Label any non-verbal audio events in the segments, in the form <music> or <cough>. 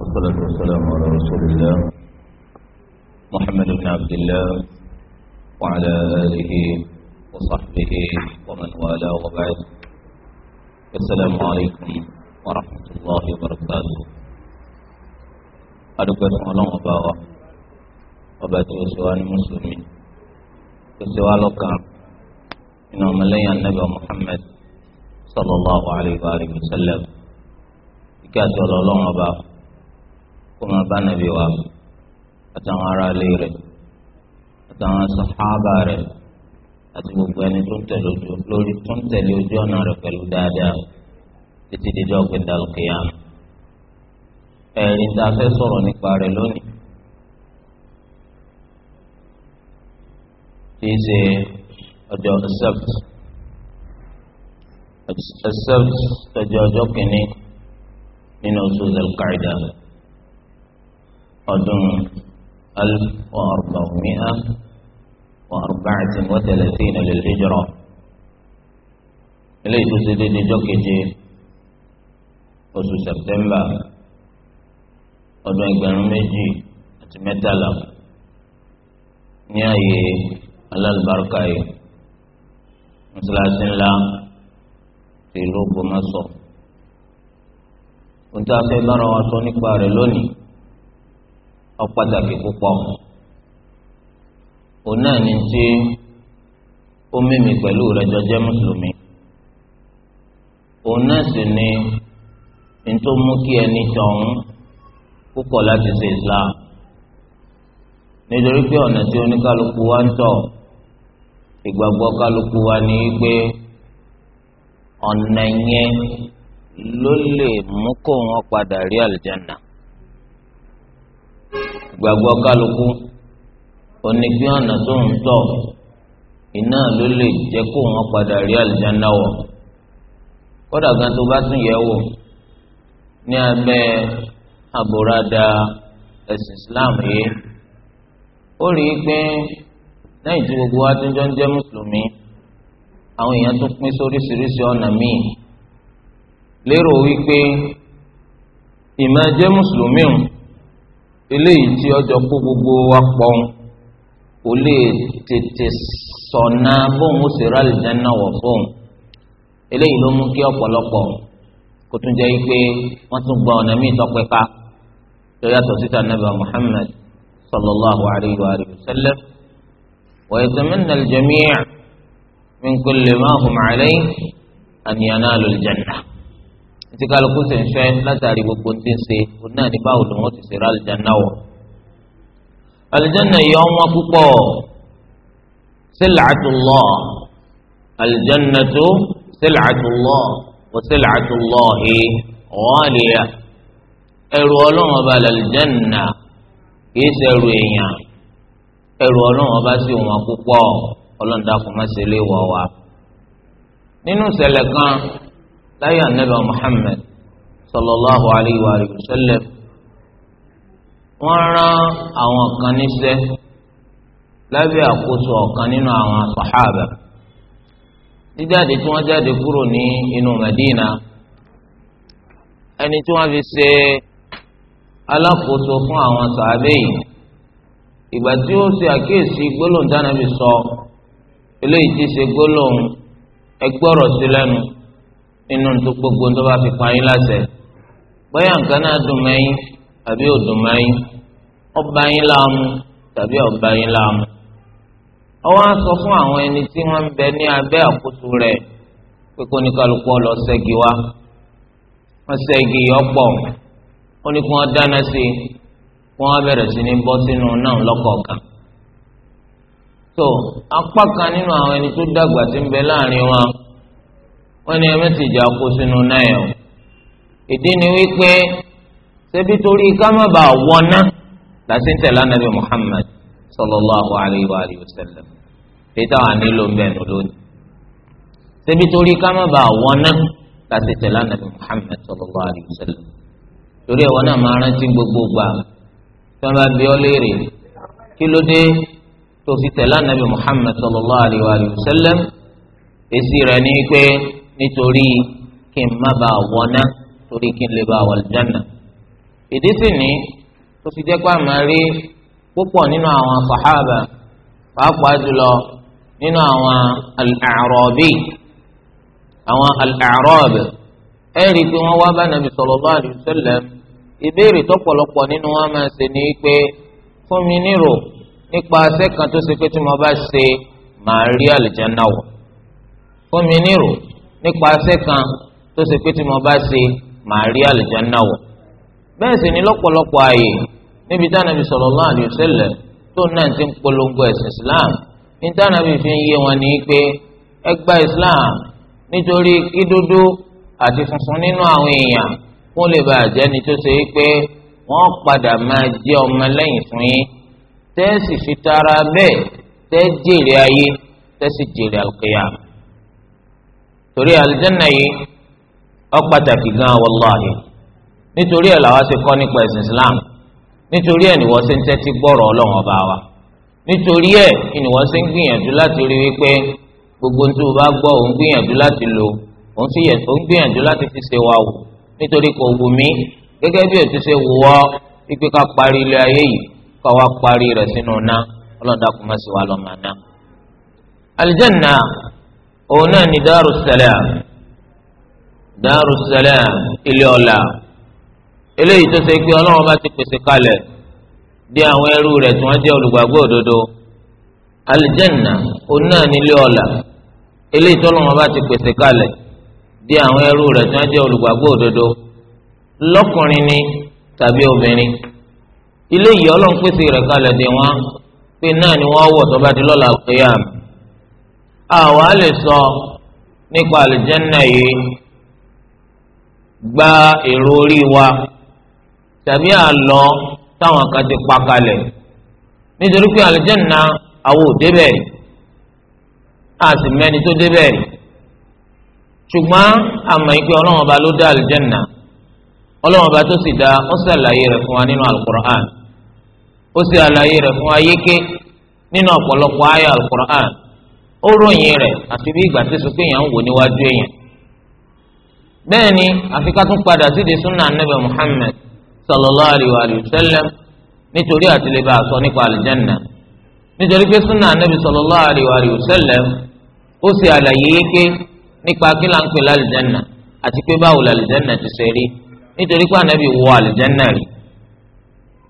والصلاة والسلام على رسول الله محمد بن عبد الله وعلى آله وصحبه ومن والاه وبعد السلام عليكم ورحمة الله وبركاته أدوكم الله وبعوة وبعته سواء المسلمين السؤال لكم إنه ملي النبي محمد صلى الله عليه وآله وسلم كان الله ọ̀lọ́ kó máa bá nàbí wa àtàwọn ará ilé rẹ̀ àtàwọn sàhábà rẹ̀ àti gbogbo ẹni tó ń tẹ̀lé ojú lórí tó ń tẹ̀lé ojú ọ̀nà rẹ̀ pẹ̀lú dáadáa títí dídá ọ̀gbìn dàlùkìyàm. ẹ̀rín tá a fẹ́ sọ̀rọ̀ nípa rẹ̀ lónìí. kìí ṣe ọjọ́ accept accept tọ́jú ọjọ́ kìíní nínú oṣù zelkaida ọdún alif wa arba'umi'a wa arba'atin wa thalathina lil hijra eléyìí tó ṣe déédéé ọjọ́ keje oṣù sẹpẹmbà ọdún ẹgbẹ̀rún méjì àti mẹ́tàlá ní ààyè alálùbáríkà yìí mọ́ṣáláṣí ńlá tìlú Ògbómọ̀ṣọ́ ohun tí a bára wa sọ nípa rẹ̀ lónìí ọ̀pàtàkì púpọ̀ òun náà ni tí ó mímì pẹ̀lú rẹ̀ jọjẹ́ mùsùlùmí òun náà sì ni nítorí mú kí ẹni tọ̀hún púpọ̀ láti ṣe Islam nítorí pé ọ̀nà tí oníkálukú wa ń tọ̀ ìgbàgbọ́ kálukú wa ni wípé ọ̀nà yẹn ló lè mú kó wọn padà rí àlùjánnà gbàgbọ́ kálukú onígbé ọ̀nà tó ń tọ̀ iná ló lè jẹ́ kó wọn padà rí àlùjáná wọ̀ kódà gan tó bá tún yẹ̀ wò ní abẹ́ àbúradà ẹ̀sìn Islam yìí ó rí i pé lẹ́yìn tí gbogbo wa tún jọ ń jẹ́ mùsùlùmí àwọn èèyàn tún pín sóríṣiríṣi ọ̀nà míì lérò wípé ìmọ̀ jẹ́ mùsùlùmí ọ̀hún eléyìí tí ọjọ́ kó gbogbo wa pọ̀ kò lè tètè sọ̀nà bóun ó sì rálì dáná wọ̀ fóun eléyìí ló mú kí ọ̀pọ̀lọpọ̀ kó tún jẹ́ pé wọ́n tún gba ọ̀nà míì tọpẹ́ ká tó yàtọ̀ síta nàbà Muhammad sallallahu alayhi wa sallam wa yatamanna al-jami' min kulli ma hum alayhi an yanalu al-jannah tí kálukú sì ń fẹ́ látàrí gbogbo tí ń ṣe òun náà ní báwo lòun ó ti ṣe rálìjáná wọ̀. àlìjáná yìí ọ̀wọ́n púpọ̀ sílàtúlọ̀ àlìjáná tó sílàtúlọ̀ kò sílàtúlọ̀ yìí ọ̀ọ́lìyà ẹrù ọlọ́run ọba àlìjáná kìí ṣe ẹrù èèyàn ẹrù ọlọ́run ọba sì wọ́n púpọ̀ ọlọ́run dákun má ṣe lè wọ̀ wá. kan. láyé anabi muhammed sallallahu alayhi wa sallam wọ́n rán àwọn kan níṣẹ́ lábẹ́ àkóso ọ̀kan nínú àwọn sàhábà jíjáde tí wọ́n jáde kúrò ní inú Madina ẹni tí wọ́n fi ṣe fun fún àwọn sàhábà ìgbà tí ó ṣe àkíyèsí gbólóhùn sọ eléyìí ti ṣe gbólóhùn ẹgbọ́rọ̀ sí nínú tó gbogbo tó bá fi pa yín láṣẹ bóyá nǹkan náà dùn mẹ́yìn tàbí ò dùn mẹ́yìn ọba yín láàmú tàbí ọba yín láàmú ọwọ́ á sọ fún àwọn ẹni tí wọ́n ń bẹ ní abẹ́ àkóso rẹ̀ pé kó ní kálukú lọ ṣẹ́gi wá wọ́n ṣẹ́gi ọ̀pọ̀ ó ní kí wọ́n dáná sí kí wọ́n bẹ̀rẹ̀ sí ní bọ́ sínú náà lọ́kọ̀ọ̀kan. tó apá kan nínú àwọn ẹni tó dàgbà ti ń bẹ láàrin wọn wọ́n ní ẹmẹsì ìjà kó sínú náírà o ìdí ni wípé ṣebí torí ká má bàa wọná làṣẹ ń tẹ̀lé anabi Muhammad sallallahu alayhi wa alihi wa sallam peter wà nílò mbẹ́nu lónìí ṣebí torí ká má bàa wọná làṣẹ tẹ̀lé anabi Muhammad sallallahu alayhi wa sallam torí ẹ̀wọ̀n náà máa rántí gbogbo gbà tí bí ọ léèrè kí ló dé tó fi tẹ̀lé anabi Muhammad sallallahu alayhi wa sallam èsì rẹ̀ ní pé nítorí kí n má bàa wọná torí kí n lè bàa wọ àlùjánnà ìdí sì ni tó fi jẹ́ pé àmọ́ rí púpọ̀ nínú àwọn sàhábà pàápàá jùlọ nínú àwọn al-A'rabi àwọn al-A'rabi ẹ rí i pé wọ́n wá bá nàbì sallallahu alaihi wasallam ìbéèrè tọ́pọ̀lọpọ̀ nínú wọn máa ṣe ni pé fún mi nírò nípa asẹ́kàn tó ṣe pé tí mo bá ṣe màá rí àlùjánnà wọ̀ fún mi nírò nípa ẹsẹ̀ kan tó ṣe pé tí mo bá ṣe màá rí àlùjánnà wọ̀ bẹ́ẹ̀ sì ni lọ́pọ̀lọpọ̀ ààyè níbi tánàbí sallallahu alaihi wasallam tó náà ti ń polongo ẹ̀sìn islam ní tánàbí fi ń yé wọn ní pé ẹgbà islam nítorí kí dúdú àti funfun nínú àwọn èèyàn kó lè bàa jẹ́ ni tó ṣe é pé wọ́n padà máa jẹ́ ọmọ lẹ́yìn fún yín tẹ́ẹ̀sì fi tara bẹ́ẹ̀ tẹ́ẹ̀ jèrè ayé tẹ́ẹ̀sì jèrè àlùkìyámà torí aljanna yìí ó pàtàkì gan wàláhì nítorí ẹ̀ làwa ṣe kọ́ nípa ẹ̀sìn islam nítorí ẹ̀ nìwọ ṣe ń tẹ́tí gbọ́rọ̀ ọlọ́run ọba wa nítorí ẹ̀ ìnìwọ ṣe ń gbìyànjú láti rí wípé gbogbo ní o bá gbọ́ òun gbìyànjú láti lò òun sì gbìyànjú láti fi ṣe wa wò nítorí kò wù mí gẹ́gẹ́ bí òtún ṣe wù ọ́ wípé ká parí ilé ayé yìí ká wá parí rẹ̀ sínú ná ọlọ́dà kò má òun náà ni darussalam darussalam ilé ọlá eléyìí tó ṣe pé ọlọ́run bá ti pèsè kalẹ̀ bí àwọn ẹrú rẹ̀ tí wọ́n jẹ́ olùgbàgbọ́ òdodo alìjẹ́nà òun náà ni ilé ọlá eléyìí tó ọlọ́run bá ti pèsè kalẹ̀ bí àwọn ẹrú rẹ̀ tí wọ́n jẹ́ olùgbàgbọ́ òdodo lọ́kùnrin ni tàbí obìnrin ilé yìí ọlọ́run pèsè rẹ̀ kalẹ̀ dè wọ́n pé náà ni wọ́n wọ̀ tó bá di lọ́la àkúyàmù àwa lè sọ nípa àlùjẹ́nà yìí gba èrò orí wa tàbí àlọ́ táwọn kan ti pa kalẹ̀ nítorí pé àlùjẹ́nà àwọn ò débẹ̀ a sì mẹ́ni tó débẹ̀ ṣùgbọ́n àmọ́ ìpè ọlọ́run ọba ló dá àlùjẹ́nà ọlọ́run ọba tó sì dá ó ṣàlàyé rẹ̀ fún wa nínú alukur'an ó sì àlàyé rẹ̀ fún wa yéké nínú ọ̀pọ̀lọpọ̀ ayé alukur'an ó ròyìn rẹ̀ àfi bí ìgbà tó sọ pé èèyàn ń wò níwájú èèyàn bẹ́ẹ̀ ni àfi ká tún padà síde súnà anábẹ́ Muhammad sallallahu alayhi wa sallam nítorí àtìlẹ́bà sọ nípa àlìjánná nítorí pé súnà anábẹ́ sallallahu alayhi wa sallam ó ṣe àlàyé yéké nípa kí là ń pè lálìjánná àti pé báwo lálìjánná ti ṣe rí nítorí pé anábì wọ àlìjánná rí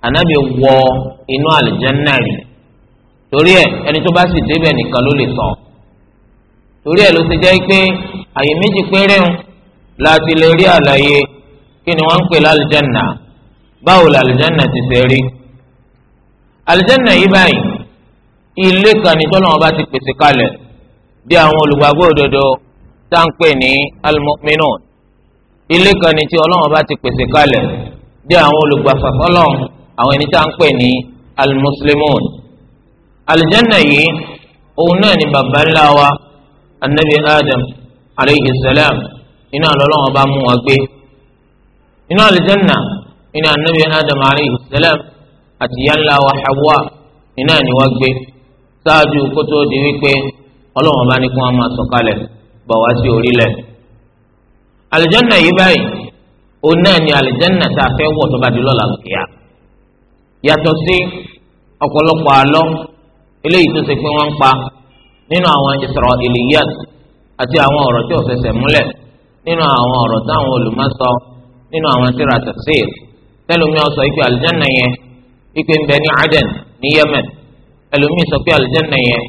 anábì wọ inú àlìjánná rí torí ẹ ẹni tó bá sì débẹ̀ nìkan ló lè sọ torí ẹ̀ ló ti jẹ́ pé àyè méjì péré ń láti lè rí àlàyé kí ni wọ́n ń pè lálùjánnà báwo làlùjánnà ti ṣe rí àlùjánnà yìí báyìí ilé kan ní tọ́lọ́wọ́n bá ti pèsè kalẹ̀ bí àwọn olùgbàgbọ́ òdodo tá à ń pè ní al-mu'minun ilé kan ní tí Ọlọ́run bá ti pèsè kalẹ̀ bí àwọn olùgbàfàfọ́lọ́ àwọn ẹni tá à ń pè ní al-muslimun àlùjánnà yìí òun náà ni bàbá ńlá wa. anabi adam aleyhi salam inu lọ́lọ́wọ́n bá mú wa gbé iná alìjẹ́nà iná anabi adam aleyhi salam àti yálà wa hawa iná ni wọ́n gbé ṣáájú kótó di wípé ọlọ́wọ́n bá ní kí wọ́n máa sọ̀kalẹ̀ bọ̀ wá sí orílẹ̀ alìjẹ́nà yìí báyìí òun náà ni alìjẹ́nà tá a fẹ́ wọ̀ tó bá di lọ́la kìá yàtọ̀ sí ọ̀pọ̀lọpọ̀ àlọ́ eléyìí tó ṣe pé wọ́n ń pa nínú àwọn Israiliyat àti àwọn ọ̀rọ̀ tí ò fẹsẹ̀ múlẹ̀ nínú àwọn ọ̀rọ̀ táwọn olùmọ̀sọ nínú àwọn tírà tafsir tẹlumi ọsọ ikú aljanna yẹn ikú ń bẹ ní Aden ní Yemen ẹlòmíì sọ pé aljanna yẹn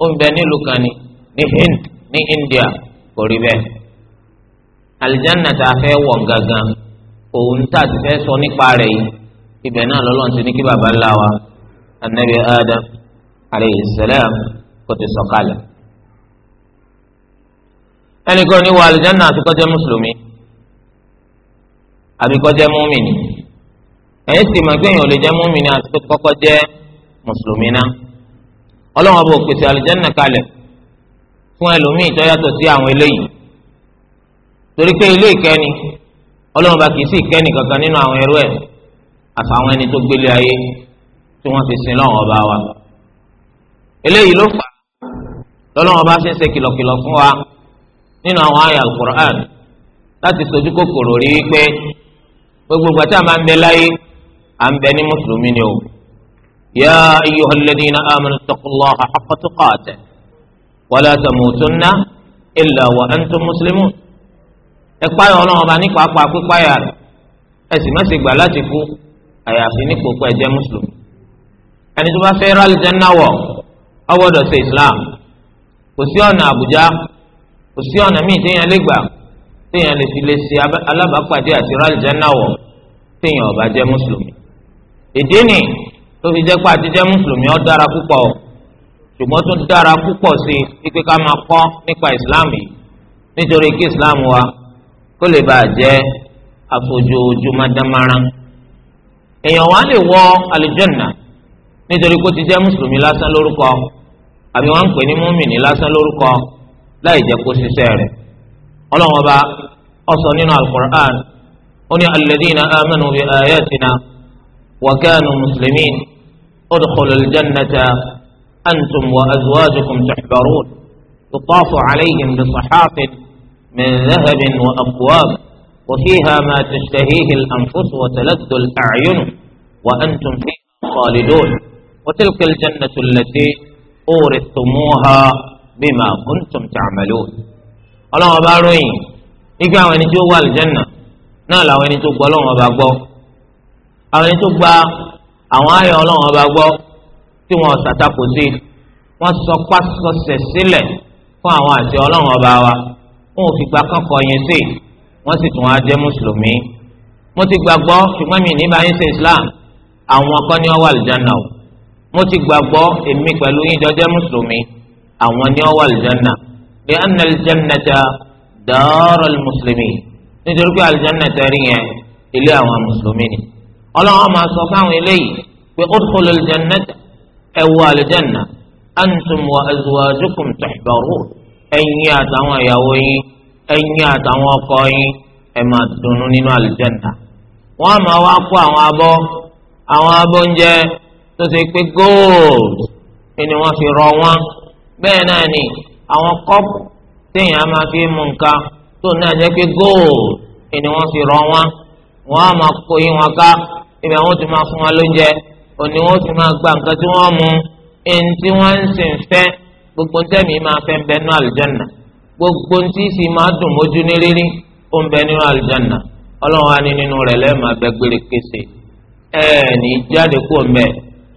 ó ń bẹ nílùú kan ní ní Hind ní India kò rí bẹ́ẹ̀ aljanna tá a fẹ́ wọ̀ gangan òun tá a ti fẹ́ sọ nípa rẹ̀ yìí ibẹ̀ náà lọ́lọ́run ti ní kí baba wa anabi Adam aleyhi salam kó ti sọ̀kalẹ̀ ẹnìkan ní wọ alìjánná àti kó jẹ́ mùsùlùmí àbí kó jẹ́ múmìnì ẹ̀yìn sì máa gbẹ̀yìn ò lè jẹ́ múmìnì àti kó kọ́kọ́ jẹ́ mùsùlùmí náà ọlọ́wọ́n bò pèsè alìjánná kalẹ̀ fún ẹlòmíì tó yàtọ̀ sí àwọn eléyìí torí pé ilé ìkẹ́ni ọlọ́run bá kì í sí ìkẹ́ni kankan nínú àwọn ẹrú ẹ̀ àtàwọn ẹni tó gbélé ayé tí wọ́n fi sin lọ́wọ́ ọba wa eléyìí ló fà lọ́lọ́wọ́n bá fi ń ṣe kìlọ̀kìlọ̀ fún wa nínú àwọn àyà alukur'an láti sojú kòkòrò rí i pé gbogbo gbàtí a máa ń bẹ láyé à ń bẹ ní mùsùlùmí ni o. ya ayyuhal ladhina amanu ittaqullaha haqqa tuqatih wa la tamutunna illa wa antum muslimun. ẹ páyà ọlọ́wọ́n bá ní pàápàá pípáyà rẹ̀ ẹ sì má ṣe gbà láti kú àyàfi ní kókó ẹ mùsùlùmí. ẹni tó bá fẹ́ rálì jẹ́ náwọ̀ ọ gbọ́dọ̀ islam kò sí ọ̀nà àbújá kò sí ọ̀nà míì téèyàn lè gbà téèyàn lè fi lè ṣe alábàápàdé àti rálìjánná wọ̀ téèyàn ò bá jẹ́ mùsùlùmí. ìdí ni tó fi jẹ́ pé àti jẹ́ mùsùlùmí ó dára púpọ̀ ṣùgbọ́n tó dára púpọ̀ sí i pé ká máa kọ́ nípa ìsìláàmù yìí nítorí kí ìsìláàmù wa kó lè bàa jẹ́ àfojoojúmọ́ dámárà èèyàn wa lè wọ àlùjànnà nítorí kó ti jẹ́ mùsùlùmí lásán lórúkọ àbí wọ́n ń pè ní múmìnì lásán lórúkọ láì jẹ́ kó ṣiṣẹ́ rẹ̀ ọlọ́wọ́n bá ọ̀sán nínú alukur'an ó ní alẹdínà amanu bi ayatina wa kanu muslimin udkhulu aljannata antum wa azwajukum tuhbarun yutafu alayhim bisahatin min dhahabin wa abuwab abwab وفيها ما wà الأنفس وتلذ الأعين وأنتم فيها خالدون وتلك الجنة التي urithumuha bima kuntum ta'malun ọlọ́wọ́n bá ròyìn nígbà àwọn ẹni tó wà lìjẹ́nà náà làwọn ẹni tó gbọ́ ọlọ́wọ́n bá gbọ́ àwọn ẹni tó gba àwọn ayọ̀ ọlọ́wọ́n bá gbọ́ tí wọ́n ṣàtakò sí wọ́n sọ pásọsẹ̀ sílẹ̀ fún àwọn àti ọlọ́wọ́n bá wa wọn ò fìgbà kankan yẹn sí wọ́n sì tún wá jẹ́ mùsùlùmí mo ti gbàgbọ́ ṣùgbọ́n mi ní báyìí ṣe Islam àwọn kan ní wà lìjẹ́nà o mo ti gbàgbọ́ èmi pẹ̀lú yín jọjẹ́ mùsùlùmí àwọn ni ó wà lìjánà bí anna lìjánà ta dàárọ̀ mùsùlùmí nítorí pé àlìjánà ta rí yẹn ilé àwọn mùsùlùmí ni ọlọ́wọ́ máa sọ fáwọn eléyìí pé ó tó lọ lìjánà ta ẹ wọ àlìjánà antum wa azuwajukum tahbaru ẹ̀yin àtàwọn ìyàwó yín ẹ̀yin àtàwọn ọkọ yín ẹ máa dùnnú nínú àlìjánà wọ́n máa wá kó àwọn abọ́ àwọn abọ́ ń tó ṣe pé gold ni wọ́n fi rọ wọ́n bẹ́ẹ̀ náà ni àwọn kọ́pù téèyàn máa fi mú nǹkan tó náà jẹ́ pé gold ni wọ́n fi rọ wọ́n wọ́n á máa kó yín wọn ká ibẹ̀ wọ́n ti máa fún wọn lóúnjẹ òní wọ́n ti máa gba nǹkan tí wọ́n mú ẹni tí wọ́n ń sìn fẹ́ gbogbo tẹ́mi máa fẹ́ bẹ́ẹ̀ nú àlùjànnà gbogbo tí sì máa dùn mójú ní rírí ó ń bẹ nínú àlùjáná ọlọ́run á ní nínú rẹ̀ lẹ́ẹ̀ma bẹ gbére kése ẹ̀ jáde kó mbẹ́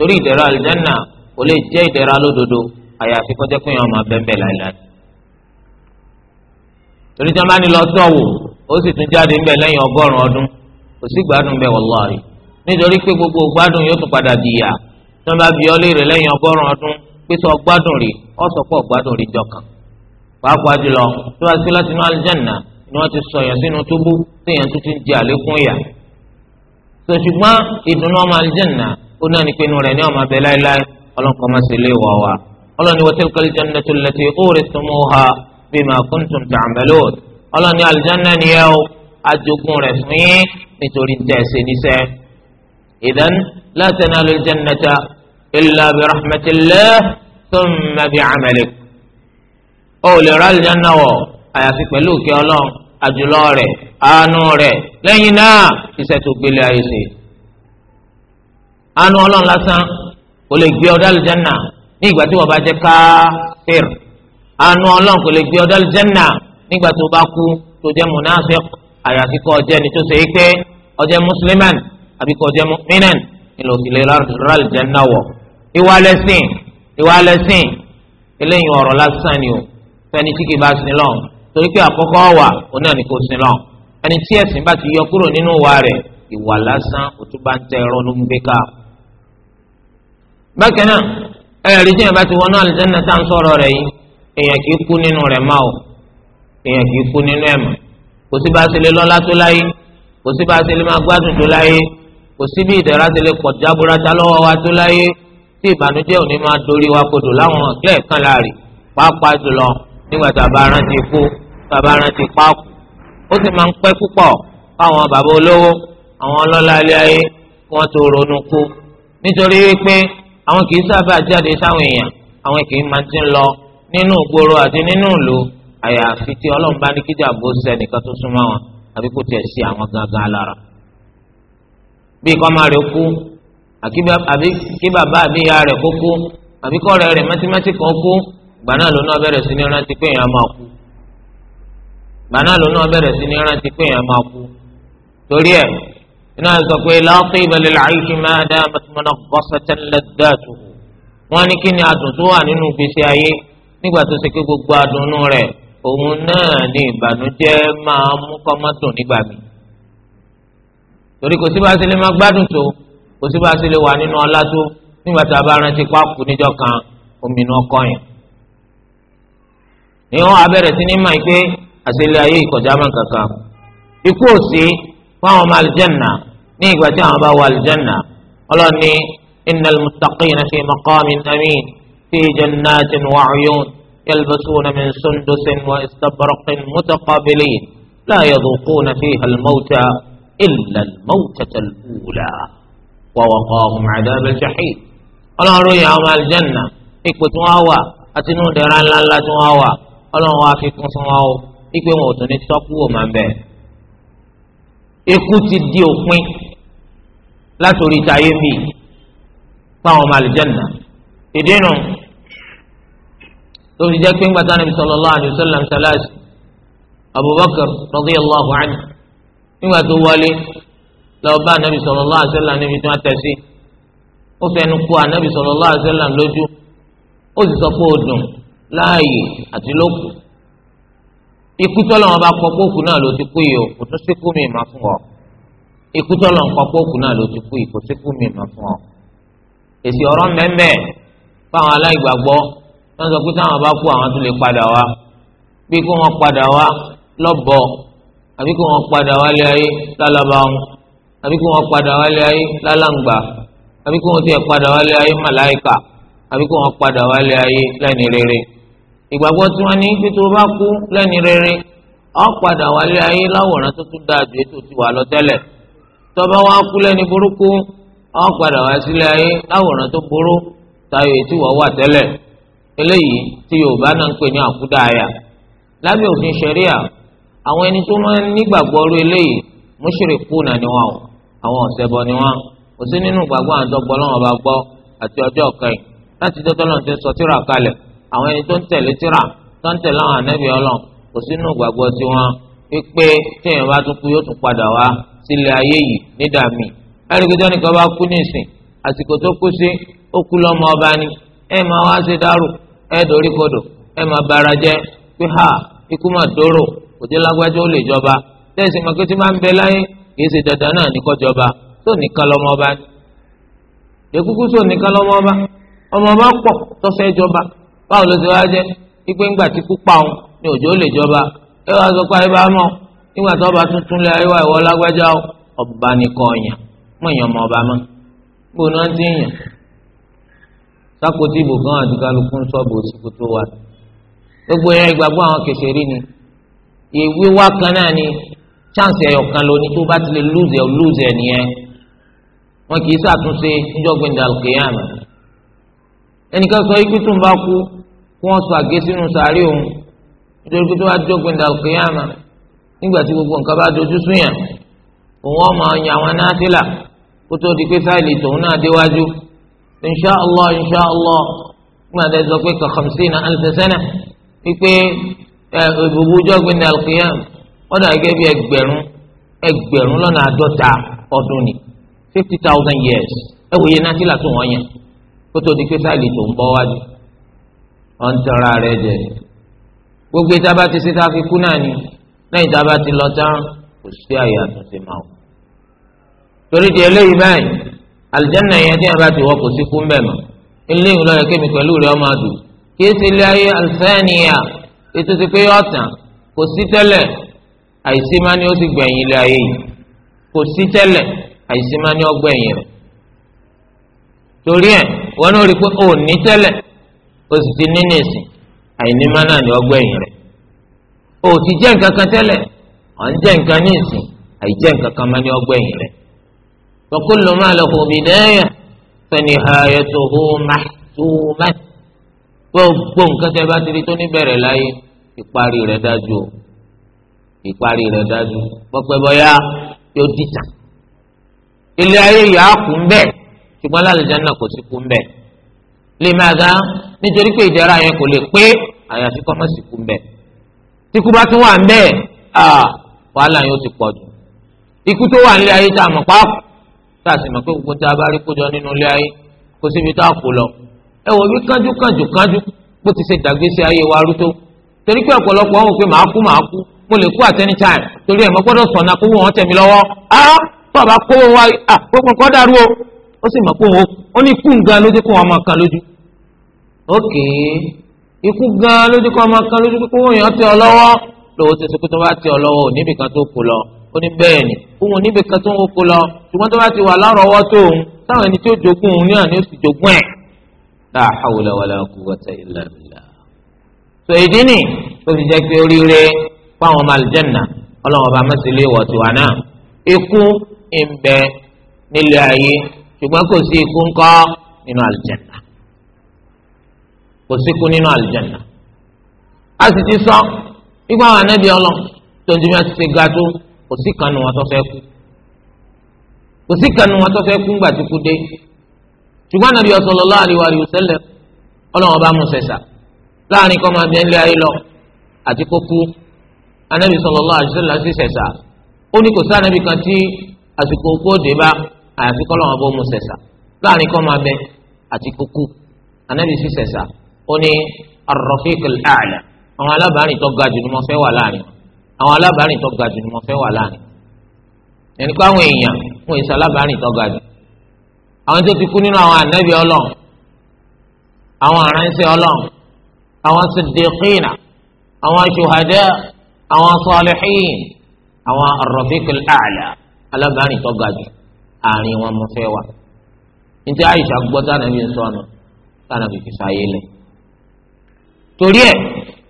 torí ìdẹ̀ra àlùjánnà kò lè jẹ́ ìdẹ̀ra lódodo àyàfi kọjá yàn ọmọ abẹ́ńbẹ́ láìláì torí jẹ́ máa ní lọ sọ́wọ́ ó sì tún jáde ńbẹ lẹ́yìn ọgọ́rùn-ún ọdún kò sí gbádùn bẹ́ẹ̀ nítorí pé gbogbo gbádùn yóò tún padà di ìyà bá bi ọ́ léèrè lẹ́yìn ọgọ́rùn-ún ọdún pé gbádùn rí ọ ọmọ ó náà ní pinnu rẹ̀ ní ọmọ abẹ láéláé ọlọ́nkọ́ máa ṣe lé wọ̀ wá ọlọ́ni wa tilkal jannatu allati urithtumuha bima kuntum ta'malun ọlọ́ni aljanna ni ẹ o ajogun rẹ̀ fún yín nítorí tẹ̀ ṣe níṣẹ́ idan la tanalu aljannata illa bi rahmatillah thumma bi 'amalik ó lè ra aljanna wọ̀ àyàfi pẹ̀lú òkè ọlọ́run àjùlọ rẹ̀ àánú rẹ̀ lẹ́yìn náà iṣẹ́ tó gbélé ayé ṣe anu ọlọ́run lásán kò lè gbé ọdọ alìjẹ́nà ní ìgbà tí wọ́n bá jẹ́ káfíìr anu ọlọ́run kò lè gbé ọdọ alìjẹ́nà nígbà tó bá kú tó jẹ́ munafiq àyàfi kọ́ ọjẹ́ ni tó ṣe é pé ọjẹ́ musliman àbí kọ́ ọjẹ́ mu'minan ìlò sì lè rà alìjẹ́nà wọ̀ ìwà lẹ́sìn ìwà lẹ́sìn eléyìí ọ̀rọ̀ lásán ni o fẹ́ni tí kì bá sin lọ́n torí pé àkọ́kọ́ wà òun náà ni kò sin lọ́n ẹni tí ẹ̀sìn bá ti yọ kúrò nínú wa rẹ̀ ìwà lásán òtún bá ń tẹ ẹ̀rọ ló ń gbé ká bákan náà ẹ̀rí tí yẹn bá ti wọnú àlùjánnà tá ń sọ̀rọ̀ rẹ̀ yìí èèyàn kì í kú nínú rẹ̀ máa o èèyàn kì í kú nínú ẹ̀ mọ̀ kò sí bá a ṣe lè lọ́lá tó láyé kò sí bá a ṣe lè máa gbádùn tó láyé kò sí bí ìdẹ̀ra ṣe lè pọ̀ jaburata lọ́wọ́ wa tó láyé tí ìbànújẹ́ òní máa dorí wa kodò láwọn ọ̀kẹ́ kan láàrin pàápàá jùlọ nígbà tàbá rántí kú tàbá rántí pákó ó sì máa ń pẹ́ púpọ̀ fáwọn bàbá olówó àwọn àwọn kì í sábà jáde sáwọn èèyàn àwọn kì í máa ti ń lọ nínú ìgboro àti nínú ìlú àyàfi tí ọlọ́run bá ní kíjà bó sẹ́nìkan tó súnmọ́ wọn àbí kò tiẹ̀ sí àwọn gangan lára. bí kọ́ máa rẹ̀ kú àbí kí bàbá àbí ìyá rẹ̀ kó kú àbí kọ́ ọ̀rẹ́ rẹ̀ mẹ́tímẹ́tí kan kú gbà náà ló náà bẹ̀rẹ̀ sí ní rántí pé èèyàn máa kú gbà náà ló náà bẹ̀rẹ̀ sí ní rántí pé èèyàn máa kú torí ẹ̀ iná sọ pé láàpẹ ìbẹ̀lẹ̀ làáyíṣu máa dá mẹtìmọ́nà bọ́sẹ̀tẹ̀ lẹ́dàtù wọ́n ní kí ni adùn tó wà nínú gbèsè ayé nígbà tó ṣe pé gbogbo adùnnú rẹ̀ òun náà ní ìbànújẹ́ máa mú kọ́mọ́tò nígbà mi torí kò sí bá a máa gbádùn tó kò sí bá a wà nínú ọlá tó nígbà tá a bá rántí pákó níjọ kan òmìnira ọkọ yẹn ni wọn abẹrẹ sí ní mọ pé àṣẹlẹ ayé ìkọjá máa kankan ikú òsì fáwọn ọmọ alìjẹnà ní ìgbà tí àwọn bá wà aljanna ọlọ́ni innal muttaqina fi maqamin amin fi jannatin wa uyun yalbasuna min sundusin wa istabraqin mutaqabilin la yadhuquna fiha almawta illa almawtata alula wa waqahum adhab aljahim ọlọ́run yà àwọn aljanna ipò tí wọ́n wà àti inú dẹ̀ra ńláńlá tí wọ́n wà ọlọ́run wà fi kún fún wọn o ipe wọn ò tún ní sọ́kúwò máa bẹ̀ ikú ti di òpin látòrí táyé mi fáwọn ọmọ àlùjẹ́nà ìdí nu tó fi jẹ́ pé ńgbà tánàbí sallallahu alaihi wasallam ṣaláṣì Abubakar radiyallahu anhu nígbà tó wọlé lọ bá anabi sallallahu alaihi wasallam níbi tí wọ́n tẹ̀ sí ó fẹnu kó anabi sallallahu alaihi wasallam lójú ó sì sọ pé ó dùn láàyè àti lókù ikú tọ́lọ́wọ́n bá kọ́ pókù náà ló ti kú yìí ó kò tún kú mi mà fún ọ ikú tọ́lọ̀ nǹkan pọ́ọ̀kù náà ló ti kú ìkòsíkú mi mà fún ọ. èsì ọ̀rọ̀ mẹ́mẹ́ fáwọn aláìgbàgbọ́ wọ́n sọ pé táwọn bá kú àwọn tún lè padà wá bí kó wọn padà wá lọ́bọ àbí kó wọn padà wá lé ayé lálàbà wọn àbí kó wọn padà wá lé ayé lálàǹgbà àbí kó wọn tiẹ̀ padà wá lé ayé màláìkà àbí kó wọn padà wá lé ayé lẹ́ni rere ìgbàgbọ́ tí wọ́n ní pé tó bá kú lẹ́ni rere ọ̀ padà wá lé ayé láwòrán tó tún dáa ju ètò tiwa lọ tẹ́lẹ̀ tọba wa kú lẹ́ni burúkú wọn padà wá sílé ayé láwòrán tó burú tayọ etí wọ́n wà tẹ́lẹ̀ eléyìí tí yorùbá náà ń pè ní àkúdàáyà lábẹ́ òfin ṣẹ̀ríà àwọn ẹni tó máa ń nígbàgbọ́ ọrú eléyìí mùṣírikù náà ni wọn o àwọn ọ̀sẹ̀bọ ni wọn kò sí nínú gbàgbọ́ àwọn àtọ́gbọ́ lọ́wọ́ bá gbọ́ àti ọjọ́ kẹyìn láti dọ́tọ́ náà ti sọ tíra kalẹ̀ àwọn ẹni tó ń tẹ̀lé tíra tó ń tẹ̀lé àwọn ànábì ọlọ́ kò sí nínú gbàgbọ́ tiwọn wípé téèyàn bá tún kú yóò tún padà wá sílẹ̀ ayé yìí nídàá mi alùpùpù nìkan kú nísìn àsìkò tó kú sí ó kú lọ́mọ ọba ni ẹ máa wá ṣe dárò ẹ dorí kodò ẹ máa jẹ pé ha ikú mà dóró òjò jọba tẹ̀sí màkìtì máa ń bẹ láyé dandan náà ní jọba ọba ni tó ọba ọmọ ọba pọ̀ jọba báwo ló ti wá jẹ́ ńgbà jọba ẹ wá sọ pé nígbà tó bá tuntun lé ayé wa ìwọ lágbájá ọba nìkan ọ̀yàn mọ̀ èèyàn mọ̀ ọba mọ́ bó náà ti ń yàn sákòtì ìbò àti kálukú ń sọ́ọ̀bù òsìkò tó wà gbogbo yẹn ìgbàgbọ́ àwọn kèfèrí ni ìwé wa kan náà ni chance ẹ̀yọ̀ kan lóní tó bá ti lè lose ẹ̀ lose ẹ̀ nìyẹn wọn kì í ṣàtúnṣe níjọ́gbìn dàlùkìyàmù ẹnìkan sọ ikú tó ń bá kú kí wọ́n sọ àgé sínú sàárè òun nítorí pé tó bá jọ́gbìn dàlùkìyàmù nígbà tí gbogbo nǹkan bá dojú sún yàn òun ọmọ ọyàn àwọn náfìlà kó tó di pé fáìlì tòun náà déwájú insha allah insha allah nígbà tí a sọ pé khamsina alf sana wípé ìbùbù jọ́gbìn ní alqiyam wọ́n dà gẹ́gẹ́ bí ẹgbẹ̀rún ẹgbẹ̀rún lọ́nà ọdún ni fifty thousand years ẹ wòye náfìlà tó wọ́n yàn kó tó di pé fáìlì tòun bọ́ wájú ọ̀ ń tọ́ra jẹ gbogbo ìta bá ti ṣe tá a fi kú náà ni lẹ́yìn tá a bá ti lọ tán kò sí àyè àtúnṣe máa wò. torí di eléyìí báyìí àlùjánnà yẹn tí a bá ti wọ kò sí kú mbẹ́ mọ́ eléyìí lọ́yẹ kémi pẹ̀lú rẹ̀ ọmọ àdùn kí esi ilé ayé àlùsẹ́niyà ètò ti pé ọ̀tàn kò sí tẹ́lẹ̀ àìsí máa ní ó sì gbẹ̀yìn ilé ayé yìí kò sí tẹ́lẹ̀ àìsí máa ní ó gbẹ̀yìn rẹ̀ torí ẹ̀ wọ́n náà rí pé ò tẹ́lẹ̀ ó sì ti ní nìsín àìní máa náà ní ó gbẹ̀yìn rẹ̀ o ti jẹ́ nǹkan kan tẹ́lẹ̀ ọ̀ ń jẹ́ nǹkan ní ìsìn àìjẹ́ nǹkan kan máa ní ọgbẹ́yìn rẹ̀. wa kullu ma lahu bidaya fa nihayatuhu mahtumah. gbogbo nǹkan tẹ́ bá ti di tó ní bẹ̀rẹ̀ láyé ìparí rẹ̀ dájú o ìparí rẹ̀ dájú pọ́pẹ́ bọ́yá yóò dìtà. ilé ayé yà á kú ń bẹ̀ ṣùgbọ́n lálùjánnà kò sí kú ń bẹ̀. limadha nítorí pé ìjẹ́ra yẹn kò lè pé àyàfi kọ́mọ́sì kú ń tíkú bá tún wà ń bẹ́ẹ̀ wàhálà yóò ti pọ̀ jù ikú tó wà nílé ayé tá a mọ̀ pa kù tá a sì mọ̀ pé gbogbo tá a bá rí kó jọ nínú ilé ayé kó síbi tá a kù lọ ẹ wò bí kánjú kánjú kánjú bó ti ṣe dàgbésí ayé wa rú tó torí pé ọ̀pọ̀lọpọ̀ wọn wò pé màá kú màá kú mo lè kú at any time torí ẹ̀ mọ́ gbọ́dọ̀ sọ̀nà kó wọ́n tẹ̀ lọ́wọ́ ah bàbá kó wọn wá gbogbo nǹkan dàrú o ó sì mọ̀ pé òun ó ní kú nǹkan lójú kó wọn máa kan lójú. ókèé ikú gan lójú kan máa kan lójú kó wọ́n yàn tẹ ọ lọ́wọ́ lòun ti sọkútọ́ bá tẹ ọ lọ́wọ́ níbi kan tó kú lọ ó ní bẹ́ẹ̀ ni òun níbi kan tó ń kú lọ ṣùgbọ́n tó bá ti wà lárọ̀ọ́wọ́ tó òun táwọn ẹni tí ó jogún òun ní àná ó sì jogún ẹ̀ la hawla wala quwwata illa billah. sọ èdè ni tó fi jẹ́ pé oríire fáwọn ọmọ àlùjẹ́nà ọlọ́wọ́n ọba mẹ́sìlẹ̀ ìwọ̀ tiwa náà ikú ń bẹ nílé ayé ṣùgbọ́n kò síkú nínú àlùjánnà a sì ti sọ ipa àwọn anábì ọlọ tó ń jẹ́ wọn ti ṣe ga tó kò sí kanu wọn tó fẹ́ kú kò sí kanu wọn tó fẹ́ kú ńgbà tí kú dé ṣùgbọ́n ànábì sallallahu alaihi wa sallam ọlọ́wọ́n bá mú sẹ̀sà láàrin kọ́ máa bẹ́ẹ̀ lé ayé lọ àti kó kú ànábì sallallahu alaihi wa sallam sẹ̀sà ó ní kò sí ànábì kan tí àsìkò kó dé bá àyàfi kọ́ lọ́wọ́n bó mú sẹ̀sà láàrin kọ́ máa bẹ́ẹ̀ àti kó kú ànábì sí sẹ̀sà ó ní arọfíìkì àlẹ àwọn alábàárìn tó ga jù ni mo fẹ́ wà láàrin àwọn alábàárìn tó ga jù ni mo fẹ́ wà láàrin ẹni pé àwọn èèyàn wọn èso alábàárìn tó ga jù àwọn tó ti kú nínú àwọn ànábì Ọlọ́run àwọn aránṣẹ́ Ọlọ́run àwọn sadiqina àwọn shuhada àwọn salihin àwọn arọfíìkì àlẹ alábàárìn tó ga jù àárín wọn mo fẹ́ wà nítorí àyíṣà gbọ́dọ̀ ànábì ń sọ ọ̀nà fi sáyé lẹ̀ torí ẹ̀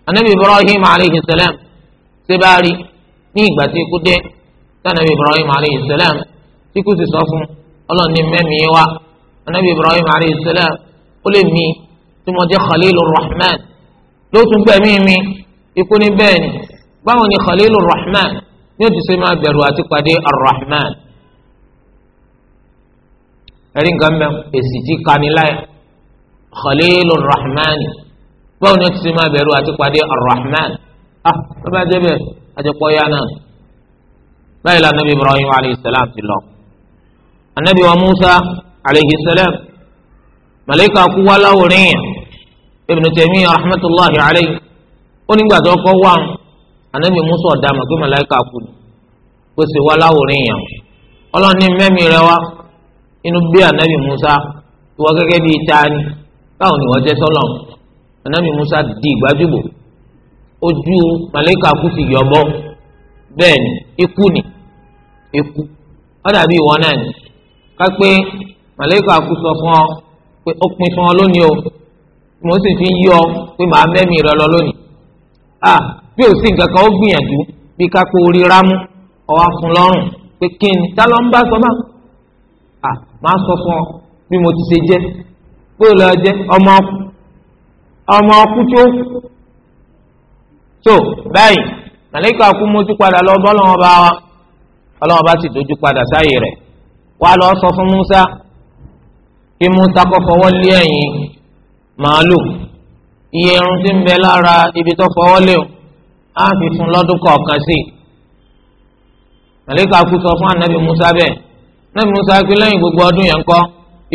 anabi ibrahim aleyhi salam ṣe bá rí ní ìgbà tí ikú dé sanabi ibrahim aleyhi salam tí kú sì sọ fún ọlọ́run ní mẹ́mìí wá anabi ibrahim aleyhi salam ó lè mi tí mo jẹ́ khalilu rahman ló tún gbẹ̀mí mi ikú ní bẹ́ẹ̀ ni báwo ni khalilu rahman ní òtún ṣe máa àti pàdé arrahman ẹ̀rí nǹkan mẹ́rin èsì tí kaniláyà khalilu rahman báwo ni ó ti ṣe máa bẹ̀rù àti pàdé Ar-Rahman ah bàbá jẹ́ bẹ́ẹ̀ àjẹpọ̀ yá náà báyìí lànà bí Ibrahim alayhi salam ti lọ anabi wa Musa alayhi salam malayika kú wá láwòrán yẹn Ibn Taymiyyah rahmatulahi alayhi ó nígbà tó kọ́ wá anabi Musa ọ̀dà mà pé malayika kú kó sì wá láwòrán yẹn ọlọ́ọ̀ni mẹ́mi rẹ wá inú bí anabi Musa ìwọ gẹ́gẹ́ bíi tani báwo ni wọ́n jẹ́ sọ́lọ́ọ̀ anabi musa di ìgbàdúgbò ojú màlẹ́kà kú ti yọ̀bọ bẹ́ẹ̀ ni ikú ni ikú ọ̀dà bíi ìwọ náà ni kápẹ́ màlẹ́kà kú sọ fún ọ pé ó pin fún ọ lónìí o mo sì fi yí ọ pé màá mẹ́mí rẹ lọ lónìí a bí ò sí nǹkan kan ó gbìyànjú bí kápẹ́ orí rámú ọwọ́ fún lọ́rùn pé kí ni tá ló ń bá sọ máa a máa sọ fún ọ bí mo ti ṣe jẹ pé ó lọ jẹ ọmọ ọkùnrin ọmọ ọkútó tó báyìí màlẹ́kà kú mójú padà lọ bọ́lọ́wọ́ bá wa ọlọ́wọ́ bá sì dojú padà sáyè rẹ̀ wà lọ sọ fún Musa kí Musa kọ́ fọwọ́ lé ẹ̀yìn màálù iye irun tí ń bẹ lára ibi tó fọwọ́ lé o á fi fún lọ́dún kọ̀ọ̀kan sí i màlẹ́kà kú sọ fún anabi Musa bẹ́ẹ̀ anabi Musa pé lẹ́yìn gbogbo ọdún yẹn ń kọ́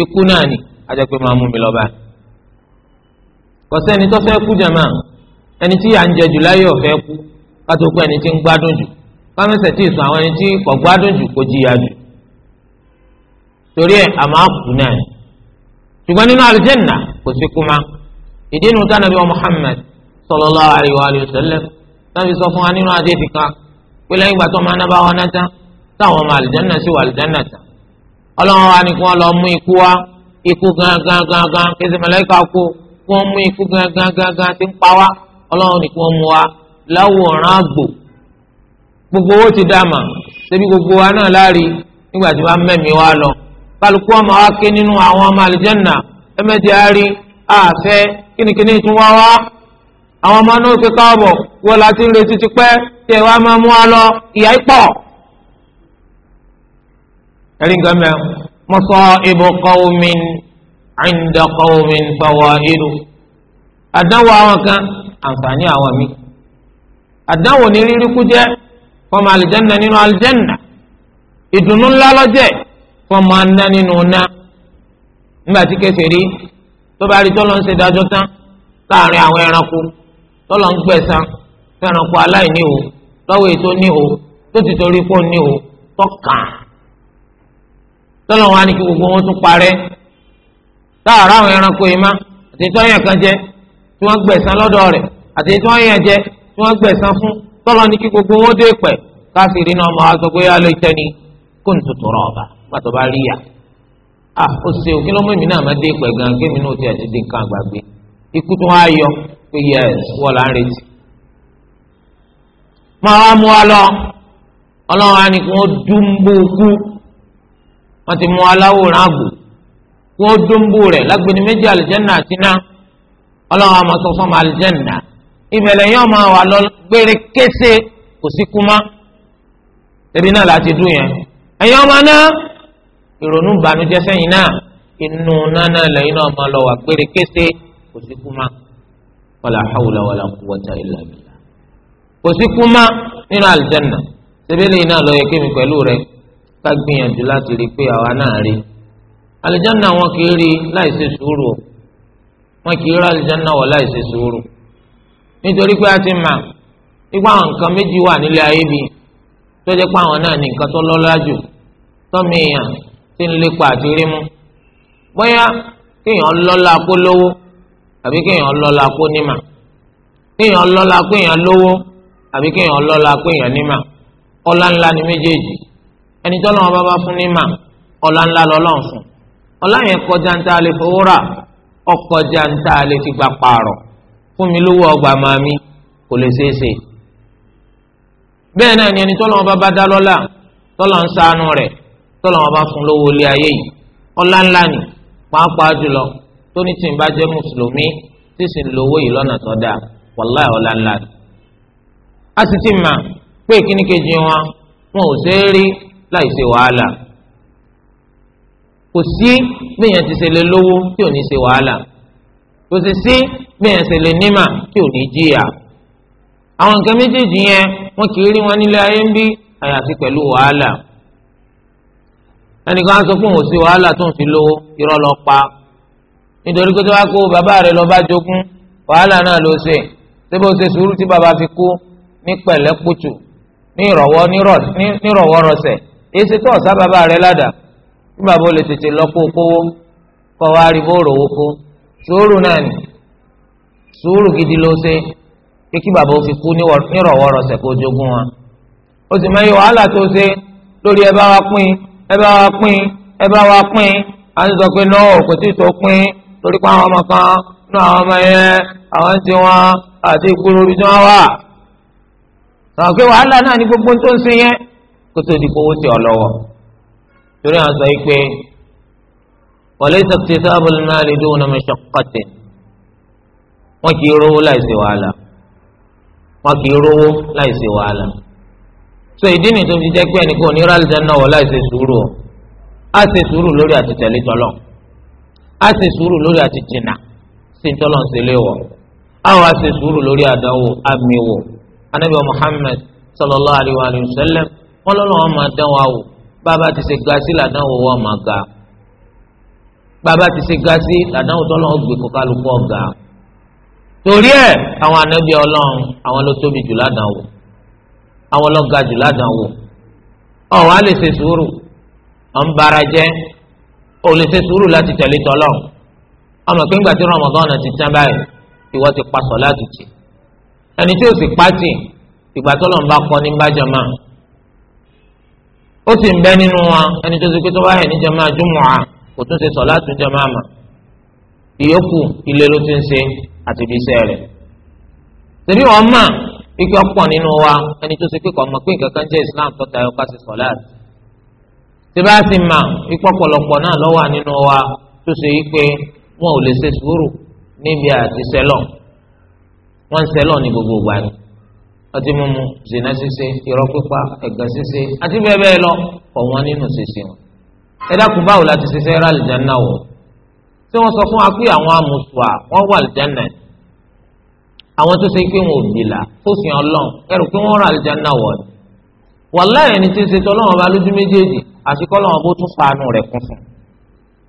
ikú náà ni ajẹ́ máa mú mi lọ báyìí kọsẹ́ ẹni tó fẹ́ kú jàmá ẹni tí yà ń jẹ jù láyé ọ̀fẹ́ kú kátó pé ẹni tí ń gbádùn jù kámẹ́sẹ̀ tí ìsùn àwọn ẹni tí kò gbádùn jù kò jìyà jù torí ẹ̀ àmọ́ àkùkù náà ṣùgbọ́n nínú àlùjẹ́nà kò sí kú ma ìdí inú tá nàbí wa Muhammad sallallahu alaihi wa sallam nàbí sọ fún wa nínú adé ti kan pé lẹ́yìn ìgbà tó máa nábàá wa náà tán táwọn ọmọ àlùjẹ́nà sì wà àlùjẹ́nà tán ọlọ́run wa ni lọ mú ikú wa ikú gangan gangan kí kí wọ́n mú ikú gangan gangan ti ń pa wá ọlọ́run ní kí wọ́n mú wa láwòrán àgbò gbogbo owó ti dá mà ṣebí gbogbo wa náà láàrí nígbà tí wọ́n mẹ́mí wa lọ kálukú ọmọ wa ké nínú àwọn ọmọ àlùjẹ́nà ẹ̀mẹ́jẹ̀ á rí àfẹ́ kínníkínní tún wá wá àwọn ọmọ náà ṣe káàbọ̀ wọ́n láti ń retí ti pẹ́ tí ẹ wá máa mú wa lọ ìyá ìpọ̀. ẹ̀rí nǹkan mẹ́rin mọ́sọ́ ibùkọ́ omi inda qawmin fawaidu àdánwò àwọn kan àǹfààní àwọn mi àdánwò ní rírí kú jẹ́ fọmọ àlìjánná nínú àlìjánná ìdùnnú ńlá lọ́jẹ́ fọmọ aná nínú ná nígbà tí kèfèrí tó bá rí tọ́lọ́ ń ṣe dájọ́ tán láàrin àwọn ẹranko tọ́lọ́ ń gbẹ̀san fẹ́ranko aláìní o lọ́wọ́ ètò ní o tó ti torí pọ̀ ní o tọ́kàn tọ́lọ́ wọn á ní kí gbogbo wọn tún parẹ́ táàrà àwọn ẹranko ìmá àti tí wọ́n yàn kan jẹ tí wọ́n gbẹ̀san lọ́dọ̀ rẹ̀ àti tí wọ́n yàn jẹ tí wọ́n fún tọ́lọ́ ní gbogbo dé pẹ̀ náà aṣọ pé kó n pàtó bá rí a ó ṣe òkè lọ́mọ èmi náà máa dé pẹ̀ gan náà ti àti nǹkan àgbàgbé ikú tó wá yọ pé wọ́n là ń retí. wọ́n dúnbù rẹ̀ lágbóni méjì àlìjẹ́nà àti iná ọlọ́run àmọ́ sọ fún ọmọ àlìjẹ́nà ìbẹ̀lẹ̀ yẹn ọmọ wà lọ gbére kése kò sí kú mọ́ ebi náà láti dùn yẹn ẹ̀yin ọmọ náà ìrònú bànújẹ́ sẹ́yìn náà inú nánà lẹ́yìn náà máa lọ wà gbére kése kò sí kú mọ́ wàlà hàwùlà wàlà kúwọ́tà ìlà bìlà kò sí kú mọ́ nínú àlìjẹ́nà sebele iná lọ yẹ kémi pẹ̀lú rẹ ká gbìyànjú láti rí pé àwa náà rí alìjánná wọn kì í rí láì ṣe sùúrù o wọn kì í rí alìjánná wọn láì ṣe sùúrù nítorí pé a ti mà ipá àwọn nǹkan méjì wà nílé ayé bi tó jẹ́ pé àwọn náà ní nǹkan tó lọ́lá jù tọ́mi èèyàn ti ń lépa àti rí mú bóyá kéèyàn lọ́lá kó lówó àbí kéèyàn lọ́lá kó nímà kéèyàn lọ́lá kéèyàn lówó àbí kéèyàn lọ́lá kéèyàn nímà ọlá ńlá ni méjèèjì ẹni tọ́lọ́wọ́n bá bá fún nímà ọlá ńlá lọ́lọ́run fún un ọláyẹn kọjá ń tá a lè fowó rà ọkọjá ń tá a lè fi gba pààrọ̀ fún mi lówó ọgbà máa mi kò lè ṣeé bẹ́ẹ̀ náà ni ẹni tọ́lọ́ wọn bá bá dá lọ́lá tọ́lọ́ ń ṣàánú rẹ̀ tọ́lọ́ wọn bá fún lówó ilé ayé yìí ọlá ńlá ni pàápàá jùlọ tó ní ń bá jẹ́ mùsùlùmí tí sì ń lówó yìí lọ́nà tó dáa wàláì ọlá ni. a sì ti mà pé ìkíníkejì wọn wọn ò ṣeé rí láì ṣe wàhálà kò sí bẹ́ẹ̀ ti ṣe lè lówó tí ò ní ṣe wàhálà kò sì sí bẹ́ẹ̀ ṣe lè nímà tí ò ní jìyà àwọn nǹkan méjèèjì yẹn wọn kì í rí wọn nílé ayé ń bí àyàfi pẹ̀lú wàhálà ẹnìkan á sọ fún òun sí wàhálà tó ń fi lówó irọ́ lọ pa nítorí pé tó bá kó bàbá rẹ lọ bá jogún wàhálà náà ló ṣe ṣé bó ṣe sùúrù tí bàbá fi kú ní pẹ̀lẹ́kùtù ní ìrọ̀wọ́ nírọ̀wọ́rọ̀sẹ̀ èyí ṣe tó ọ̀sá bàbá rẹ ládàá nígbà bó lè tètè lọ́pọ̀ kówó kọ́ wa rí bóòrò owó kó sùúrù náà nì sùúrù gidi ló ṣe pé kí bàbá ó fi kú nírọ̀wọ́rọ̀sẹ̀ kó jogún wa ó sì máa yọ wàhálà tó ṣe lórí ẹ bá wa pín ẹ bá wa pín ẹ bá wa pín à ń sọ pé náà kò tí ì tó pín torí pé àwọn ọmọ kan nínú àwọn ọmọ yẹn àwọn ń ti wọn àti ìgboro ibi tí wọn wà sọ pé wàhálà náà ní gbogbo tó ń ṣe yẹn kó tó di kówó tẹ ọ lọ́wọ́ torí àwọn sọ yìí pé wọlé sọ̀tì sábàlì náà lè dóhùn náà mẹ́sàn kọ́tì wọ́n kì í rówó láìsí wàhálà wọ́n kì í rówó láìsí wàhálà so ìdí nìyí tó fi jẹ́ pé ẹnìkan òní rálẹ̀ náà wọ̀ láìsí sùúrù o á ṣe sùúrù lórí àti tẹ̀lé tọ́lọ̀ á ṣe sùúrù lórí àti jìnnà sí tọ́lọ̀ ń ṣẹlẹ̀ wọ̀ á wà sùúrù lórí àdánwò àmì wò anábìyà Muhammad sallallahu alayhi wa sallam wọn lọ́nà wọn máa dánwò àwò bàbá ti ṣe gasi làdáwò wọ́n máa ga bàbá ti ṣe gasi làdáwò tọ́lọ́wọ́ gbé kó kálukú ọ̀gá torí ẹ̀ àwọn ànábì ọlọ́run àwọn ló tóbi jù ládàáwò àwọn ló ga jù ládàáwò ọ̀ wá lè ṣe sùúrù ọ̀ ń bara jẹ́ ò lè ṣe sùúrù láti tẹ̀lé tọ́lọ́run ọmọ pé ńgbà tí ti tán báyìí ìwọ ti pa sọ láti tì ẹni tí ó sì pàtì ìgbà tọ́lọ́run bá kọ́ ní bájọ́ máa ó sì ń bẹ nínú wa ẹni tó ṣe pé tó bá yẹn ní jama jumu'a kò tún ṣe sọ̀láàtù jama mà ìyókù ilé ló ti ń ṣe àti ibi iṣẹ́ rẹ̀ tẹ̀bí wọn mà ikú ọ̀pọ̀ nínú wa ẹni tó ṣe pé kò mọ̀ pé nǹkan kan jẹ́ Islam tó tayọ ká ṣe sọ̀láàtù tẹ̀bí a sì mà ikú ọ̀pọ̀lọpọ̀ náà lọ́wọ́ nínú wa tó ṣe yí pé wọn ò lè ṣe sùúrù níbi àti sẹ́lọ̀ wọ́n ń sẹ́lọ̀ ní gbogbo ìgbà ni ọtí mímu zina ṣíṣe irọ́ pípa ẹ̀gàn ṣíṣe àti bẹ́ẹ̀ bẹ́ẹ̀ lọ ọ̀wọ́n nínú ṣíṣe wọn. ẹ dákun báwo la ti ṣiṣẹ́ ra àlìjáná wọ̀ tí wọ́n sọ fún wa pé àwọn amùsùà wọ́n wà àlìjáná yìí àwọn tó ṣe pé wọn ò bìlà tó sì hàn lọ́n ẹrù pé wọ́n ra àlìjáná wọ̀ ni. wàláhì ẹni tí ń ṣe tọ́lọ́wọ́n bá lójú méjèèjì àti kọ́lọ́wọ́n bó tún fanu rẹ̀ kún fún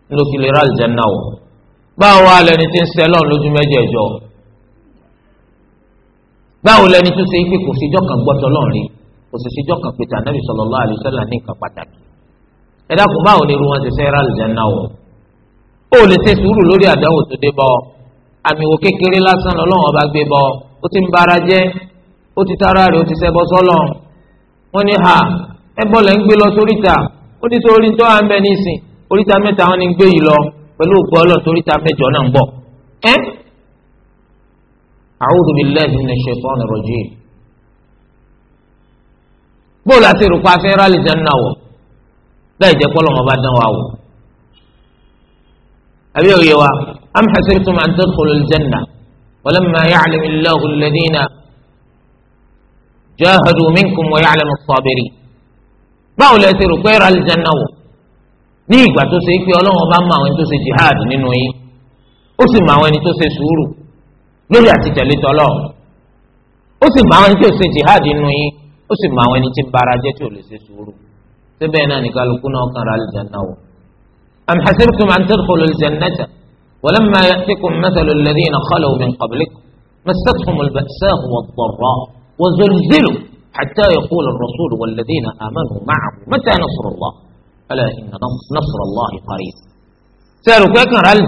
un ra àlìjáná wọ̀ báwo wà lẹni tí ń ṣẹlọ́ọ̀ báwo lẹni tó ṣe pé kò ṣèjọ́ kan gbọ́tọ̀ lọ́n rí kò sì ṣèjọ́ kan pété ànábì sallallahu alaihi wasallam ní nǹkan pàtàkì ẹ dákun báwo ni irú wọn ti fẹ́ rà lùjáná wọ̀ ó lè ṣe sùúrù lórí àdánwò tó dé bọ́ àmì wò kékeré lásán lọ́lọ́wọ́n bá gbé bọ́ ó ti ń bara jẹ́ ó ti tara rẹ̀ ó ti ṣẹbọ sọ́lọ̀ wọ́n ní ha ẹ bọ́ lẹ́ ń gbé lọ sóríta ó ní sórí tó à ń bẹ a'udhu billahi minash shaitani rajim bóòlù àti ìrùkọ afẹ́ rálì jẹ́ ńnà wọ̀ láì jẹ́ pọ́lọ́ wọn bá dán wa wò àbí òye wa am hasibtum an tadkhulul janna walamma ya'lam Allahu alladhina jahadu minkum wa ya'lamu as-sabirin báwo lẹ ti rò pé rálì jẹ́ ńnà wọ̀ ní ìgbà tó ṣe é pé Ọlọ́run bá mọ àwọn ẹni tó ṣe jihad nínú yín ó sì mọ àwọn ẹni tó ṣe sùúrù lórí àti tẹ̀lé tọ́lọ̀ ó sì máa ń tí ò ṣe jihad nù yín ó sì máa ń tí bara jẹ́ tí ò lè ṣe sùúrù síbẹ̀ náà ní kálukú náà kàn ra alìjẹ́nà wọ̀. am hasibtum an tadkhulu aljannata walamma ya'tikum mathalu alladhina khalaw min qablikum massatuhum alba'sa'u wad-dharra'u wa zulzilu hatta yaqula ar-rasulu walladhina amanu ma'ahu mata nasrullah ala inna nasrallahi qarib. sẹ́rù kẹ́kàn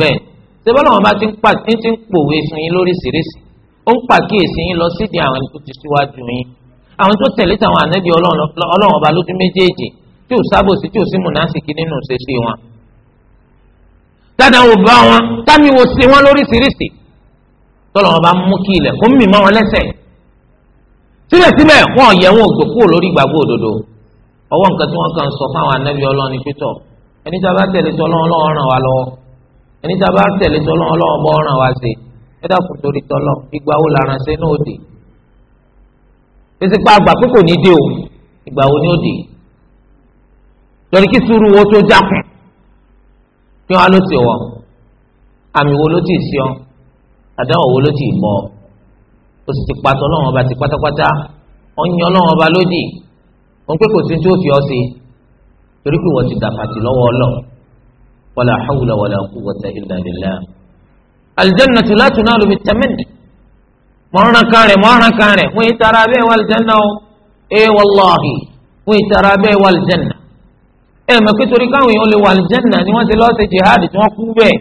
bẹ́ẹ̀ sẹ́bọ́lọ́ wọn bá ti ń pa ti ń pòwe fún yín lóríṣiríṣi ó ń pàkíyèsí yín lọ sídìí àwọn tó ti síwájú yín àwọn tó tẹ̀lé táwọn ànábì ọlọ́run ọba lójú méjèèjì tí ò sábòsí tí ò sí mùnásìkí nínú ṣeṣe wọn. dáadáa wò bá wọn támi wò sí wọn lóríṣiríṣi tọ́lọ̀ wọn bá mú kí ilẹ̀ kó mì mọ́ wọn lẹ́sẹ̀. síbẹ̀síbẹ̀ wọn ò yẹ wọn ò gbòkúrò lórí ìgbàgbọ́ òdodo ọwọ́ nǹkan tí wọ́n kàn sọ fáwọn ànábì ọlọ́run ni pétọ̀ ẹni tí a bá tẹ̀lé tọ́lọ́run ọlọ́run ràn wá lọ́wọ́ ẹni tí a bá tẹ̀lé tọ́lọ́ ọlọ́run bọ́ ọ̀ràn wá sí ẹ dákun torí tọ́lọ́ ìgbà wo la ránṣẹ́ náà dé pèsèpá àgbà pé kò ní dé o ìgbà wo ni ó dé lórí kí sùúrù wo tó jákun kí wọn á ló ti wọ àmì wo ló ti sí ọ àdáwọ̀ wo ló ti bọ̀ o sì ti pàtó ọlọ́run ọba ti pátápátá ọ̀yìn ọlọ́run ọba lódì wọn pé kò sí tí ó fi ọ sí torí pé wọ́n ti dàpàtì lọ́wọ́ ọlọ́run wala hawla wala quwwata illa billah aljannatu la tunalu bitamanni mọ̀ọ́nà kárẹ̀ mọ̀ọ́nà kárẹ̀ wọ́n yìí tara bẹ́ẹ̀ wà aljanna o ee wàláhi wọ́n yìí tara bẹ́ẹ̀ wà aljanna ẹ mọ̀ pé torí káwọn èèyàn lè wà aljanna ni wọ́n ti lọ́ọ́ ṣe jihad tí wọ́n kú bẹ́ẹ̀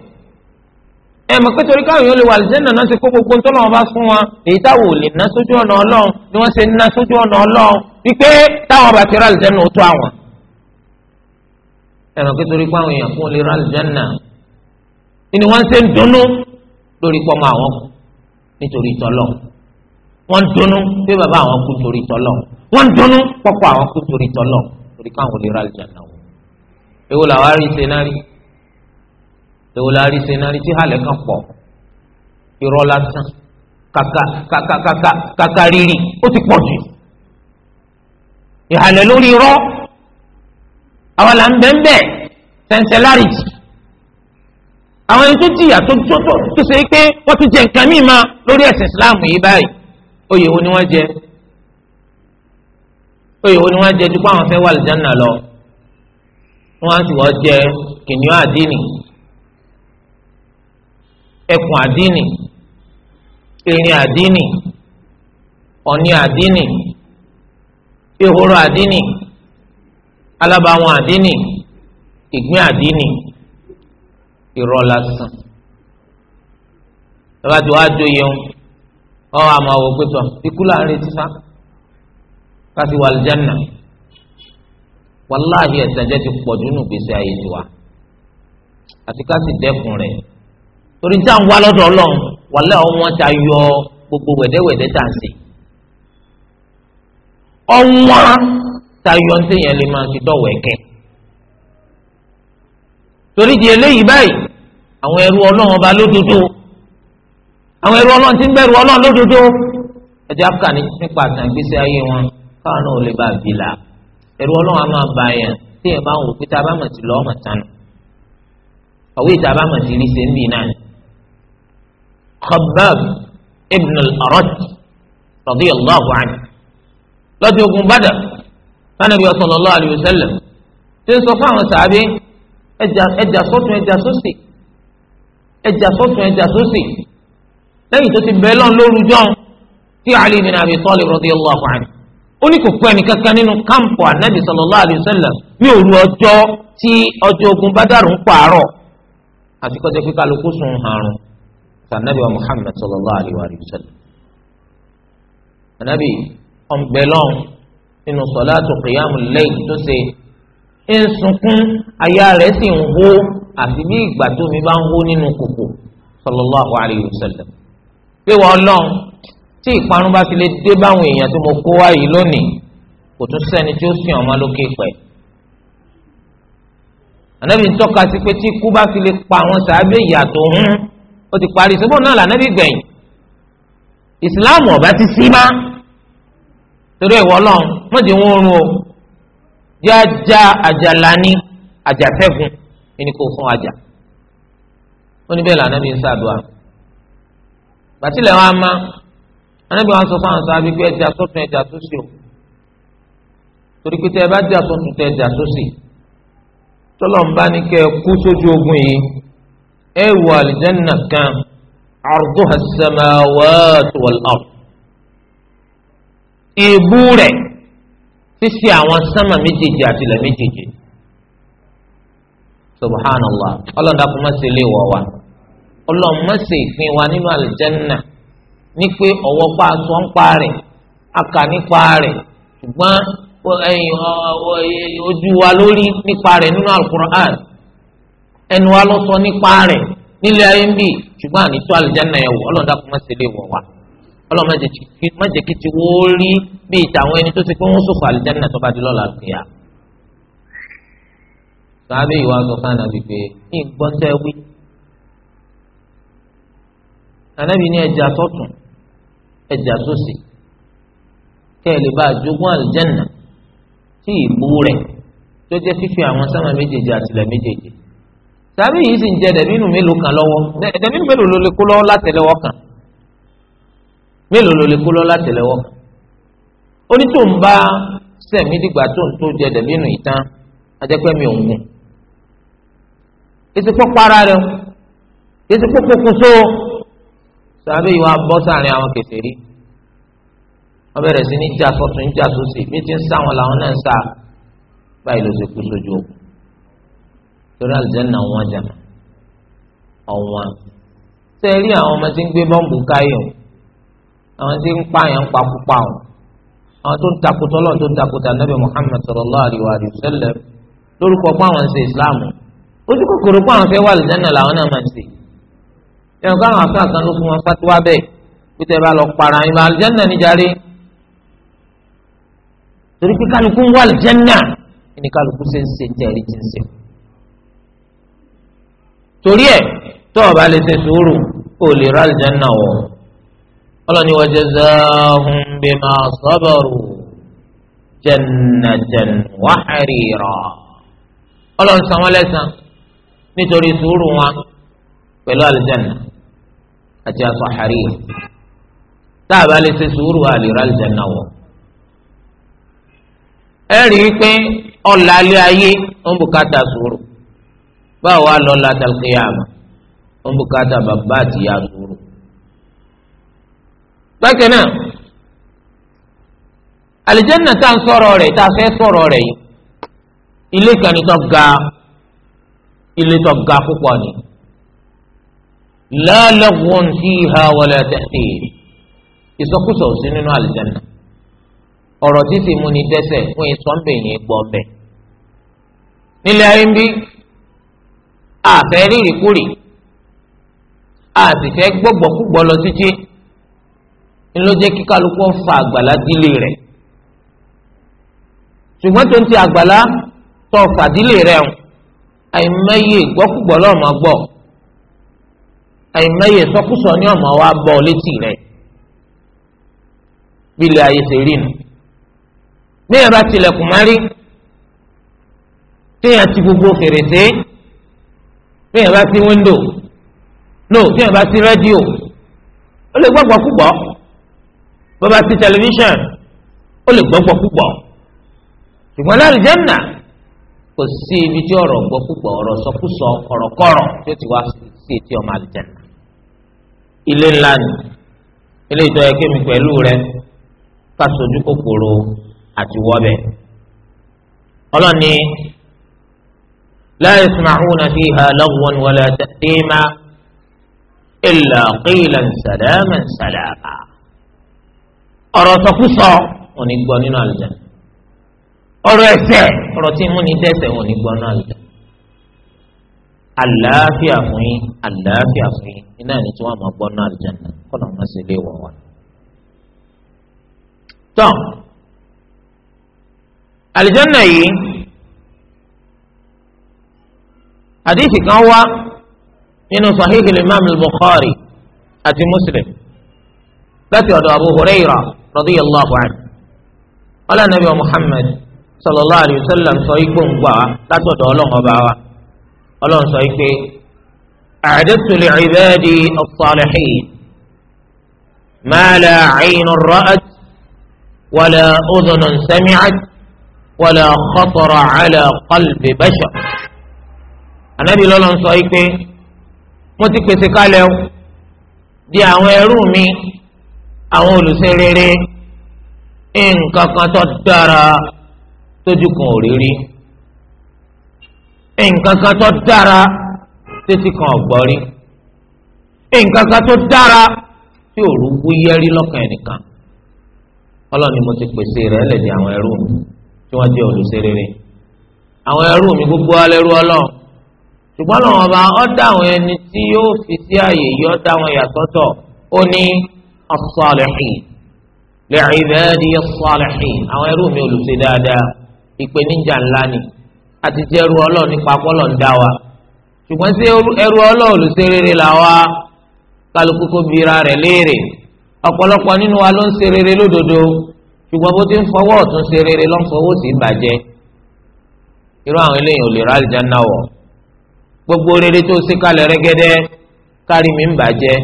ẹ mọ̀ pé torí káwọn èèyàn lè wà aljanna náà ṣe kó gbogbo ń tọ́lọ́wọ́n bá fún wọn èyí táwọn ò lè ná sójú ọ̀nà ọlọ́run ni wọ́n ṣe ń ná sójú ọ̀nà ọlọ́run wípé táwọn bá ti rà aljanna ó tó àwọn ẹ̀rọ pé torí pé àwọn èèyàn kún lè ra àlùjánnà ni wọ́n ṣe ń dunnú lórí pọ́mọ àwọn kù nítorí tọ́lọ̀ wọ́n ń dunnú pé bàbá àwọn kú torí tọ́lọ̀ wọ́n ń dunnú pọ́pọ́ àwọn kú torí tọ́lọ̀ torí káwọn lè ra àlùjánnà wọn. èwo làwa rí senari èwo làwa rí senari tí hàlẹ́ kan pọ̀ irọ́ lásán kàkà àwọn là ń bẹ ń bẹ sẹńsẹlárìtì àwọn ẹni tó jìyà tó tó tó tó ṣe pé wọ́n tún jẹ nǹkan míì máa lórí ẹ̀sìn islam yìí báyìí oyè wo ni wọ́n jẹ oyè wo ni wọ́n jẹ ju pé àwọn fẹ́ wà lìjánà lọ wọ́n sì wọ́n jẹ kìnìún àdínì ẹkùn àdínì erin àdínì ọ̀ní àdínì ehoro àdínì alábàáwọn àdínì ìgbín àdínì irọ́ lásán lọ́ba tí wàá jóye ń ọ àmọ́ àwọn òpétọ́ ikú láàrin títà kásì wà lìjánà wàláhì ẹ̀sàjẹ́ ti pọ̀jù nù gbèsè ayé tiwa àti kásì dẹ́kun rẹ̀ torí tí a ń wá lọ́dọ̀ ọlọ́run wàlẹ́ ọ̀hún ta yọ gbogbo wẹ̀dẹ́wẹ̀dẹ́ tà ń sè ọ̀wọ́n tayọ ń tẹ̀yàn lè máa fi tọ̀wọ̀ ẹ̀kẹ́. torí di eléyìí báyìí àwọn ẹrú ọlọ́run ọba lódodo àwọn ẹrú ọlọ́run ti ń bẹ̀rù ọlọ́run lódodo ẹ̀jẹ̀ áfíríkà ní nípa àtàn ìgbésí ayé wọn káwọn náà ò lè bá a bì là ẹrú ọlọ́run á máa bá yẹn tẹ̀yàn bá ń wò pé tá a bá mọ̀ sí lọ́ọ́ mọ̀ tán ọ̀wé ìta bá mọ̀ sí rí ṣe ń bì náà Khabbab ibn al-Arat radiyallahu anhu lọ́dún ogun Badr Ànábì sallallahu alayhi wa sallam ṣe ń sọ fún àwọn sàábé ẹjà sọ́tún ẹjà sósì ẹjà sọ́tún ẹjà sósì lẹ́yìn tó ti bẹ́ẹ̀ lọ́n lóru jọ́ tí Ali bin Abi Talib radiyallahu anhu ó ní kò pẹ́ nìkankan nínú kámpọ̀ Ànábì sallallahu alayhi wa sallam ní òru ọjọ́ tí ọjọ́ ogun Bádàrú ń pààrọ̀ àti kọjá pé kálukú sùn àrùn sànàbí wa Muhammad sallallahu alayhi wa sallam Ànábì ọ̀nbẹ̀lọ́n nínú sọláàtù kìyàmù lẹ́yìn tó ṣe ń sunkún aya rẹ̀ sì ń hó àfi bí ìgbà tó mi bá ń hó nínú kòkò sallallahu alayhi wa sallam. pé wọ́n lọ́n tí ìparun bá fi lè dé báwọn èèyàn tó mo kó wá yìí lónìí kò tún sẹ́ni tí ó sìn ọmọ lókè pẹ́. ànábì ń tọ́ka sí pé tí ikú bá fi lè pa àwọn sàábẹ́ ìyàtọ̀ hún ó ti parí ìṣòbó náà lànàbì gbẹ̀yìn ìsìláàmù ọ̀bá ti sí máa torí ìwọ Ọlọ́run wọn ti wọn rún o jẹ ajá àjàlá ní àjàfẹ́gun ẹni kò fún ajá ó ní bẹ́ẹ̀ lànà bí ń ṣàdúrà bàtìlẹ̀ wọn a má anábì wọn sọ fún àwọn sábà pé ẹja sọ́tún ẹja sósì o torí pé tẹ ẹ bá jà sọ́tún tẹ ẹja sósì tọ́lọ̀ ń bá ní kẹ́ ẹ kú sójú ogun yìí ẹ wọ àlìjẹ́nà kan arduha as-samawati wal-ard. ìbú rẹ̀ sísí àwọn sánmà méjèèjì àti ilẹ̀ méjèèjì subhanallah ọlọ́dà kò má lé má ìfín wa nínú àlùjẹ́nà ní pé ọwọ́ pa aṣọ ń pa rẹ̀ aka nípa rẹ̀ ṣùgbọ́n ojú wa lórí nípa rẹ̀ nínú alukur'an ẹnu wa sọ nípa rẹ̀ nílẹ̀ ayé ń bì ṣùgbọ́n àlùjẹ́nà yẹn ọlọ́dà kò má ọlọ́run mẹ́jẹ kí ti wó rí bíi tàwọn ẹni tó ti pé wọ́n sòfò àlìjáná tó bá di lọ́la kìíyà. sàbẹ̀ ìwà sọ fún ànábì pé ní gbọ́tẹ́ wí. ànábì ní ẹja sọ́tún ẹja sósì kẹ́ ẹ lè bá àjogún àlìjáná tí ìbú rẹ̀ tó jẹ́ fífi àwọn sáma méjèèjì àtìlẹ̀ méjèèjì. sàbẹ̀ yìí sì ń jẹ dẹ̀bínú mélòó kan lọ́wọ́ dẹ̀bínú mélòó ló lè kó lọ́wọ́ látẹ̀lẹ́wọ́ kan mélòó ló lè kó lọ látẹ́lẹwọ́ onítòǹba sẹ̀mí dìgbà tó ń tó jẹ dẹ̀bí nù ìtàn ajẹ́pẹ́ mi ò ń gùn ètò pọ́pọ́ ara rẹ ètò pọ́pọ́ kóso sàbẹ̀ ìwà bọ́ sàárín àwọn kèfèrí wọ́n bẹ̀rẹ̀ sí ní já sọ́tún já sósì bí ti ń sá wọn làwọn náà ń sá báyìí ló ṣe kú sójú o torí àlùjánnà wọn jà ọ̀wọ́n tẹ́ àwọn ọmọ tí ń gbé bọ́ǹbù káyọ̀ àwọn tí ń pààyàn pakúpa o àwọn tó ń takùtà Ọlọ́run tó ń takùtà Nabi Muhammad sallallahu alaihi wa sallam lórúkọ pé àwọn ń ṣe Islam ojú kòkòrò pé àwọn fẹ́ wà lẹ́nà làwọn náà máa ń ṣe yẹn kó àwọn afẹ́ àkànlò fún wọn fatiwa bẹ́ẹ̀ pété bá lọ para ìmọ̀ àlùjẹ́nà níjàre torí pé kálukú ń wà àlùjẹ́nà ní kálukú ṣe ń ṣe tẹ̀rí ti ń ṣe. torí ẹ̀ tó o bá lè ṣe sùúrù kó o lè rà àlùjẹ́nà wọ̀ ọlọ́ni wa jazahum bima sabaru jannatan wa harira ọlọ́run san wọ́n lẹ́san nítorí sùúrù wọn pẹ̀lú alìjẹ́nà àti aṣọ harira tá a bá lè ṣe sùúrù àlìrà alìjẹ́nà wọ̀ ẹ rí i pé ọ̀la alẹ́ ayé ń bùkátà sùúrù báwo wá lọ́la dàlùkìyàmù ń bùkátà bàbá àtìyà sùúrù bákan náà àlìjẹ́nà tá à ń sọ̀rọ̀ rẹ̀ tá a fẹ́ sọ̀rọ̀ rẹ̀ yìí ilé kan ní tó ga ilé tó ga púpọ̀ ni la laghwun fiha wala ta'thir ìsọkúsọ ò sí nínú àlìjẹ́nà ọ̀rọ̀ tí sì mú ni dẹ́sẹ̀ fún ìsọ̀nbẹ̀yìn gbọ́ bẹ́ẹ̀ nílẹ̀ ayé ń bí àfẹ́ rírì kúrì àti fẹ́ gbọ́gbọ́ lọ títí. Si ńlọ jẹ́ kí kálukú fa àgbàlá dílé rẹ̀ ṣùgbọ́n tó ń ti àgbàlá tó fàdílé rẹ̀ ń àìmọye ìgbọ́kùgbọ́ lọ́mọ gbọ́ àìmọye sọkúsọ ní ọmọ wa bọ́ létí rẹ̀ bílẹ̀ ayé ṣe rí nu bí ẹ tilẹ̀kùn má rí ti gbogbo fèrèsé bí bá ti wíńdò no bí ẹ bá ti rẹ́díò ó lè gbọ́gbọ́ kúgbọ́ bàbá sí tẹlifíṣàn ó lè gbọ́gbọ́ púpọ̀ ṣùgbọ́n láàrin jẹ́nà kò sí ibi tí ọ̀rọ̀ gbọ́ púpọ̀ ọ̀rọ̀ sọkúsọ kọ̀rọ̀kọ̀rọ̀ tí ó ti wá sí etí ọmọ àlùjẹ̀nà ilé ńlá ni ilé ìtọ́ yẹ kémi pẹ̀lú rẹ ká sojú kòkòrò àti wọ́bẹ̀ ọlọ́ni la yasma'una fiha lagwan wala ta'thima illa qilan salaman salama ọ̀rọ̀ sọkúsọ wọn ní gbọ́ nínú àlùjá ọ̀rọ̀ ẹ̀ṣẹ̀ ọ̀rọ̀ tí mú ni dẹ́ṣẹ̀ wọn ní gbọ́ nínú àlùjá àlàáfíà fún yín àlàáfíà fún yín iná ẹni tí wọn máa gbọ́ nínú àlùjá náà kọlọ wọn sì lè wọ wọn. tán àlùjá náà yìí àdìsí kan wá nínú sahih imam bukhari àti muslim láti ọ̀dọ̀ abu hurairah radiyallahu anhu ọlá nàbí wa muhammed sallallahu alayhi wa sallam sọ ikú ń gbà wá látọ̀dọ̀ ọlọ́run ọba wa ọlọ́run sọ pé a'dadtu li'ibadi as-salihin ma la 'aynun ra'at wala udhunun sami'at wala khatara 'ala qalbi bashar anabi lọ́lọ́run sọ pé mo ti pèsè kalẹ̀ o di àwọn ẹrú mi àwọn olùṣe rere nǹkan kan tó dára tójú kan ò rí rí nǹkan kan tó dára títí kan ọ̀gbọ́ rí nǹkan kan tó dára tí òru wúyẹ́ rí lọ́kàn ẹnìkan ọlọ́ni mo ti pèsè rẹ̀ lẹ́dí àwọn ẹrú mi tí wọ́n jẹ́ olùṣe àwọn ẹrú mi gbogbo alẹ́rú ọlọ́run ṣùgbọ́n làwọn ọba ọ̀dà àwọn ẹni tí yóò fi sí àyè yìí ọ̀dà àwọn ìyàtọ̀tọ̀ ó ní as-salihin li'ibadi as-salihin àwọn ẹrú mi olùṣe dáadáa ìpèníjà ńlá ni àti jẹ́ ẹrú ọlọ́ọ̀ nípa pọ́lọ̀ ń dá wa ṣùgbọ́n sí ẹrú ọlọ́ọ̀ olùṣe rere là wa kálukú kó bira rẹ̀ léèrè ọ̀pọ̀lọpọ̀ nínú wa ló ń ṣe rere lódodo ṣùgbọ́n bó ti ń fọwọ́ ọ̀tún ṣe rere ló ń fọwọ́ sí bàjẹ́ irú àwọn eléyìí ò lè ra àlìjáná wọ̀ gbogbo rere tó ṣe kalẹ̀ rẹ́gẹ́dẹ́ kárí mi ń bàjẹ́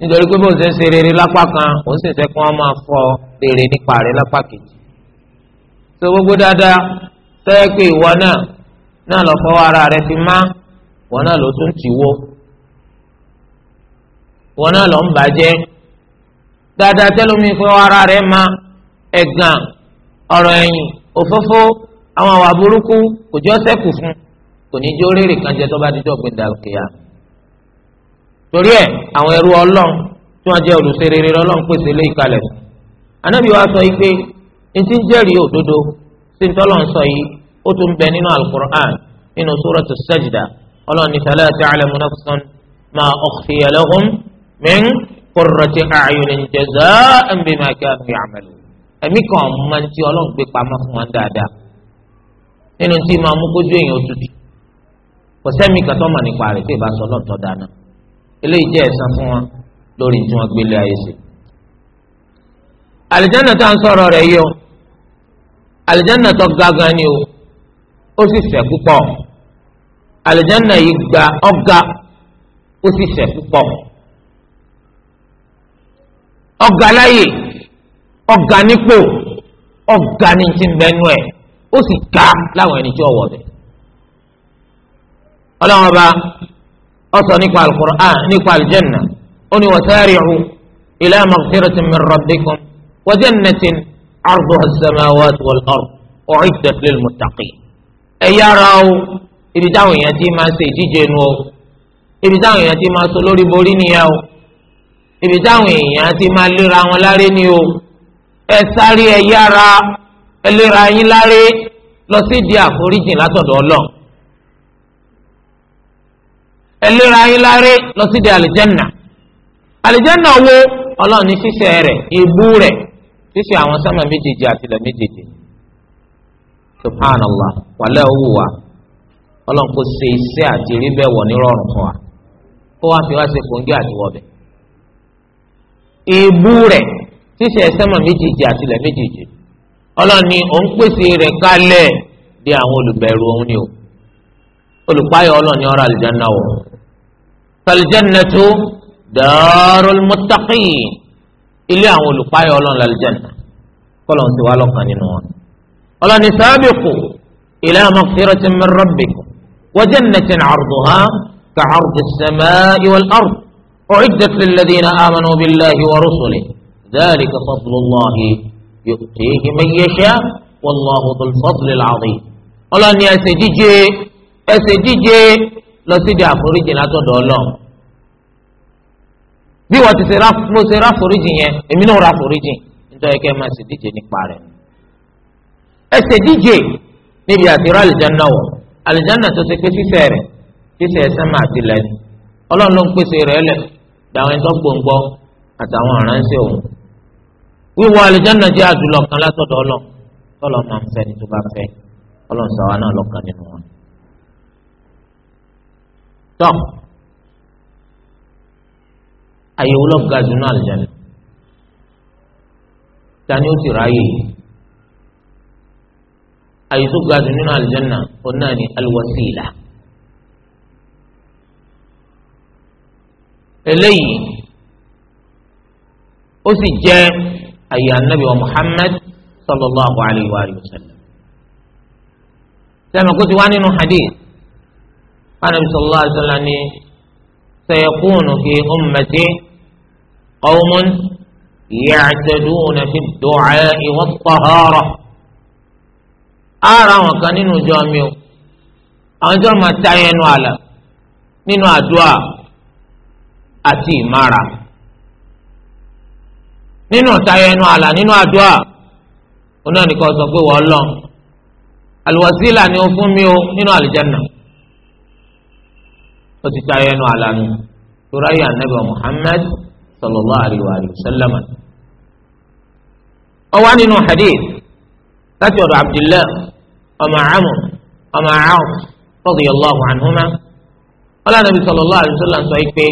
nítorí pé bó ń ṣe ń ṣe rere lápá kan ó sì fẹ́ kí wọ́n máa fọ rere nípa rẹ̀ lápá kejì. so gbogbo dáadáa tẹ́ẹ̀ pé ìwọ náà náà lọ fọwọ́ ara rẹ fi má wọn náà ló tún ti wó wọn náà lọ ń bàjẹ́ dáadáa tẹ́lómi fọwọ́ ara rẹ má ẹ̀gàn ọ̀rọ̀ ẹ̀yìn òfófó àwọn àwà burúkú kò jọ́ sẹ́kù fún kò ní jó rírì kan jẹ tó bá dídọ̀ gbẹ̀dàgbẹ̀yà torí ẹ àwọn ẹrú Ọlọ́run tí wọ́n jẹ́ olùṣe rere Ọlọ́run pèsè lé ìkalẹ̀ fún anabi wa sọ yìí pé n ti ń jẹ́rìí òdodo sí ń tọ́lọ̀ ń sọ yìí ó tún bẹ nínú alukur'an nínú suratu sajda Ọlọ́run ní fala ta'lamu nafsun ma ukhfiya lahum min qurrati a'yunin jaza'an bima kanu ya'malun ẹ̀mí kan máa ń ti Ọlọ́run gbé pamọ́ fún wọn dáadáa nínú tí máa mú kójú èèyàn tutù kò sẹ́mi kàtọ́ mà nípa rẹ̀ tí ì bá sọ lọ́tọ̀ dáná eléyìí jẹ́ ẹ̀san fún wọn lórí tí wọ́n gbélé ayé sí. àlìjáná tó ń sọ̀rọ̀ rẹ̀ yọ àlìjáná tó ga gan ni o ó sì fẹ̀ púpọ̀ àlìjáná yìí ga ọ̀gá ó sì fẹ̀ púpọ̀ ọ̀gá láyè ọ̀gá nípò ọ̀gá ni ti ń bẹnu ẹ̀ ó sì ga láwọn ẹni tí ọ̀wọ̀ rẹ̀ ọlọ́wọ́n bá ọsọ nípa alukur'an nípa aljanna ó ní wasaari'u ila maghfiratin min rabbikum wa jannatin arduha as-samawati wal ard u'iddat lil muttaqin. ẹ yára o ibi táwọn èèyàn ti máa ṣe ìdíje nu o ibi táwọn èèyàn ti máa so lórí borí nìyẹn o ibi táwọn èèyàn ti máa léra wọn láré ni o ẹ sáré ẹ yára ẹ léra yín láré lọ sí di àforíjìn látọ̀dọ̀ ọlọ́run ẹlẹ́ra yín láré lọ sí di àlìjẹ́nà àlìjẹ́nà wo ọlọ́run ṣíṣe rẹ̀ ìbú rẹ̀ ṣíṣe àwọn sánmà méjèèjì àti ilẹ̀ méjèèjì subhanallah wàlẹ́ owó wa ọlọ́run kò ṣe iṣẹ́ àti rí bẹ́ẹ̀ wọ̀ fún wa kó wá fi wá ṣe kòńgé àti ìbú rẹ̀ ṣíṣe sánmà méjèèjì àti méjèèjì ọlọ́run òun pèsè rẹ̀ bí àwọn olùbẹ̀rù falijannatu daarul muttaqin ilé àwọn olùpáyọ Ọlọ́run lálìjẹnà kọlọ ń ti wá lọ́kàn nínú wọn. Ọlọ́run ní sábẹkù ilé àwọn mọkìtìrọtì min rabbikum wa jannatin arduha ka ardi as-samaa'i wal ard u'iddat lilladhina amanu billahi wa rusulihi dhalika fadlullahi yu'tihi man yasha' wallahu dhul fadlil 'azim. Ọlọ́run ní ẹsẹ díje ẹsẹ díje lọ síbi àforíjì látọ̀dọ̀ ọlọ́run bí wọ́n ti ṣe ra mo ṣe ra àforíjì yẹn èmi náà ra àforíjì nítorí kẹ́ ẹ máa ṣe díje nípa rẹ̀ ẹ ṣe díje níbi àtìrá àlìjáná wọ̀ àlìjáná tó ṣe pé sísẹ rẹ̀ sísẹ ẹsẹ̀ máa ti lẹ̀ ni ọlọ́run ló ń pèsè rẹ̀ lẹ̀ dàwọn ẹ̀tọ́ gbòǹgbò àtàwọn aránṣẹ́ òun wíwọ̀ àlìjáná jẹ́ àdúlọ̀ kan látọ̀dọ̀ ọlọ́run tọ́lọ́ máa ń ni tó bá fẹ́ ọlọ́run sàwọn náà lọ́kàn nínú tọ́ àyẹ̀wò lọ́gàá jù náà àlùjáde tani ó sì ráàyè àyè tó ga jù nínú àlùjáde ó náà ní alwasila eléyìí ó sì jẹ́ àyè anabi wa Muhammad sallallahu alayhi wa sallam sẹ́mi kó ti wá nínú hadith anabi sallallahu alayhi wa sallam ni sayakunu fi ummati qawmun yactaduna fi ducaa'i wa tahaara ara àwọn kan nínú ìjọ mi o àwọn ìjọ máa ta ẹnu àlà nínú àdúrà àti ìmára nínú ìtayọ ẹnu àlà nínú àdúrà onáà nìkan sọ pé wọ́n lọ àlùwàsílà ni ó fún mi o nínú àlìjánnà ó ti tayọ ẹnu àlànà lórí ayé anabi muhammad sallallahu alayhi wa sallam. ọwọ́ nínú hadith láti ọ̀dọ̀ abdullah ọmọ amr ọmọ aoun radiyallahu anhuma ọlọ́run nabi sallallahu alayhi wa sallam sọ pé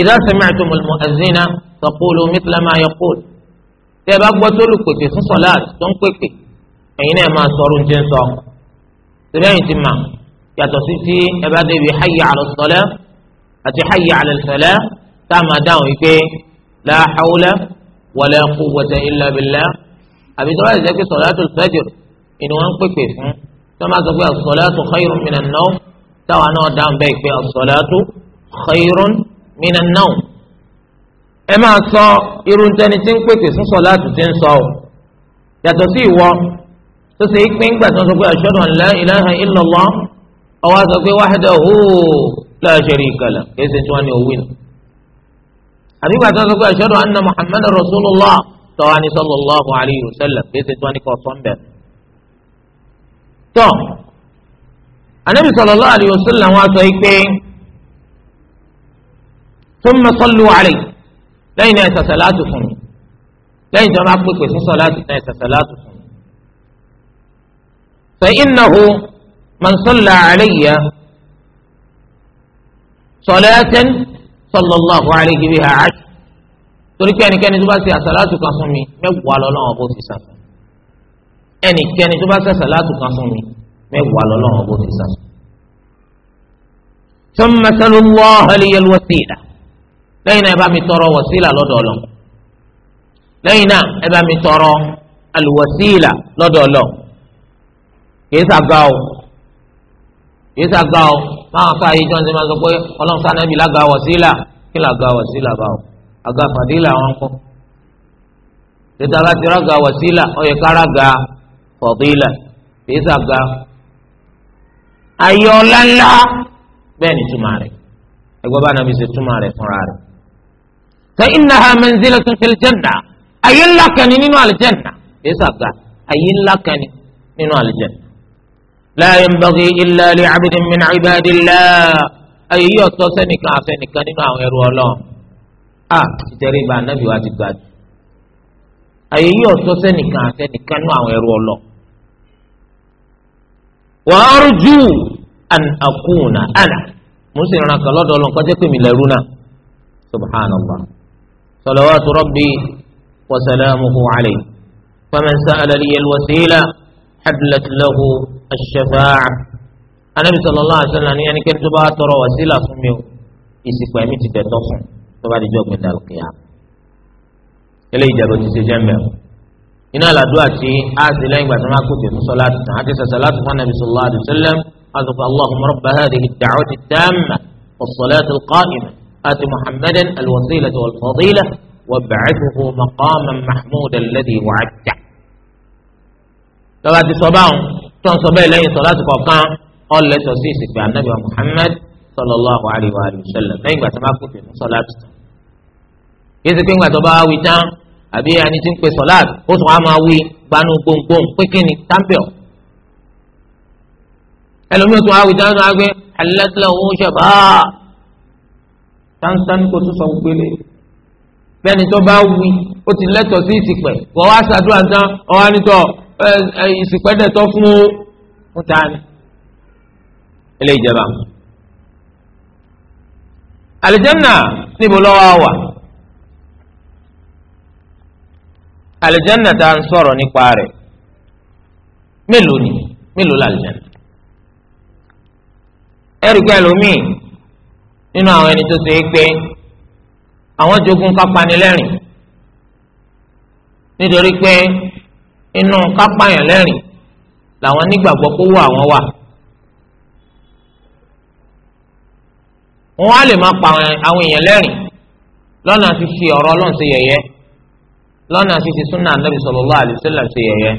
idha sami'tum al-mu'adhdhina faqulu mithla ma tẹ́ ẹ bá gbọ́ tó lùpèpè fún sọ́láàtì tó ń pèpè ẹ̀yin náà máa sọ ọdún tí ń sọ yìí ti mà yàtọ̀ sí tí ẹ bá débi hayya ala salah àti hayya ala salah tá a máa dáhùn yìí pé la hawla wala quwwata illa billah àbí tó bá yẹ kí salatul fajr ìní wọn ń pèpè fún tó máa sọ pé as-salatu khayrun minan nawm táwọn náà dáhùn bẹ́ẹ̀ pé as-salatu khayrun minan ẹ máa sọ irun tẹni tí ń pèpè fún sọláàtù tí ń sọ ọ yàtọ̀ sí ìwọ tó ṣe é pé ńgbà tó ń sọ pé ashhadu an la ilaha illallah ọwọ́ sọ pé wahdahu la sharika lah kéésì tí wọ́n ní owó nù. àbígbà tó sọ pé ashhadu anna muhammadan rasulullah tọ́wá ní sallallahu alayhi wa sallam kéésì tí wọ́n ní kọ́ sọ́ńbẹ̀. tọ́ anabi sallallahu alayhi wa sallam sọ pé thumma sallu alayhi lẹ́yìn náà ẹ̀sà sàlátù fún mi lẹ́yìn tí wọ́n pèpè fún sàlátù náà ẹ̀sà sàlátù fún mi. fa innahu من صلى علي صلاة صلى الله عليه بها عشر torípé ẹnikẹ́ni tó bá ṣe àṣàlátù kan fún mi mẹ́wàá lọ́lọ́wọ́ bó ti sàn ẹnikẹ́ni tó bá ṣe àṣàlátù kan fún mi mẹ́wàá lọ́lọ́wọ́ bó ti sàn. ثم سلوا الله لي الوسيلة lẹ́yìn náà ẹ bá mi tọrọ wọ̀síìlà lọ́dọ̀ Ọlọ́run lẹ́yìn náà ẹ bá mi tọrọ àlùwọ̀síìlà lọ́dọ̀ kì í sàgbà o yìí sàgá o máa ká yìí jọ́nsẹ̀ máa sọ pé ọlọ́run sáà nàbì lága wọ̀sílà kí làga wọ̀sílà bá o àga fàdílà wọn kọ́ tètè láti rága wọ̀sílà ọyẹ kára ga fọ̀dílà yìí sàgá ayọ̀ ńláńlá bẹ́ẹ̀ ni túmọ̀ rẹ̀ ẹgbẹ́ bá nàbì ṣe túmọ̀ rẹ̀ fúnra rẹ̀ sọ innaha manzilatun fil janna ayé ńlá kan ní nínú àlùjẹ́nà yìí sàgá ayé ńlá kan ní nínú àlùjẹ́nà. لا ينبغي إلا لعبد من عباد الله أي يوتو سنكا سنكا نما ويرو الله آه تريبا النبي بعد أي يوتو سنكا سنكا نما ويرو الله وأرجو أن أكون أنا مسلم أنا كلا دولون كجت من لرونا سبحان الله صلوات ربي وسلامه عليه فمن سأل لي الوسيلة حبلت له ash-shafa'ah anabi sallallahu alaihi wasallam ní ẹnikẹ́ni tó bá tọrọ wàsílà fún mi o ìsìnkú ẹ̀mí ti dẹ̀tọ́ fún tó bá di jọ́ gbẹ̀dẹ̀ àlùkìyà. eléyìí ìjàgbọ́ ti ṣe jẹ́mbẹ̀ o iná àlàdúrà tí a sì lẹ́yìn ìgbà tí wọ́n á kó tètè sọ́lá ti tàn á ti láti fún anabi sallallahu alaihi wasallam á allahumma rabba hadhihi ad-da'wati at-tamma was-salati al-qa'ima آت محمدا الوسيلة والفضيلة وابعثه مقاما محمودا الذي وعدته. tọ́ba ti sọ báwọn tó ń sọ bẹ́ẹ̀ lẹ́yìn sọ láti kọ̀ọ̀kan ọ̀lẹ́tọ̀ sí ìsìnkú anábìá Muhammad sallallahu alaihi wa sallam lẹ́yìn ìgbà tó bá pèpè fún sọláàtì kí ẹsẹ̀ pé ńgbà tó bá wí tán àbí ẹni tí ń pè sọláàtì ó tún á máa wí gbanú gbóngbóng pé kí ni tampion ẹlòmíràn tún á wí tán á gbé alẹ́tìlẹ̀ òun ṣẹ̀bá tánsán kó tún sọ gbélé bẹ́ẹ̀ni tó bá wí ó ti lẹ́tọ̀ sí ìsìnkú ìsìpẹ́dẹ̀ tọ́ fún fún ta ni ilé ìjẹba alìjẹ́nà níbo lọ́wọ́ wà alìjẹ́nà tá à ń sọ̀rọ̀ nípa rẹ̀ mélòó ni mélòó làlìjẹ́nà ẹ̀rí pé ẹlòmíì nínú àwọn ẹni tó ṣe é pé àwọn jogún kápánilẹ́rìn nítorí pé inú kápáyàn lẹ́rìn làwọn nígbàgbọ́ pé owó àwọn wà. wọn á lè máa pa àwọn èèyàn lẹ́rìn lọ́nà ti fi ọ̀rọ̀ ọlọ́run ṣe yẹ̀yẹ́ lọ́nà ti fi súnà anábì sallallahu alaihi wasallam ṣe yẹ̀yẹ́.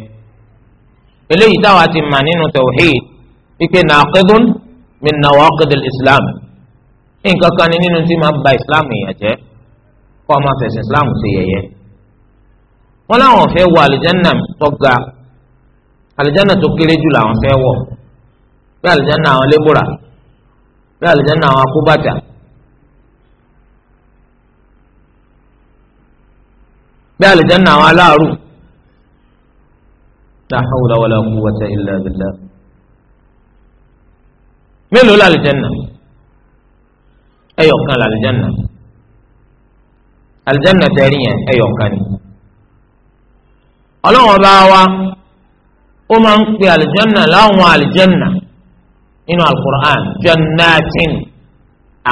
eléyìí táwa ti mà nínú tawhid wípé nàákẹ́dùn min nawaqidil islam nǹkan kan ní nínú tí máa ba islam yẹn jẹ́ kó o máa fẹ̀sìn islam ṣe yẹ̀yẹ́ wọn làwọn fẹ́ wọ àlùjáná tó ga àlùjáná tó kéré jù làwọn fẹ́ wọ bí àlùjáná àwọn lébùrà bí àlùjáná àwọn akúbàtà. bí àlùjáná àwọn aláàrù la hawla wala quwwata illa billah mélòó la àlùjáná ẹyọkan la àlùjáná àlùjáná tẹ̀rí yẹn ẹyọkan ni. ọlọ́wọ́n bá wa ó máa ń pe àlìjọ́nà láwọn àlìjọ́nà nínú alukur'an jannatin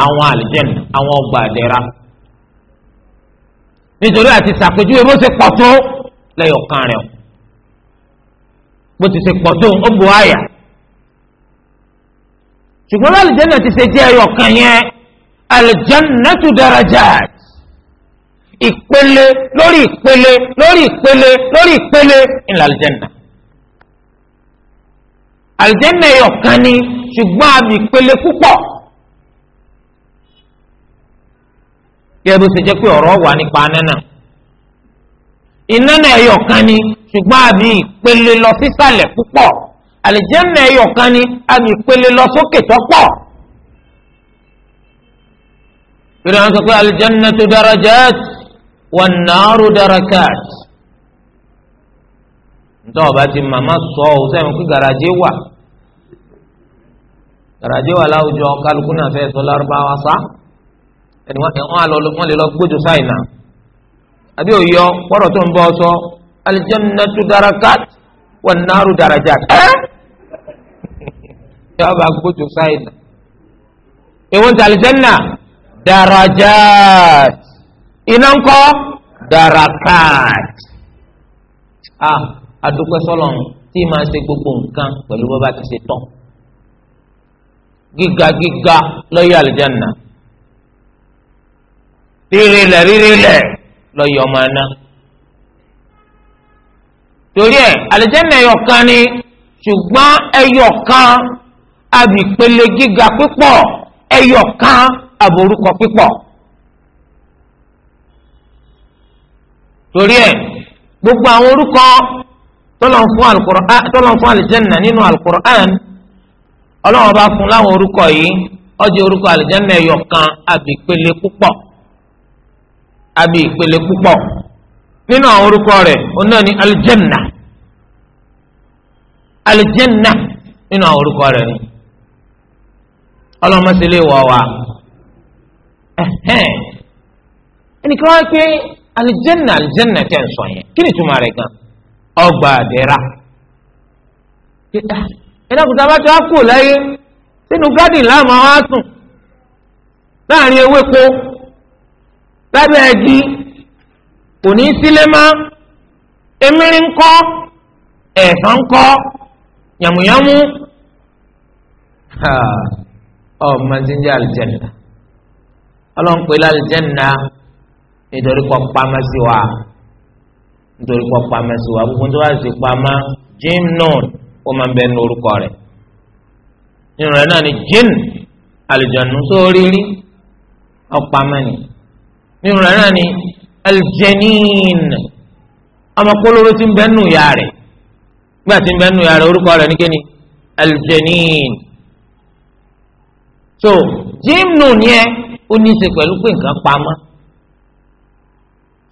àwọn àlìjọ́nà àwọn ọgbà àdẹ́ra nítorí àti sàpèjúwe bó ṣe pọ̀ tó lẹ́yìn ọ̀kan rẹ̀ bó ti ṣe pọ̀ tó ó bu àyà ṣùgbọ́n àlìjọ́nà ti ṣe jẹ́ ẹyọ kan yẹn àlìjọ́nà tó darajat. ìpele lórí ìpele lórí ìpele lórí ìpele ńlá aljanna aljanna yọ kan ni ṣùgbọ́n àmì ìpele púpọ̀ yẹ́n bó ṣe jẹ́ pé ọ̀rọ̀ wà nípa nánà iná náà yọ kan ni ṣùgbọ́n àmì ìpele lọ sísàlẹ̀ púpọ̀ aljanna yọ kan ni àmì ìpele lọ sókè tó pọ̀ ìrìn àwọn sọ pé aljanna tó wọn nàárò darakat ntọ́ ọba ti màmá sọ ọ́ sẹ́yìn pé garaje wà garaje wà láwùjọ kálukú náà fẹ́ sọ lárúbáwá sá ẹni wọn lè lọ gbójú sáìnà àbí òyọ pọ́rọ̀ tó ń bọ́ sọ aljannatu darakat wan naru darajat ẹ́ <laughs> yọ bá gbójú sáìnà ìwọ̀n tí aljanna darajat iná ńkọ́ darakat a adúpẹ́ sọ́lọ̀ tí máa ṣe gbogbo nǹkan pẹ̀lú bọ́ba ti ṣe tán gíga gíga lọ́yẹ̀ àlùjáná rírì lẹ̀ rírì lẹ̀ lọ́yẹ̀ ọmọ ẹ̀ná torí ẹ̀ àlùjáná ẹ̀yọ̀kan ni ṣùgbọ́n ẹ̀yọ̀kan abìpele gíga pípọ̀ ẹ̀yọ̀kan àbòrúkọ pípọ̀. torí ẹ gbogbo àwọn orúkọ tọ́lọ̀ fún alìjẹ́nà nínú alukur'an ọlọ́wọ́n bá fún láwọn orúkọ yìí ọjọ́ orúkọ alìjẹ́nà ẹ̀yọ̀ kan àbí ìpele púpọ̀ àbí ìpele púpọ̀ nínú àwọn orúkọ rẹ̀ òun náà ni alìjẹ́nà alìjẹ́nà nínú àwọn orúkọ rẹ̀ ni ọlọ́mọ sílé wọ̀ wá ẹnìkan wá pé. alijanna alijanna tẹ̀ ń sọ yẹn kí ni túmọ̀ rẹ̀ gan ọgbà àdẹ́ra ẹ̀dá kùtà bá ti wá kú láyé sínú gádìn láàmú àwọn àtùn láàrin ewéko lábẹ́ ẹ̀jì kò ní sílé má emiri ńkọ́ ẹ̀fọn ńkọ́ yàmùyàmù ọ màá ti ń jẹ́ àlìjẹ́nà ọlọ́run pè é nítorí kọ́ pamọ́ sí wa nítorí kọ́ pamọ́ sí wa gbogbo tó bá sì pamọ́ jim nùn ó máa ń bẹ ní orúkọ rẹ̀ nínú rẹ̀ náà ni jin alìjẹ̀nu tó rírí ọ̀pamọ́ ni nínú rẹ̀ náà ni aljẹ̀nín ọmọ kólóró tí ń bẹ nù ya rẹ̀ nígbà tí ń bẹ nù ya rẹ̀ orúkọ rẹ̀ nìkéni aljẹ̀nín so jim nùn yẹn ó ní í ṣe pẹ̀lú pé nǹkan pamọ́.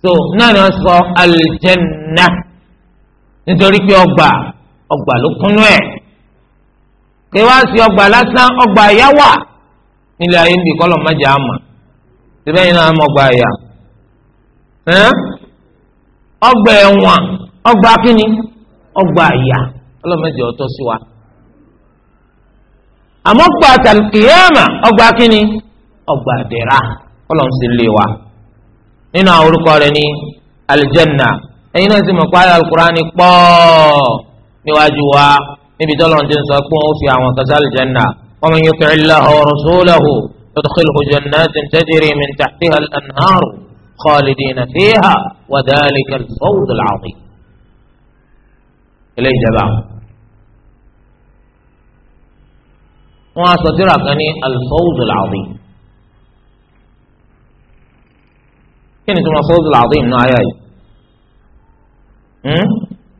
so náà ni wọ́n sọ alìjẹ́nà nítorí pé ọgbà ọgbà ló kúnú sí ọgbà lásán ọgbà àyà wà nílẹ̀ ayé níbi kọ́lọ̀ mọ́jà àmà síbẹ̀ yìí náà ọgbà ọgbà ọgbà kínní ọgbà ọtọ sí wa àmọ́ ọgbà àtàlùkìyàmà ọgbà kínní ọgbà sì lé wa. nínú àwọn orúkọ rẹ̀ ní alijanna ẹ̀yin náà sì mọ̀ pé alukurani pọ̀ níwájú wa níbi tọ́lọ̀ ti ń sọ pé ó fi àwọn kan sí aljanna wa man yuti'i llaha wa rasulahu yudkhilhu jannatin tajri min tahtiha al-anharu khalidina fiha wa dhalika al-fawz al-'azim. ilé ìjọba wọn a sọ síra kan ní al-fawz kí يسمى صوت العظيم azim náà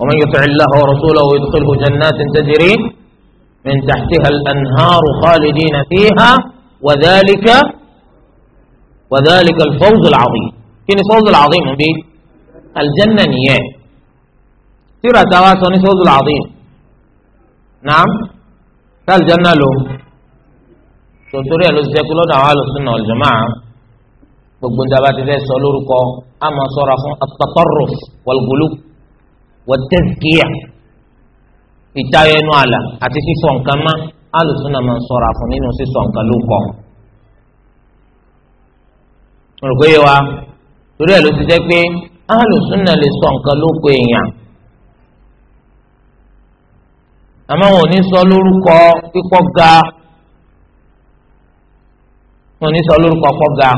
ومن يطع الله ورسوله ويدخله جنات تجري من تحتها الأنهار خالدين فيها وذلك وذلك الفوز العظيم كني فوز العظيم بي الجنة نية سيرة تواسوني فوز العظيم نعم قال الجنة له تنتري الوزيكولون أهل السنة والجماعة gbogbo daba ti fẹ́ sọ lórúkọ ama ṣọ́ra fún at-tatarruf wal-ghulu wat-tazkiya ìtayẹnu àlà àti sísọ nǹkan má alùsùnà máa ń ṣọ́ra fún nínú sísọ nǹkan lórúkọ. olùkọ́ yẹ wa torí ẹ̀ ló ti jẹ́ pé alùsùnà lè sọ nǹkan lórúkọ èèyàn àmọ́ wọn ò ní sọ lórúkọ kíkọ́ ga wọn ò ní sọ lórúkọ kọ́ ga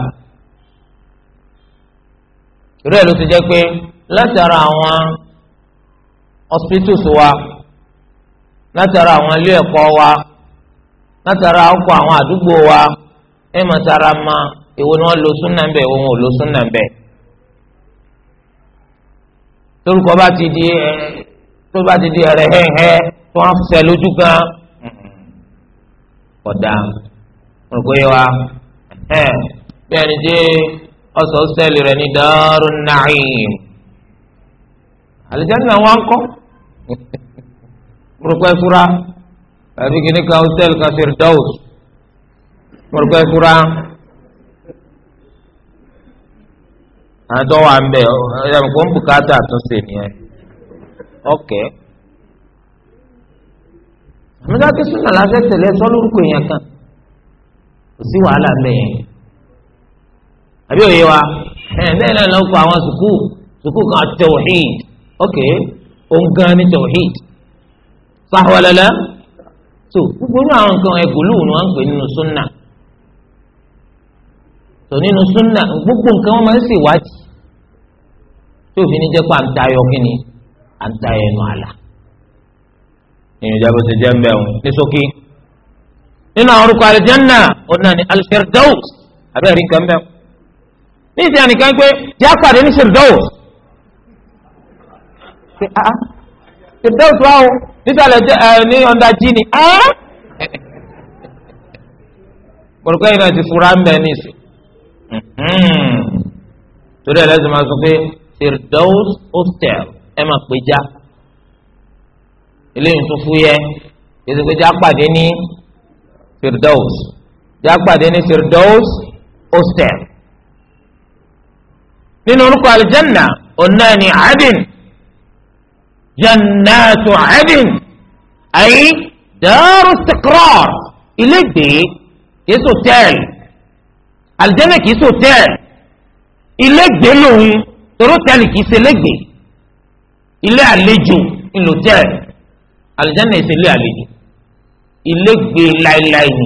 ìrẹ́ ló ti jẹ́ pé látara àwọn hospitals wa látara àwọn ilé ẹ̀kọ́ wa látara ọkọ̀ àwọn àdúgbò wa ẹ̀ máa tara ma èwo ni wọ́n lo súnà ń bẹ̀ èwo wọn ò lo súnà ń bẹ̀. torúkọ bá ti di ẹ tó bá ti di ẹrẹ hẹ́hẹ́ tó wọ́n sẹ lójú gan ọ̀dà rògbòye wa bẹ́ẹ̀ ni dé ọsọ sẹ́ẹ̀lì rẹ̀ ní Darun Na'im àlùjáde náà wọ́n kọ́ mọ̀rọ̀kọ́ ẹ̀fúra àbí kìíní kan sẹ́ẹ̀lì kan Firdaus mọ̀rọ̀kọ́ ẹ̀fúra àtọ́ wà ń bẹ̀ ẹ̀yàmù kò ń bùkátà àtúnṣe nìyẹn ọ̀kẹ́ àmì dákẹ́ sùn náà lásẹ̀ tẹ̀lé sọ́lórúkọ èèyàn kan kò sí wàhálà mẹ́yìn àbí òye wa bẹ́ẹ̀ náà ló ń kọ àwọn sùkúù sùkúù kan tawhid ok ongan ni tawhid sahwalala so gbogbo àwọn nǹkan ẹ̀gúlù ni wọ́n ń pè nínú súnà tò nínú súnà gbogbo nǹkan wọn máa ń ṣèwádìí tí òfin ní jẹ́ pé à ń kí ni à ẹnu àlà èèyàn jábọ̀ ti jẹ́ mbẹ́ òun ní sókè nínú àwọn orúkọ àlùjánnà ọ̀nà ni al-firdaus abẹ́rẹ́ nǹkan mbẹ́ òun ní ìsìn ànìkan pé jẹ́ àpàdé ní sèrèdọ́wò sèrèdọ́wò tó àwọn nísàlẹ̀ eh, ní ọ̀ndà jí ni kọ̀ọ̀kan ah, ah, eh, eh. yìí náà ti fura ń bẹ ní ìsìn mm-hmm. torí ẹlẹ́sìn máa sọ pé sèrèdọ́wò hostel ẹ máa pè já eléyìí tó fúyẹ́ ètò pé já pàdé ní sèrèdọ́wò já pàdé ní sèrèdọ́wò hostel nínú orúkọ aljanna ọ̀nà ni adin jannatu adin ayé dàrú sikirar ilé gbé kìí sọ tẹ́ẹ̀lì aljanna kìí sọ tẹ́ẹ̀lì ilé gbé lòun toró tẹ́ẹ̀lì kìí ṣe ilé àlejò ìlú tẹ́ẹ̀lì aljanna ìṣe ilé àlejò ilé láéláé ni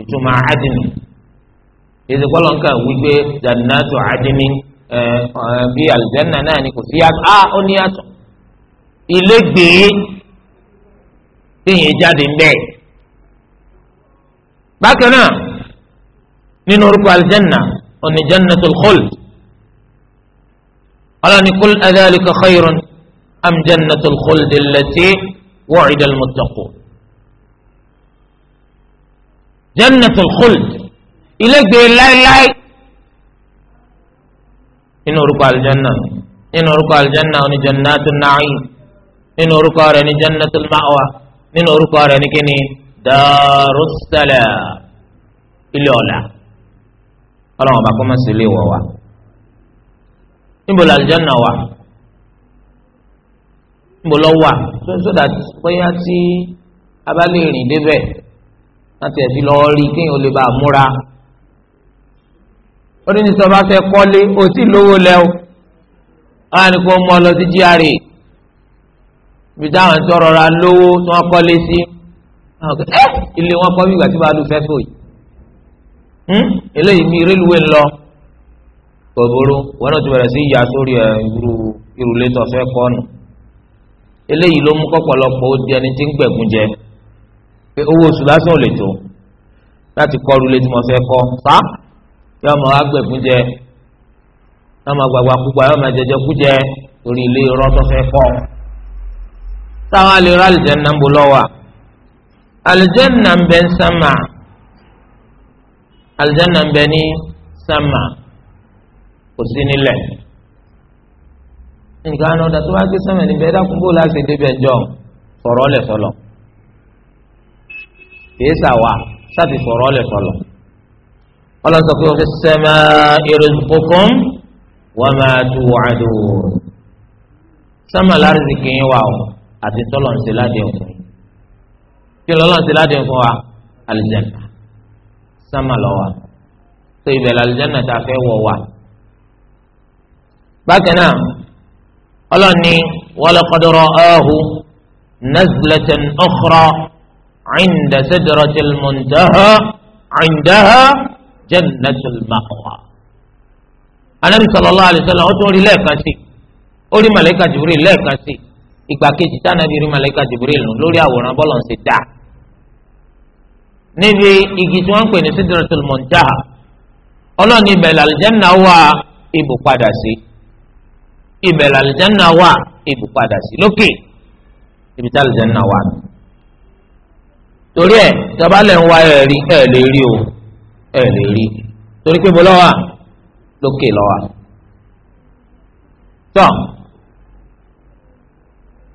ìtumọ̀ adin ìṣèkọ́lọ́ nǹkan wípé jannatu adin ni bí aljanna náà ni kò sí yàtọ̀ a ó ní yàtọ̀ ilé gbèé téèyàn jáde ń bẹ́ẹ̀. bákan náà nínú orúkọ aljanna oní jannatul khuld ọlọ́ni kul adhalika khayrun am jannatul khuld allati wu'ida almuttaqun. jannatul khuld ilé gbèé láéláé nínú orúkọ aljanna nínú orúkọ aljanna oni janna na'im nínú orúkọ rẹ̀ ní jannatul ma'wa nínú orúkọ rẹ̀ ní kíni darus salam ilé ọba kọ́má sí ilé ìwọ̀ wa níbo la aljanna wà níbo lọ wà sódà bóyá tí a bá lè rìn débẹ̀ láti ẹ̀fí lọ́ọ́ rí kéèyàn ó lè bá a múra ó ní sọ bá fẹ́ kọ́lé ó sì lówó lẹ́wọ́ á ní kó mọ́ ọ lọ sí GRA ibi táwọn tó rọra lówó tí wọ́n kọ́lé sí ẹ ilé wọn kọ́ bígbà tí bàálù fẹ́ fò yìí eléyìí mi rélùwé ńlọ kò burú wọn náà ti bẹ̀rẹ̀ sí ìyá sórí ẹ̀ irú irúlé tó fẹ́ kọ́ nù eléyìí ló mú kọ́pọ̀lọpọ̀ ó di ẹni tí ń gbẹ̀gùn jẹ owó oṣù lásán ò lè tó láti kọ́ irúlé tí mo fẹ́ kọ́ sáà yọ ọmọ wa gbẹ̀kún jẹ yọ ọmọ gbàgbà púpọ̀ yọ ọmọ jẹjẹ kú jẹ torí ilé irọ́ tó fẹ́ kọ́ táwọn alèrò alìjẹ́nà ń bọ̀ lọ́wọ́ alìjẹ́nà ń bẹ ń sánmà alìjẹ́nà ń bẹ ní sánmà kò sí nílẹ̀ nǹkan àná ọ̀dà tó wá gbé sánmà níbẹ̀ dákun bó láti débẹ̀ jọ sọ̀rọ̀ lẹ̀ sọ̀lọ̀ kìí sàwà sáti sọ̀rọ̀ lẹ̀ sọ̀lọ̀ ọlọ́sọ pé òfin sẹ́mà rizqukum wa ma tu'adun sẹ́mà lárísìkì yín wà ó àti tọ́lọ̀ ń ṣe ládìí fún yín kí lọ́lọ́ ń ṣe ládìí fún wa alìjẹ́nà sẹ́mà lọ́wọ́ tó ibẹ̀ làlìjẹ́nà tá a fẹ́ wọ̀ wá. bákan náà ọlọ́ni wa laqad ra'ahu nazlatan ukhra 'inda sidratil muntaha 'indaha jannatul ma'wa. anabi sallallahu alaihi wasallam ó tún rí lẹ́ẹ̀kan sí ó rí màlẹ́kà jibril lẹ́ẹ̀kan sí ìgbà kejì tí anabi rí màlẹ́kà jibril nù lórí àwòrán bọ́lọ̀ ń ṣe dáa. níbi igi tí wọ́n ń pè ní sidratul muntaha ọlọ́ọ̀ni ibẹ̀ làlìjẹ́nà wà ibù padà sí ibẹ̀ làlìjẹ́nà wà ibù padà sí lókè ibi tí àlìjẹ́nà wà. torí ẹ̀ ìjọba lẹ́ ń ẹ̀ lè rí o. ẹ lè rí torí pé bọ́lá wà lókè lọ́wọ́ tọ́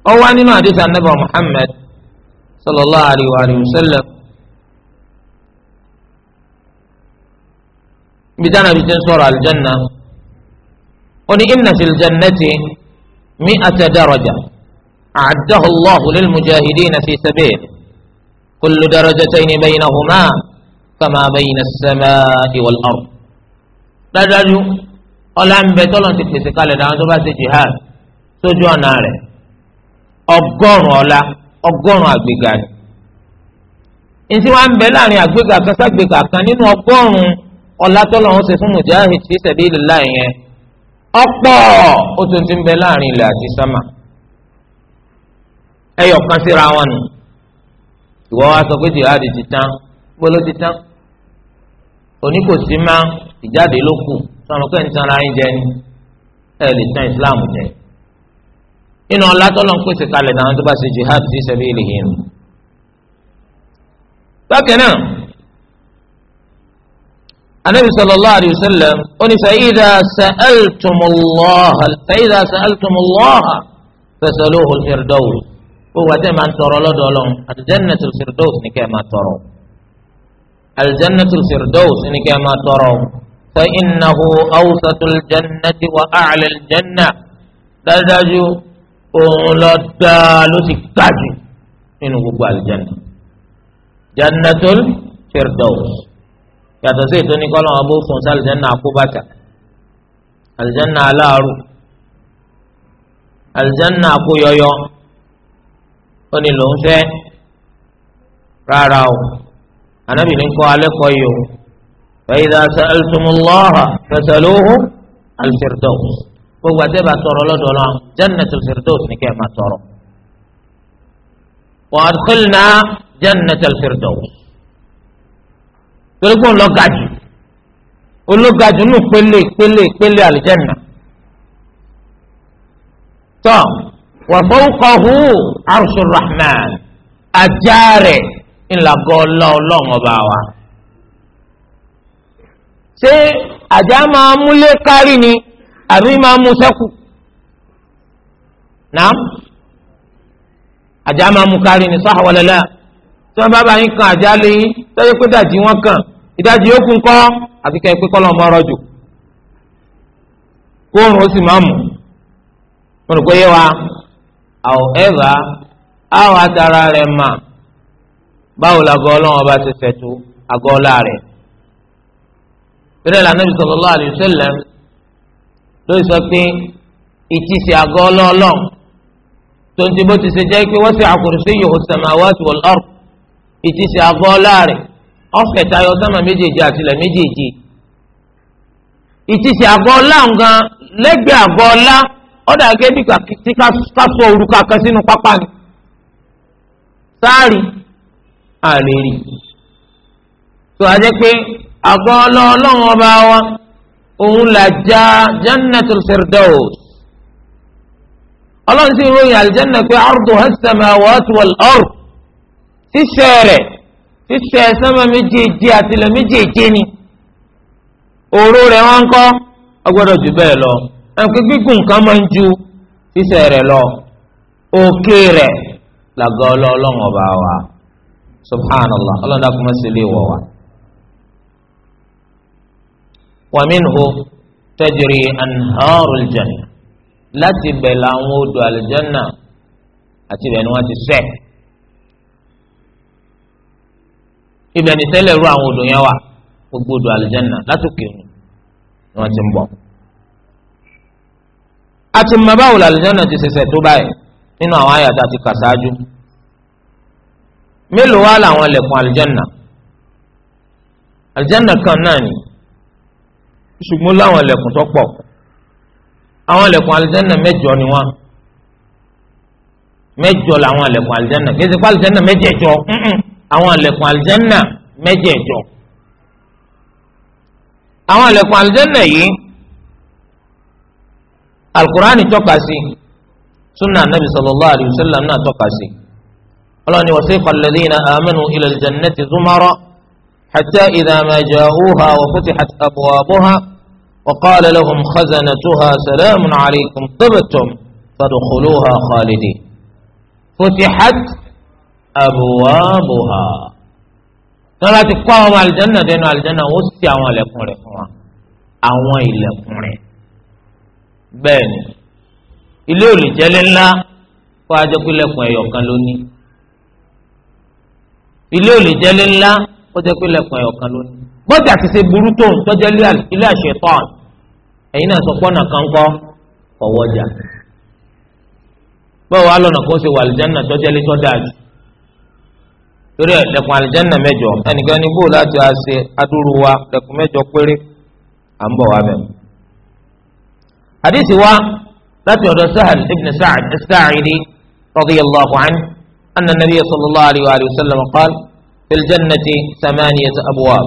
ọ wá nínú àdìsá nàbà Muhammad sallallahu alayhi wa sallam ibi tí a nàbí ti ń sọ̀rọ̀ àlùjánná ó ní inna fil jannati mi'ata daraja a'addahu Allahu lil mujahidina fi sabili kullu darajatayn baynahuma. kama bayna as-samaa'i wal-ard. dájúdájú ọlá ń bẹ tọ́lọ̀ ti pèsè kalẹ̀ dáhùn tó bá ṣe jihad sójú ọ̀nà rẹ̀ ọgọ́rùn-ún ọlá ọgọ́rùn-ún àgbéga ni. ntí wọ́n á ń bẹ láàrin àgbéga kan ságbéga kan nínú ọgọ́rùn-ún ọlá tọ́lọ̀ ń ṣe fún mujahid fi sabilillah yẹn ọ̀pọ̀ ó tún ti ń bẹ láàrin ilẹ̀ àti sámà ẹyọ kan síra wọn nù ìwọ wa sọ pé jihad ti tán gbọ́dọ̀ ti tán oníkòsí máa ìjáde ló kù sọ̀rọ̀ pé ń tan ara yín jẹ ni ẹ lè tan islam jẹ nínú ọlá tọ́lọ̀ ń pèsè kalẹ̀ náà tó bá ṣe jihad fi sabilihi nù. bákan náà anabi sallallahu alayhi wa sallam ó ní fa idha sa'altumullaha fa idha sa'altumullaha gbogbo àti ẹ̀ máa ń tọrọ lọ́dọ̀ ọlọ́run àti jannatul firdaws ní kẹ́ ẹ̀ máa tọrọ aljannatul firdaus ni kẹ́ máa tọrọ fa innahu awsatul jannati wa a'lal janna dájúdájú òun lọ dáa ló ti gájú nínú gbogbo aljanna jannatul firdaus yàtọ̀ sí ètò oníkọ́lọ́ wọn bó fún sí aljanna àkóbàtà aljanna aláàrú aljanna àkóyọyọ ó ní lòún fẹ́ rárá o anabi ní kọ́ alẹ́ kọ́ yìí o fẹ́yìdà sàlùtùmùlọ́hà fẹsẹ̀lóhùn alfirdaus gbogbo àtẹ́bà tọrọ lọ́dọ̀ lọ jannat alfirdaus ní kẹ́ẹ̀ máa tọrọ. wọ́n adkhilna jannat alfirdaus torí pé òun lọ gàjù ológàjù nù pélé pélé pélé àlìjẹ́nà tọ́ wọ́n fọwọ́ kọ́ rahman ajá ńlá gọ́ọ́lá ọlọ́run ọba wa. ṣé àjà máa múlé kárí ni àbí máa mú sẹ́kù? nàám àjà máa mú kárí ni sọ́hà wọlẹ́lẹ́ tí wọ́n bá bá yín kan àjà lẹ́yìn tọ́jú pé dàjí wọn kàn ìdajì yókù ńkọ́ àti kẹ́ ẹ pé kọ́lọ́ ọmọ ọrọ̀ jù kóòrùn ó sì máa mú wọn rò pé yé wa however àwọn àtàrà rẹ̀ máa. báwo la gọ́ ọlọ́run ọba ti fẹ̀tọ́ àgọ́ ọlá rẹ̀ bẹ́ẹ̀ lànà sallallahu alaihi wasallam ló sọ pé ìtìsí àgọ́ ọlọ́ọ̀lọ́ọ̀ tó ń ti bó ti ṣe jẹ́ pé wasi'a kursiyyuhu as-samawati wal-ard ìtìsí àgọ́ ọlá rẹ̀ ọ̀fẹ́ tayọ sánmà méjèèjì àtìlẹ̀ méjèèjì ìtìsí àgọ́ ọlá nǹkan lẹ́gbẹ̀ẹ́ àgọ́ ọlá ọ̀dà gẹ́gẹ́ bí kàkí tí ká sọ orúkọ akẹ́sínú pápá ni sáárì àrèrè tó a jẹ́ pé àgọ́ ọlọ́ọ̀lọ́run ọba wa òun là já jannatul firdaus ọlọ́run sì ròyìn àlìjánná pé ardu as-samawati wal ard ṣíṣẹ́ rẹ̀ ṣíṣẹ́ sánmà méjèèjì àtìlẹ̀ méjèèjì ni òru rẹ̀ wọ́n ń kọ́ ọgbọ́dọ̀ jù bẹ́ẹ̀ lọ ẹnìkan gígùn kan máa ń ju ṣíṣẹ́ rẹ̀ lọ òkè rẹ̀ làgọ́ ọlọ́ọ̀lọ́run ọba wa subhanallah ọlọ́dà kò má sí ilé wọ̀ wá. wa minhu tajri anharul janna láti bẹ̀ làwọn odò àlùjánà àti ibẹ̀ ni wọ́n ti sẹ́ ibẹ̀ ni tẹ́lẹ̀ ru àwọn odò yẹn wà gbogbo odò àlùjánà látòkè ni wọ́n ti ń bọ̀ àti mọ̀ báwo làlùjánà ti ṣẹ̀ṣẹ̀ tó báyìí nínú àwọn àyàtà ti kà sáájú mélòó wá làwọn ilẹ̀kùn àlùjànnà àlùjànnà kan náà ni ṣùgbọ́n láwọn ilẹ̀kùn tó pọ̀ àwọn ilẹ̀kùn àlùjànnà mẹ́jọ ni wọ́n mẹ́jọ làwọn ilẹ̀kùn àlùjànnà kí ẹ ti kọ́ àlùjànnà mẹ́jẹ̀ẹ̀jọ àwọn ilẹ̀kùn àlùjànnà mẹ́jẹ̀ẹ̀jọ àwọn ilẹ̀kùn àlùjànnà yìí alukur'ani tọ́ka sí sunna anabi sallallahu alayhi wa sallam náà tọ́ka sí ọlọ́ni wasiqa alladhina amanu ila aljannati zumara hatta idha ma ja'uha wa futihat abwabuha wa qala lahum khazanatuha salamun alaykum tibtum fadkhuluha khalidin futihat abwabuha tọ́lá ti kọ́ àwọn aljanna dẹnu aljanna wọ́n sì àwọn ilẹ̀kùn rẹ̀ fún wa àwọn ilẹ̀kùn rẹ̀ bẹ́ẹ̀ ni ilé olùjẹ́lé ńlá kó ajẹ́kùn ilẹ̀kùn ẹ̀yọ̀kan lónìí. ilé ole lè nla ńlá ó jẹ́ pé lẹ́kùn ẹ̀ ọ̀kan lónìí bọ́ọ̀dì àti ṣe burú tó ń tọ́jẹ́ ilé àṣẹ tán ẹ̀yin náà sọ pọ́nà kan kọ́ ọ̀wọ́ ọjà bọ́ọ̀ wá lọ́nà kó ṣe wà àlùjáná tọ́jẹ́ lé tọ́ dáa jù torí ẹ̀ lẹ́kùn àlùjáná mẹ́jọ ẹnìkan ní bó láti ṣe adúrú wa lẹ́kùn mẹ́jọ péré à ń bọ̀ wá bẹ̀. àdìsí wa láti ọ̀dọ̀ ibn أن النبي صلى الله عليه وآله وسلم قال في الجنة ثمانية أبواب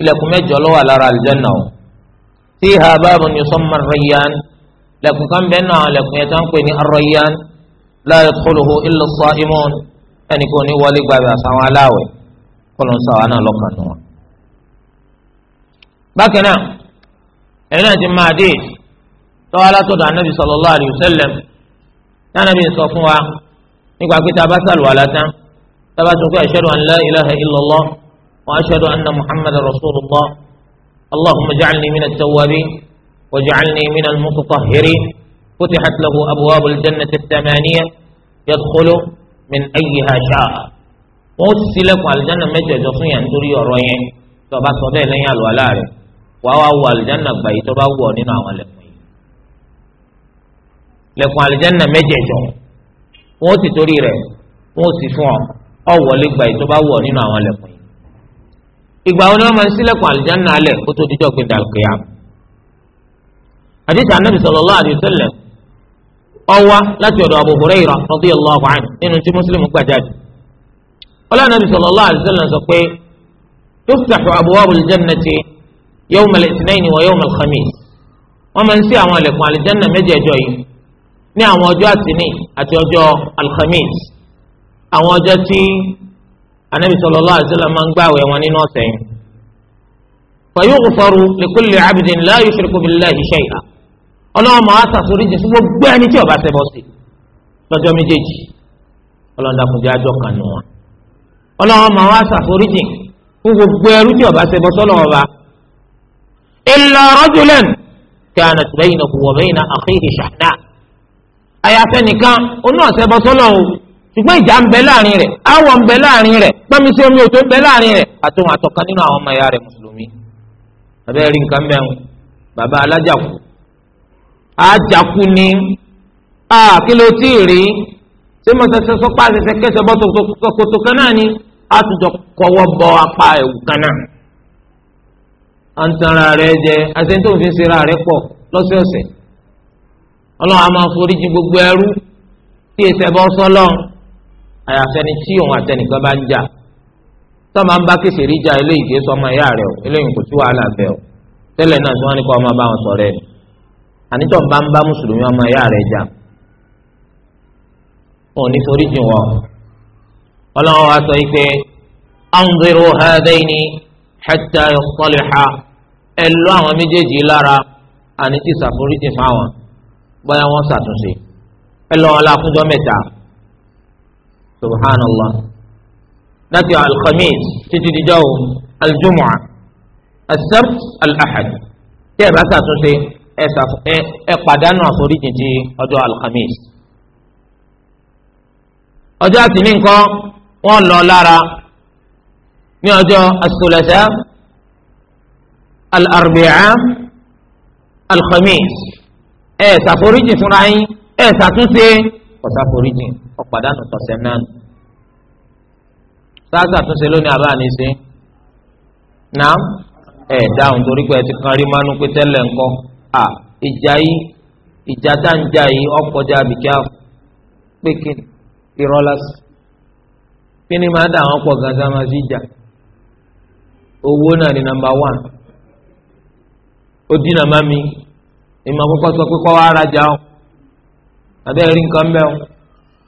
لكم يجلوا على الجنة فيها باب يسمى الريان لكم كم بيننا لكم يتنقني الريان لا يدخله إلا الصائمون أن يكون ولي باب أسعى علاوي قلوا سوانا لقنا بكنا إنا جمع ديث سوالات النبي صلى الله عليه وسلم كان النبي صلى الله عليه وسلم nípa pé tá a bá sàlùwàlá tán tá a bá sọ pé ashhadu an la ilaha illallah wa ashhadu anna muhammadar rasulullah allahumma ja'alni min at-tawwabin wa ja'alni min al-mutatahhirin فتحت له أبواب الجنة الثمانية يدخل من أيها شاء وسلك على الجنة متى جصيا تري وروين تبا صدى لين الولار وهو الجنة بيت تبا ونين عمل lẹkùn الجنة متى جصيا wọn ó sì torí rẹ̀ wọn ó sì fún ọ ọ wọlé gba ètò bá wọ nínú àwọn ẹlẹ́kùn yìí ìgbà wo ni wọn máa ń ṣílẹ̀kùn àlùjáná alẹ̀ kó tó dijọ́ pé dàlùkìyà àdìsí anábì sallallahu alaihi wasallam ọwá láti ọ̀dọ̀ Abu Hurairah radiyallahu anhu nínú tí mùsùlùmí gbà jáde ọlọ́run anábì sallallahu alaihi wasallam sọ pé tuftahu abwabul jannati yawmal ithnaini wa yawmal khamis wọ́n máa ń ṣí àwọn ẹlẹ́kùn àlùjáná mẹ́jẹ̀ẹ̀jọ yìí ní àwọn ọjọ́ àtìní àti ọjọ́ alhamis àwọn ọjọ́ tí anabi sallallahu alaihi wasallam máa ń gbààwẹ̀ wọn nínú ọ̀sẹ̀ yìí. fayughfaru likulli abdin la yushriku billahi shay'a ọlọ́run máa sàtúrí jésù gbogbo ẹni tí ó bá ṣẹbọ sí lọ́jọ́ méjèèjì ọlọ́run dàkúnjẹ́ àjọ kan nù wọn. máa sàtúrí jìn fún gbogbo ẹrú tí ó ṣẹbọ sọ́lọ́ ọba. illa rajulan kanat baynahu wa bayna akhihi shahna' àyàfẹ́ nìkan oní ọ̀sẹ̀ bọ́ sọ́lọ̀ o ṣùgbọ́n ìjà ń bẹ láàrin rẹ̀ áwọ̀ ń bẹ láàrin rẹ̀ gbọ́mi sí omi òtó ń bẹ láàrin rẹ̀ àtòun àtọ̀kan nínú àwọn ọmọ ìyá rẹ̀ mùsùlùmí. abẹ́rẹ́ nǹkan mẹ́rin bàbá alájàkú ajakú ni kí ló tí ì rí ṣé mo ṣẹ̀ṣẹ̀ sọ pé àṣẹṣẹ kẹsẹ bọ kòtò kan náà ni a tún jọ kọ́wọ́ bọ apá ẹ̀wù kan náà. à ń tanra rẹ jẹ àṣẹ tó ń fi ṣe ra rẹ pọ̀ lọ́sọ̀ọ̀sẹ̀ ọlọ́run a máa gbogbo ẹrú tí èsè bọ́ sọ́lọ́ ni tí òun àtẹnìkan bá ń jà tó máa ń bá kéṣe rí jà eléyìí kìí sọmọ ìyá rẹ o eléyìí kò sí wàhálà bẹ́ẹ̀ o tẹ́lẹ̀ náà tí wọ́n ní kọ́ ọmọ bá wọn sọ̀rọ̀ ẹ̀ ànítọ́ bá ń bá mùsùlùmí ọmọ ìyá rẹ jà òun ní wọn ọlọ́run wa sọ bóyá wọ́n ṣàtúnṣe ẹ lọ́wọ́ aláfúnjọ́ mẹ́ta subhanallah láti alkhamis títí dijọ́ o aljumua asabt alahad tí ẹ bá ṣàtúnṣe ẹ pàdánù àforíjì ti ọjọ́ alkhamis ọjọ́ àtìní nǹkan wọ́n lọ lára ní ọjọ́ asulasa alarbia alkhamis. ẹ ṣàforíjì fúnra yín ẹ ṣàtúnṣe tọ̀sẹ̀ náà sáà ṣàtúnṣe lónìí àbá ẹ dáhùn torí pé ẹ ti kan rí mánú pé tẹ́lẹ̀ ńkọ́ à ìjà yìí ìjà tá ń jà yìí ọkọjà pé kí irọ́ lásì kí ni pọ̀ gàdá máa fi jà owó náà ni nàmbà ó mi ìmọ̀ kọ́kọ́ sọ pé kọ́ wá rajà o abẹ́ rí nǹkan bẹ́ẹ̀ o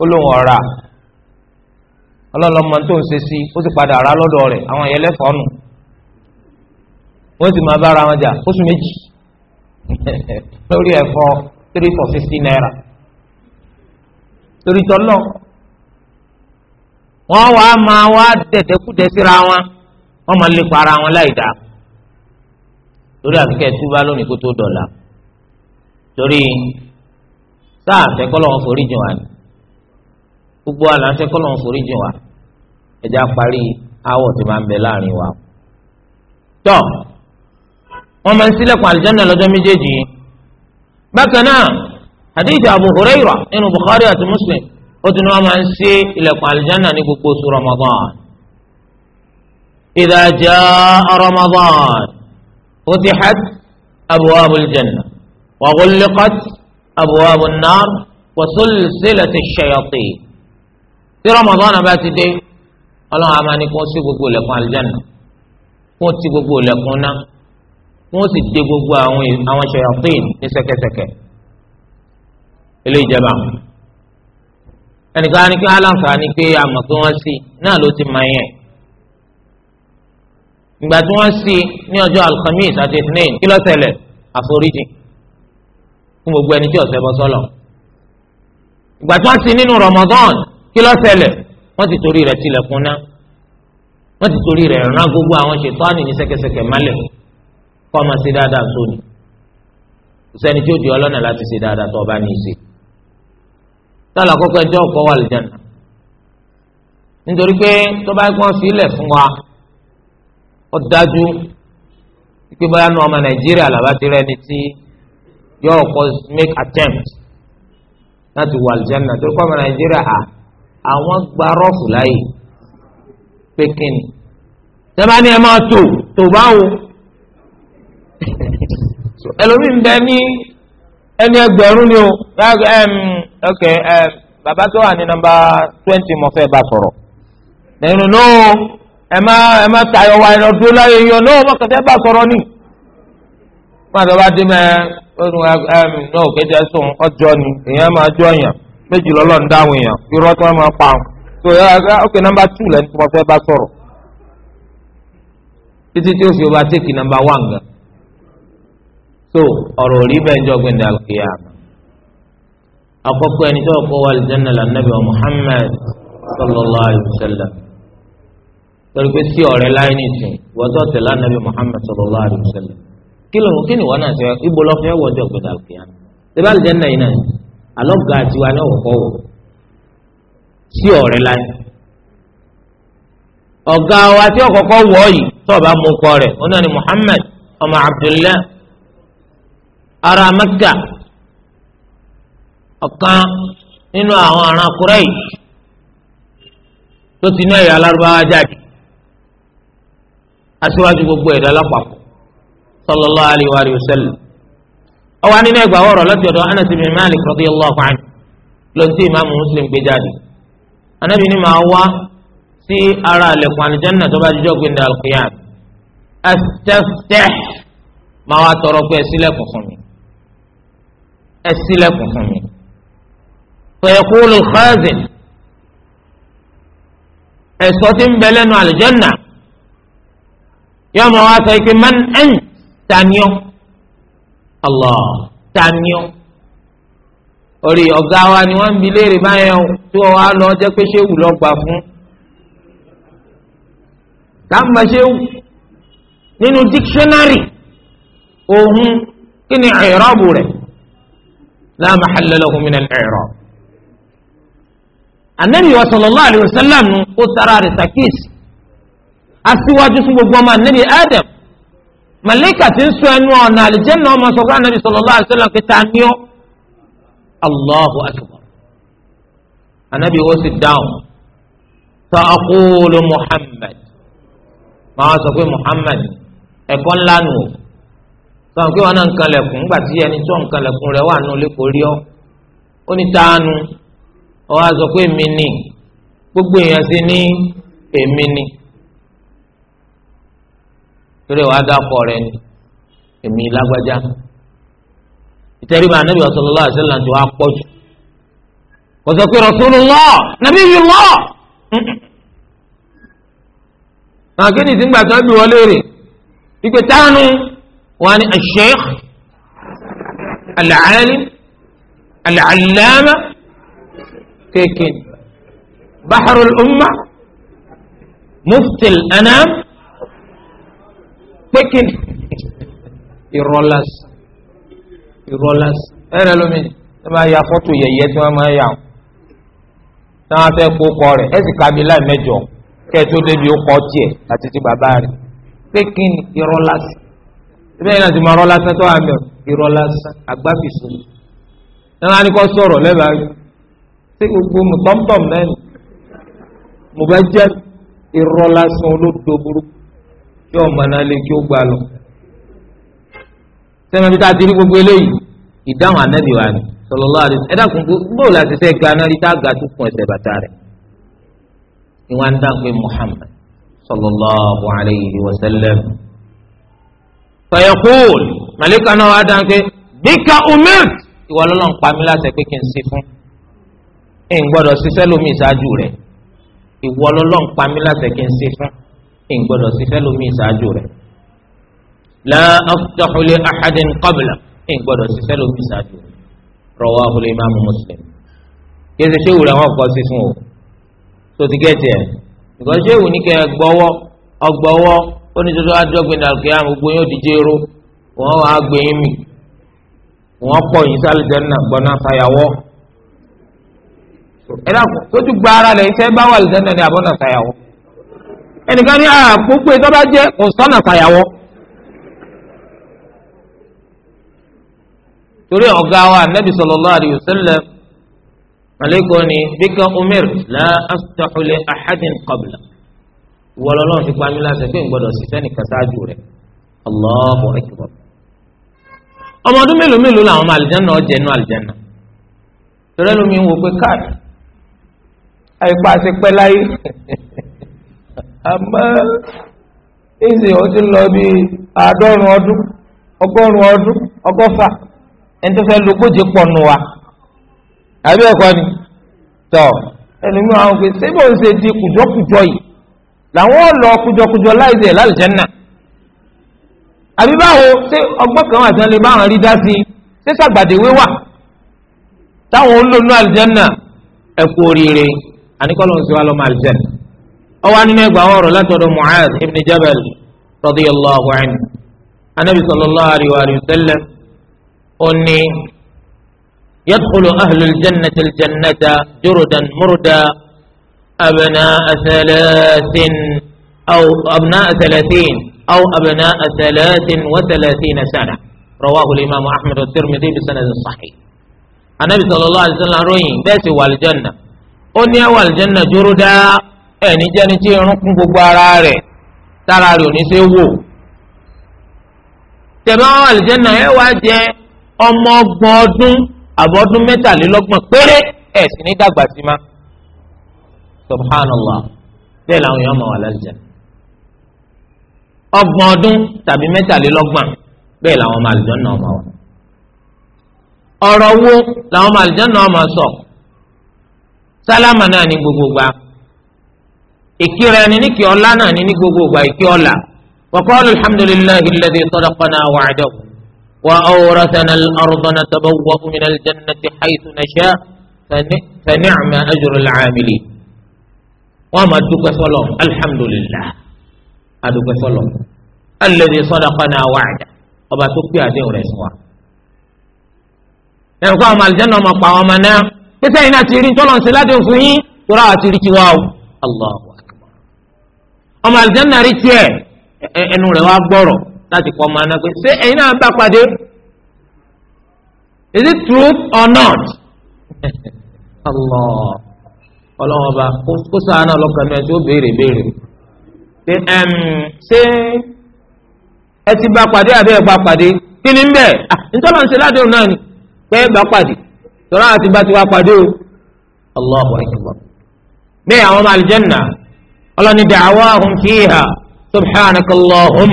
ó lóun ọ̀ra ọlọ́lọ́mọ tó ń ṣe sí ó sì padà rà lọ́dọ̀ rẹ̀ àwọn ẹ̀yẹ lẹ́fọ̀ọ́ nù wọ́n sì máa bára wọn jà oṣù méjì <laughs> lórí ẹ̀fọ́ three for fifty naira torí tọ́lọ́ wọ́n wàá máa wá dẹ̀dẹ̀kúdẹ̀ síra wọn wọ́n máa lè para wọn láì dáa lórí àfikẹ́ túbá lónìí kó tó dọ̀la torí sáà ń fẹ́ kọ́lọ́hún forí jìn wá ni gbogbo àlà ń fẹ́ kọ́lọ́hún forí jìn wá ẹ̀já parí awọ̀ tó máa ń bẹ láàrin wa. tọ́ wọ́n máa ń ṣílẹ̀kùn àlùjánnà lọ́jọ́ méjèèjì yìí bákan náà hadith abu huraira nínú bukhari àti muslim ó ti ní wọ́n máa ń ṣí ilẹ̀kùn àlùjánnà ní gbogbo oṣù ramadan. idha jaa ramadan futihat abwabul janna. وغلقت أبواب النار وسلسلة الشياطين في رمضان باتي دي الله أماني كون سي بقول لكم الجنة كون سي بقول لكم نا كون سي دي بقول أوان شياطين نسكة سكة إلي جبا ẹnìkan ni kí aláǹfààní pé àmọ̀ pé wọ́n sí náà ló ti máa yẹn ìgbà tí wọ́n sí ní ọjọ́ alkhamis àti ethnain kí ló ṣẹlẹ̀ àforíjì fún gbogbo ẹni tí ọ̀sẹ̀ bọ́ sọ́lọ̀ ìgbà tí wọ́n ti nínú Ramadan kí ló ṣẹlẹ̀ wọ́n ti torí rẹ̀ tilẹ̀kùn náà wọ́n ti torí rẹ̀ rán gbogbo àwọn ṣètọ́ni ní sẹ́kẹsẹkẹ mọ́lẹ̀ kọ́ ọmọ sí dáadáa sóni kò sẹ́ni tí ó di ọlọ́nà láti ṣe dáadáa tó ọba ní í ṣe tọ́lá kọ́kọ́ ẹjọ́ ọkọ̀ wà lìjànà nítorí pé tó bá gbọ́n sílẹ̀ fún wa ó dájú pé bóyá nu ọmọ Nàìjíríà làbá ti rẹ́ni tí yóò kọ́ make attempt láti wọ àlùjánnà tó kọ́ ọmọ nàìjíríà à àwọn gba rọ́ọ̀fù láàyè pé kíni tẹ́lá ni ẹ máa tò tò báwo <laughs> ẹlòmíì ń bẹ ní ẹni ẹgbẹ̀rún ni o bàbá tó wà ní nọ́mbà twenty mo fẹ́ bá sọ̀rọ̀ nínú náà ẹ má ẹ má tayọ wa ẹ lọ dúró láyé yan náà mo kàn bá sọ̀rọ̀ ni wọn àti ọba dín mẹ́ẹ́ ọdún ẹmí ah, náà òkèjẹ sùn ọjọ́ ni èèyàn máa jọ èèyàn méjì lọ́lọ́ ń dáhùn èèyàn irọ́ tí wọ́n máa pa ọ́n tó yẹ ọkẹ́ ah, nọ́mbà tù lẹ́nu tí wọ́n fẹ́ bá sọ̀rọ̀ títí tí ó fi ọba tèkì nọ́mbà wán gan so ọ̀rọ̀ rí bẹ́ẹ̀ jọ gbẹ̀ndẹ̀ àlùkìyà àkọ́kọ́ ẹni tó kọ́ wa alìjẹ́nà lànàbì wa Muhammad sallallahu alayhi wa sallam torí pé sí ọ̀rẹ́ láyé nìsín wọ́n tó tẹ̀lé ànàbì Muhammad sallallahu alayhi wa sallam kí ló ń kí ni wọn náà ṣe ibo lọ fẹ́ wọ́jọ́ gbẹdà òkèèyà ṣébà lè jẹ́nà yìí náà ni alọ́gà àti wa ní ọ̀kọ́ wọ̀ sí ọ̀rẹ́ láyé ọ̀gá wa tí ọ̀kọ̀kọ̀ wọ̀ yìí tọ́ọ̀bá mú kọ́ rẹ̀ ó náà ni Muhammad ọmọ Abdullah ara Mẹ́kà ọ̀kan nínú àwọn aràn kúrẹ́yì tó ti ní ẹ̀yà alárúbáwá jáde aṣíwájú gbogbo ẹ̀dá lápapọ̀ sallallahu alayhi wa sallam ó wà nínú ẹgbàá ọ̀rọ̀ láti ọ̀dọ̀ anas ibn malik radiyallahu anhu lọ́ntì imaamu muslim gbé jáde anabi ni màá wá sí ara àlẹ̀kùn àlìjánná tó bá jíjọ́ gbẹ̀ndà alqiyam astaftah màá wá tọrọ pé ẹsílẹ̀kùn fún mi ẹsílẹ̀kùn fún mi fayaqulu al-khazin ẹ̀sọ́ ń bẹ lẹ́nu àlìjánná yọ̀ọ́ màá wá sọ ike man ant taniọ́ Allah taniọ́ orí ọ̀gá wa ni wọ́n ń bi léèrè báyẹn tí wọ́n wá lọ jẹ́ pé ṣéwù lọ gbà fún kàmbà ṣéwù nínú dictionary òhun kí ni i'rabu rẹ̀ la mahalla lahu min al-i'rab anabi wa sallallahu alayhi wa sallam kó sara rẹ̀ sàkíyèsí fún gbogbo ọmọ anabi adam màlẹ́kà ti ń sọ ẹnu ọ̀nà àlìjẹ́nà ọmọ sọ fún anabi sallallahu alaihi wasallam ta ni ó allahu akbar anabi wo sì dáhùn fa aqulu muhammad màá sọ pé muhammad ẹ̀kọ́ ńlá nù ó sọ̀rọ̀ pé wọn náà ń kanlẹ̀kùn ńgbà tí ẹni tó ń kanlẹ̀kùn rẹ̀ wà nù lẹ́kọ̀ọ́ rí ọ́ ó ní taanu ọ̀ wá sọ pé èmi ni gbogbo èèyàn sì ní èmi ni. torí wa dákọ rẹ ni èmi lágbájá bá anabi sallallahu alaihi wasallam ti wá pọ̀ jù kòtò kò sọ pé nàbí nabiyullah lọ. akéde ti ń gbà tán bí wọ́n léèrè ìpè tánu wà ni aṣèk alaali al-alim baharul umma muftil anam pé kíni ìrọ̀lás ìrọ̀lás ẹ̀rẹ̀ lómi ẹ máa ya fọ́tò yẹ̀yẹ́ tí wọ́n máa yà ó táwọn afẹ́ kó kọ rẹ̀ ẹ̀ sì ka mi láì mẹ́jọ kẹ́ ẹ tó débi ó kọ́ tiẹ̀ àti ti bàbá rẹ̀ pé kíni ìrọ̀lás ìbẹ́yìn náà ti máa rọ́lás tó wà mẹ́ ìrọ̀lás àgbáfìsùn ẹ̀ máa ní kọ́ sọ̀rọ̀ lẹ́bàá yìí sí gbogbo mùtọ́mtọ́m náà ni mo bá jẹ́ ìrọ̀lásán olódo burúkú kí ọmọ náà lé kí ó gbà lọ. sẹ́mi bí tá a ti rí gbogbo eléyìí ìdáhùn ànábì wa ni sallallahu alaihi ẹ dákun bóòlù láti fẹ́ ga náà rí tá a ga tó kún ẹsẹ̀ bàtà rẹ̀ ni wọ́n á dáhùn pé Muhammad sallallahu alaihi wa sallam. fayaqul màlíkà náà wà á dáhùn pé bíkà umirt ìwọ lọ́nà ń pa mí láti pé kí n sí fún ẹ̀ ń gbọ́dọ̀ ṣiṣẹ́ lómi ìṣáájú rẹ̀ ìwọ lọ́nà ń pa láti pé kí n sí fún ń gbọ́dọ̀ sí fẹ́ lómi ìṣáájú rẹ̀ la aftahu li ahadin qabla ń gbọ́dọ̀ sí fẹ́ lómi ìṣáájú rẹ̀ rawahu al-imam muslim kéde ṣéwù rẹ̀ wọ́n kọ́ sí fún o tó ti gẹ́tì ẹ̀ nǹkan ṣéwù ní kẹ́ gbọ́wọ́ ọgbọ́wọ́ oníṣòṣò àjọgbìn dàlùkìyà gbogbo yóò di jéró wọ́n wàá mi wọ́n pọ̀ yìí sálìjẹ́ náà gbọ́ná fàyàwọ́ ẹ dàpọ̀ tó ti gba ara rẹ̀ bá wà lìjẹ́ náà ní àbọ̀nà fàyàwọ́ ẹnìkan ní àpòpò tó bá jẹ́ ọ̀sánà fàyàwọ́. torí ọ̀gá wa anabi sallallahu alayhi wa sallam maleeko ni bika umir la astaxule axadin qabla wọlọlọ́n fi pa mí lásán pé n gbọ́dọ̀ ṣiṣẹ́ nìkan ṣáájú rẹ̀ allahu akbar. ọmọ ọdún mélòó mélòó làwọn ọmọ alìjánná ọjẹ́ inú alìjánná torí ẹlòmíín wò pé káàdì àyípa pẹ́ láyé. <laughs> àmọ́ ìsìn ó ti lọ bí àádọ́rùn ọdún ọgọ́rùn ọdún ọgọ́fà ẹni tó fẹ́ lógójì pọ̀ nù wa àbí ẹ̀kọ́ ni tọ́ ẹlòmí àwọn òfin síbò ń ṣe di kùjọ́kùjọ́ yìí làwọn lọ kùjọ́kùjọ́ láìsẹ̀ lálùjẹ́nà àbí báwo ṣé ọgbọ́n kan wà sàn lè bá àwọn rí dá sí i ṣé sàgbàdéwé wà táwọn olóòlù àlùjẹ́nà ẹ̀kú oríire àníkọ́ ló ń ṣe lọ́mọ àlùjẹ́nà. ọwọ́ nínú ẹgbàá ọ̀rọ̀ látọ̀dọ̀ Mu'adh ibn Jabal radiyallahu anhu anabi sallallahu alayhi wa sallam ó ní yadkhulu ahlul jannati aljannata jurudan murda abna'a thalathin aw abna'a thalathin aw abna'a thalathin wa thalathina sana rawahu al-imam ahmad at-tirmidhi bi sanad sahih anabi sallallahu alayhi wa sallam ròyìn bẹ́ẹ̀ sì wà aljanna ó ní ẹ wà aljanna jurudan. ẹni jẹ́ni tí irun kún gbogbo ara rẹ̀ tára rẹ̀ ò ní ṣe wò tẹ̀bá wọn àlìjẹ́nà ẹ wá jẹ ọmọ ọgbọ̀n ọdún àbọ̀dún mẹ́tàlélọ́gbọ̀n péré ẹ̀ sì ní dàgbà sí ma subhanallah bẹ́ẹ̀ làwọn èèyàn máa wà lálìjẹ́nà ọgbọ̀n ọdún tàbí mẹ́tàlélọ́gbọ̀n bẹ́ẹ̀ làwọn ọmọ àlìjẹ́nà máa wà ọ̀rọ̀ wo làwọn ọmọ àlìjẹ́nà máa sọ sálámà náà ní gbogbo gbà ìkíra ẹni ní kí ọlá náà ní ní gbogbo ìgbà ìkí ọlá wàkọ́ọ̀lù alhamdulilayi lẹ́dí sọ́dọ̀kọ́nà wàdọ̀ wà ọ̀rọ̀sán ọ̀rọ̀dọ̀nà tọ́bọ̀ wà fúnminà jẹ́nà ti haitu nàṣà sani àmà ajurú làámìlì. wọ́n máa dúpẹ́ sọ́lọ̀ alhamdulilayi adúpẹ́ sọ́lọ̀ alẹ́dí sọ́dọ̀kọ́nà wàdọ̀ ọba tó pé àdéhùn rẹ̀ sùn wa. ẹ̀kọ́ àwọn alìjẹ́nà ọmọ pa ọmọ náà pẹ́sẹ́ yìí náà ti rí tọ́lọ̀ ń ọmọ àlùjáná rí tiẹ̀ ẹnu rẹ̀ wá gbọ́rọ̀ láti kọ́ ọmọ aná pé ṣé ẹ̀yin náà bá pàdé is it truth or not <laughs> Allah ọlọ́wọ́n ọba kó sàánà ọlọ́kàn náà tí ó béèrè béèrè ṣé ẹ ti bá pàdé àbí ẹ bá pàdé kí ni ń bẹ̀ ah, ntọ́lọ́ ń ṣe ládùn náà ni pé bá pàdé tọ́lá àti bá ti wá pàdé o Allahu akbar bẹ́ẹ̀ àwọn ọmọ àlùjáná ọlọ́ni da'awahum fiha subhanakallahum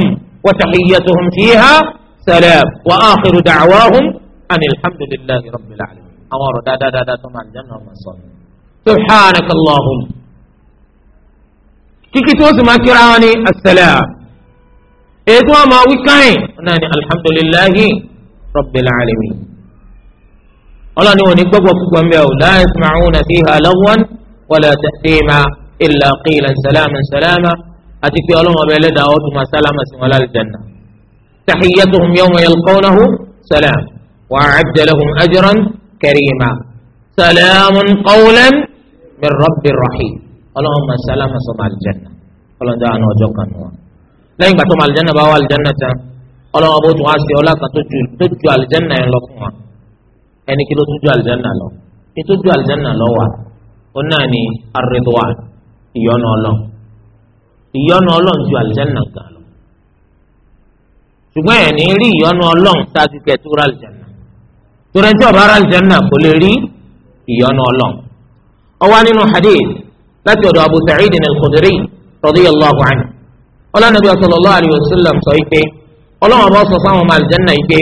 wa tahiyyatuhum fiha salam wa akhiru da'awahum anilhamdulillahi rabbil alamin àwọn ọ̀rọ̀ dáadáa tó máa jẹun ọmọ sọ subhanakallahum kíkí tó sì máa kíra wọn ni asalaam èyí tó wọn máa wí káyìn náà ni alhamdulillahi rabbil alamin ọlọ́ni wọn ni gbọ́gbọ́ púpọ̀ mbẹ́ o la yasma'una fiha lagwan wala ta'thima illa qilan salaman salama àti pé ọlọ́run ọba ẹlẹ́dàá ọdún máa sálámà sí wọn lálẹ́ jẹ́nà tahiyyatuhum yawma yalqawnahu salam wa a'adda lahum ajran karima salamun qawlan min rabbir rahim ọlọ́run máa sálámà sọ máa jẹ́nà ọlọ́run dáhà náà ọjọ́ kan wọn. lẹ́yìn gbàtọ́ máa jẹ́nà bá wà jẹ́nà tán ọlọ́run ọba tún wá sí ọlá kan tó ju àlìjẹ́nà yẹn lọ fún wa ẹni kí ló tún ju àlìjẹ́nà lọ ìyọ́nú ọlọ́run ìyọ́nú ọlọ́run ju àlùjánnà kan lọ ṣùgbọ́n ẹ̀ ní rí ìyọ́nú ọlọ́run ṣáájú kẹ́ tó ra àlùjánnà torí ẹni tí ọba ra àlùjánnà kò lè rí ìyọ́nú ọlọ́run ó wà nínú hadith láti ọ̀dọ̀ Abu Sa'id al-Khudri radiyallahu anhu ọlọ́nàbí sallallahu alayhi wa sallam sọ ike ọlọ́run ọba sọ sáwọn ọmọ àlùjánnà ike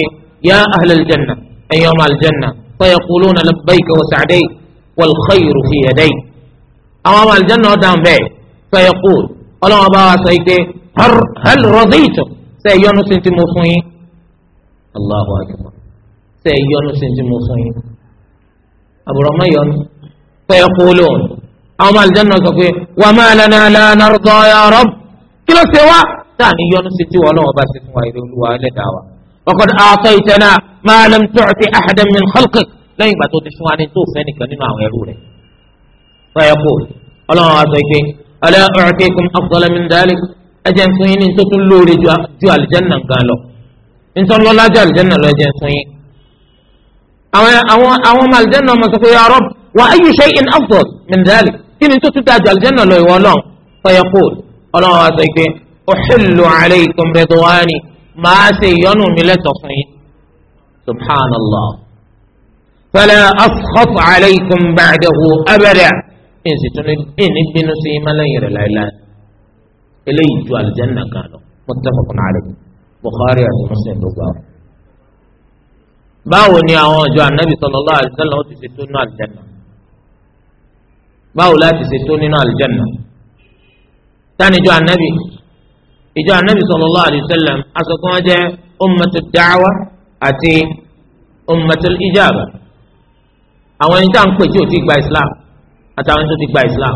yá ahlẹ̀ àlùjánnà ẹ̀yin ọmọ àlùjánnà fa yaquluna labbayka wa sa'dayka wal khayru fi yadayka àwọn ọmọ àlùjànnà ọ̀dàn bẹ́ẹ̀ fẹ́ẹ́ kú ọlọ́wọ́n bá wa sọ yìí pé hal raditu ṣe yọnu sí ti mo fún yín Allahu akbar ṣe yọnu sí ti mo fún yín àbúrò má yọnu fẹ́ẹ́ kú lóhùn àwọn ọmọ àlùjànnà sọ pé wa ma lana la narda ya rabb kí ló ṣe wá táàní yọnu sí ti wọ́n lọ́wọ́ bá ṣe fún wa ìrẹ́ olúwa ẹlẹ́dàá فيقول الله عزيزي ألا أعطيكم أفضل من ذلك أجن سوين إن تتلوا لجو الجنة قالوا إن صلى الله جاء الجنة لو أجن سوين أو أو أو ما الجنة ما يا رب وأي شيء أفضل من ذلك إن تتلوا الجنة لا يولون فيقول الله عزيزي أحل عليكم رضواني ما سينو من لتصين سبحان الله فلا أسخط عليكم بعده أبدا èsì tún lè èní bínú sí imalẹ́yìn rẹ̀ láéláé eléyìí ju alìjẹ́nà kan lọ muttafaqun alayhi Bukhari àti Muslim ló gbà wọn. báwo ni àwọn ọjọ́ anabi sallallahu alaihi wasallam ó ti ṣe tó nínú alìjẹ́nà báwo láti ṣe tó nínú alìjẹ́nà tani ìjọ anabi ìjọ anabi sallallahu alaihi wasallam aṣọ kí wọ́n jẹ́ àti ummatul ijaba àwọn ẹni tá à ń pè tí ò ti gba Islam. àtàwọn tó ti gba islam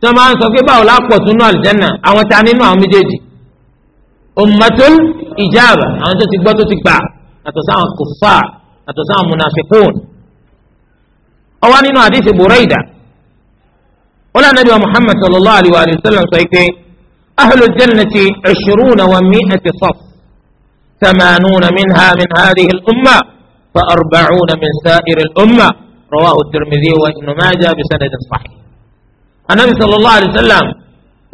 tí wọ́n máa ń sọ pé báwo la pọ̀ tó nú àlùjánnà àwọn ta nínú àwọn méjèèjì ummatul ijaba àwọn tó ti gbọ́ tó ti gbà àtọ̀ sáwọn kùfà àtọ̀ sáwọn munafikun ọwọ́ nínú àdìsí buraida wọ́n anabi wa muhammad sallallahu alayhi wa sallam sọ pé ahlul jannati ishiruna wa mi'ati saf thamanuna minha min hadhihi al-umma fa arba'una min sa'iri al-umma. rawahu at-Tirmidhi wa Ibn Majah bi sanadin sahih. anabi sallallahu alayhi wa sallam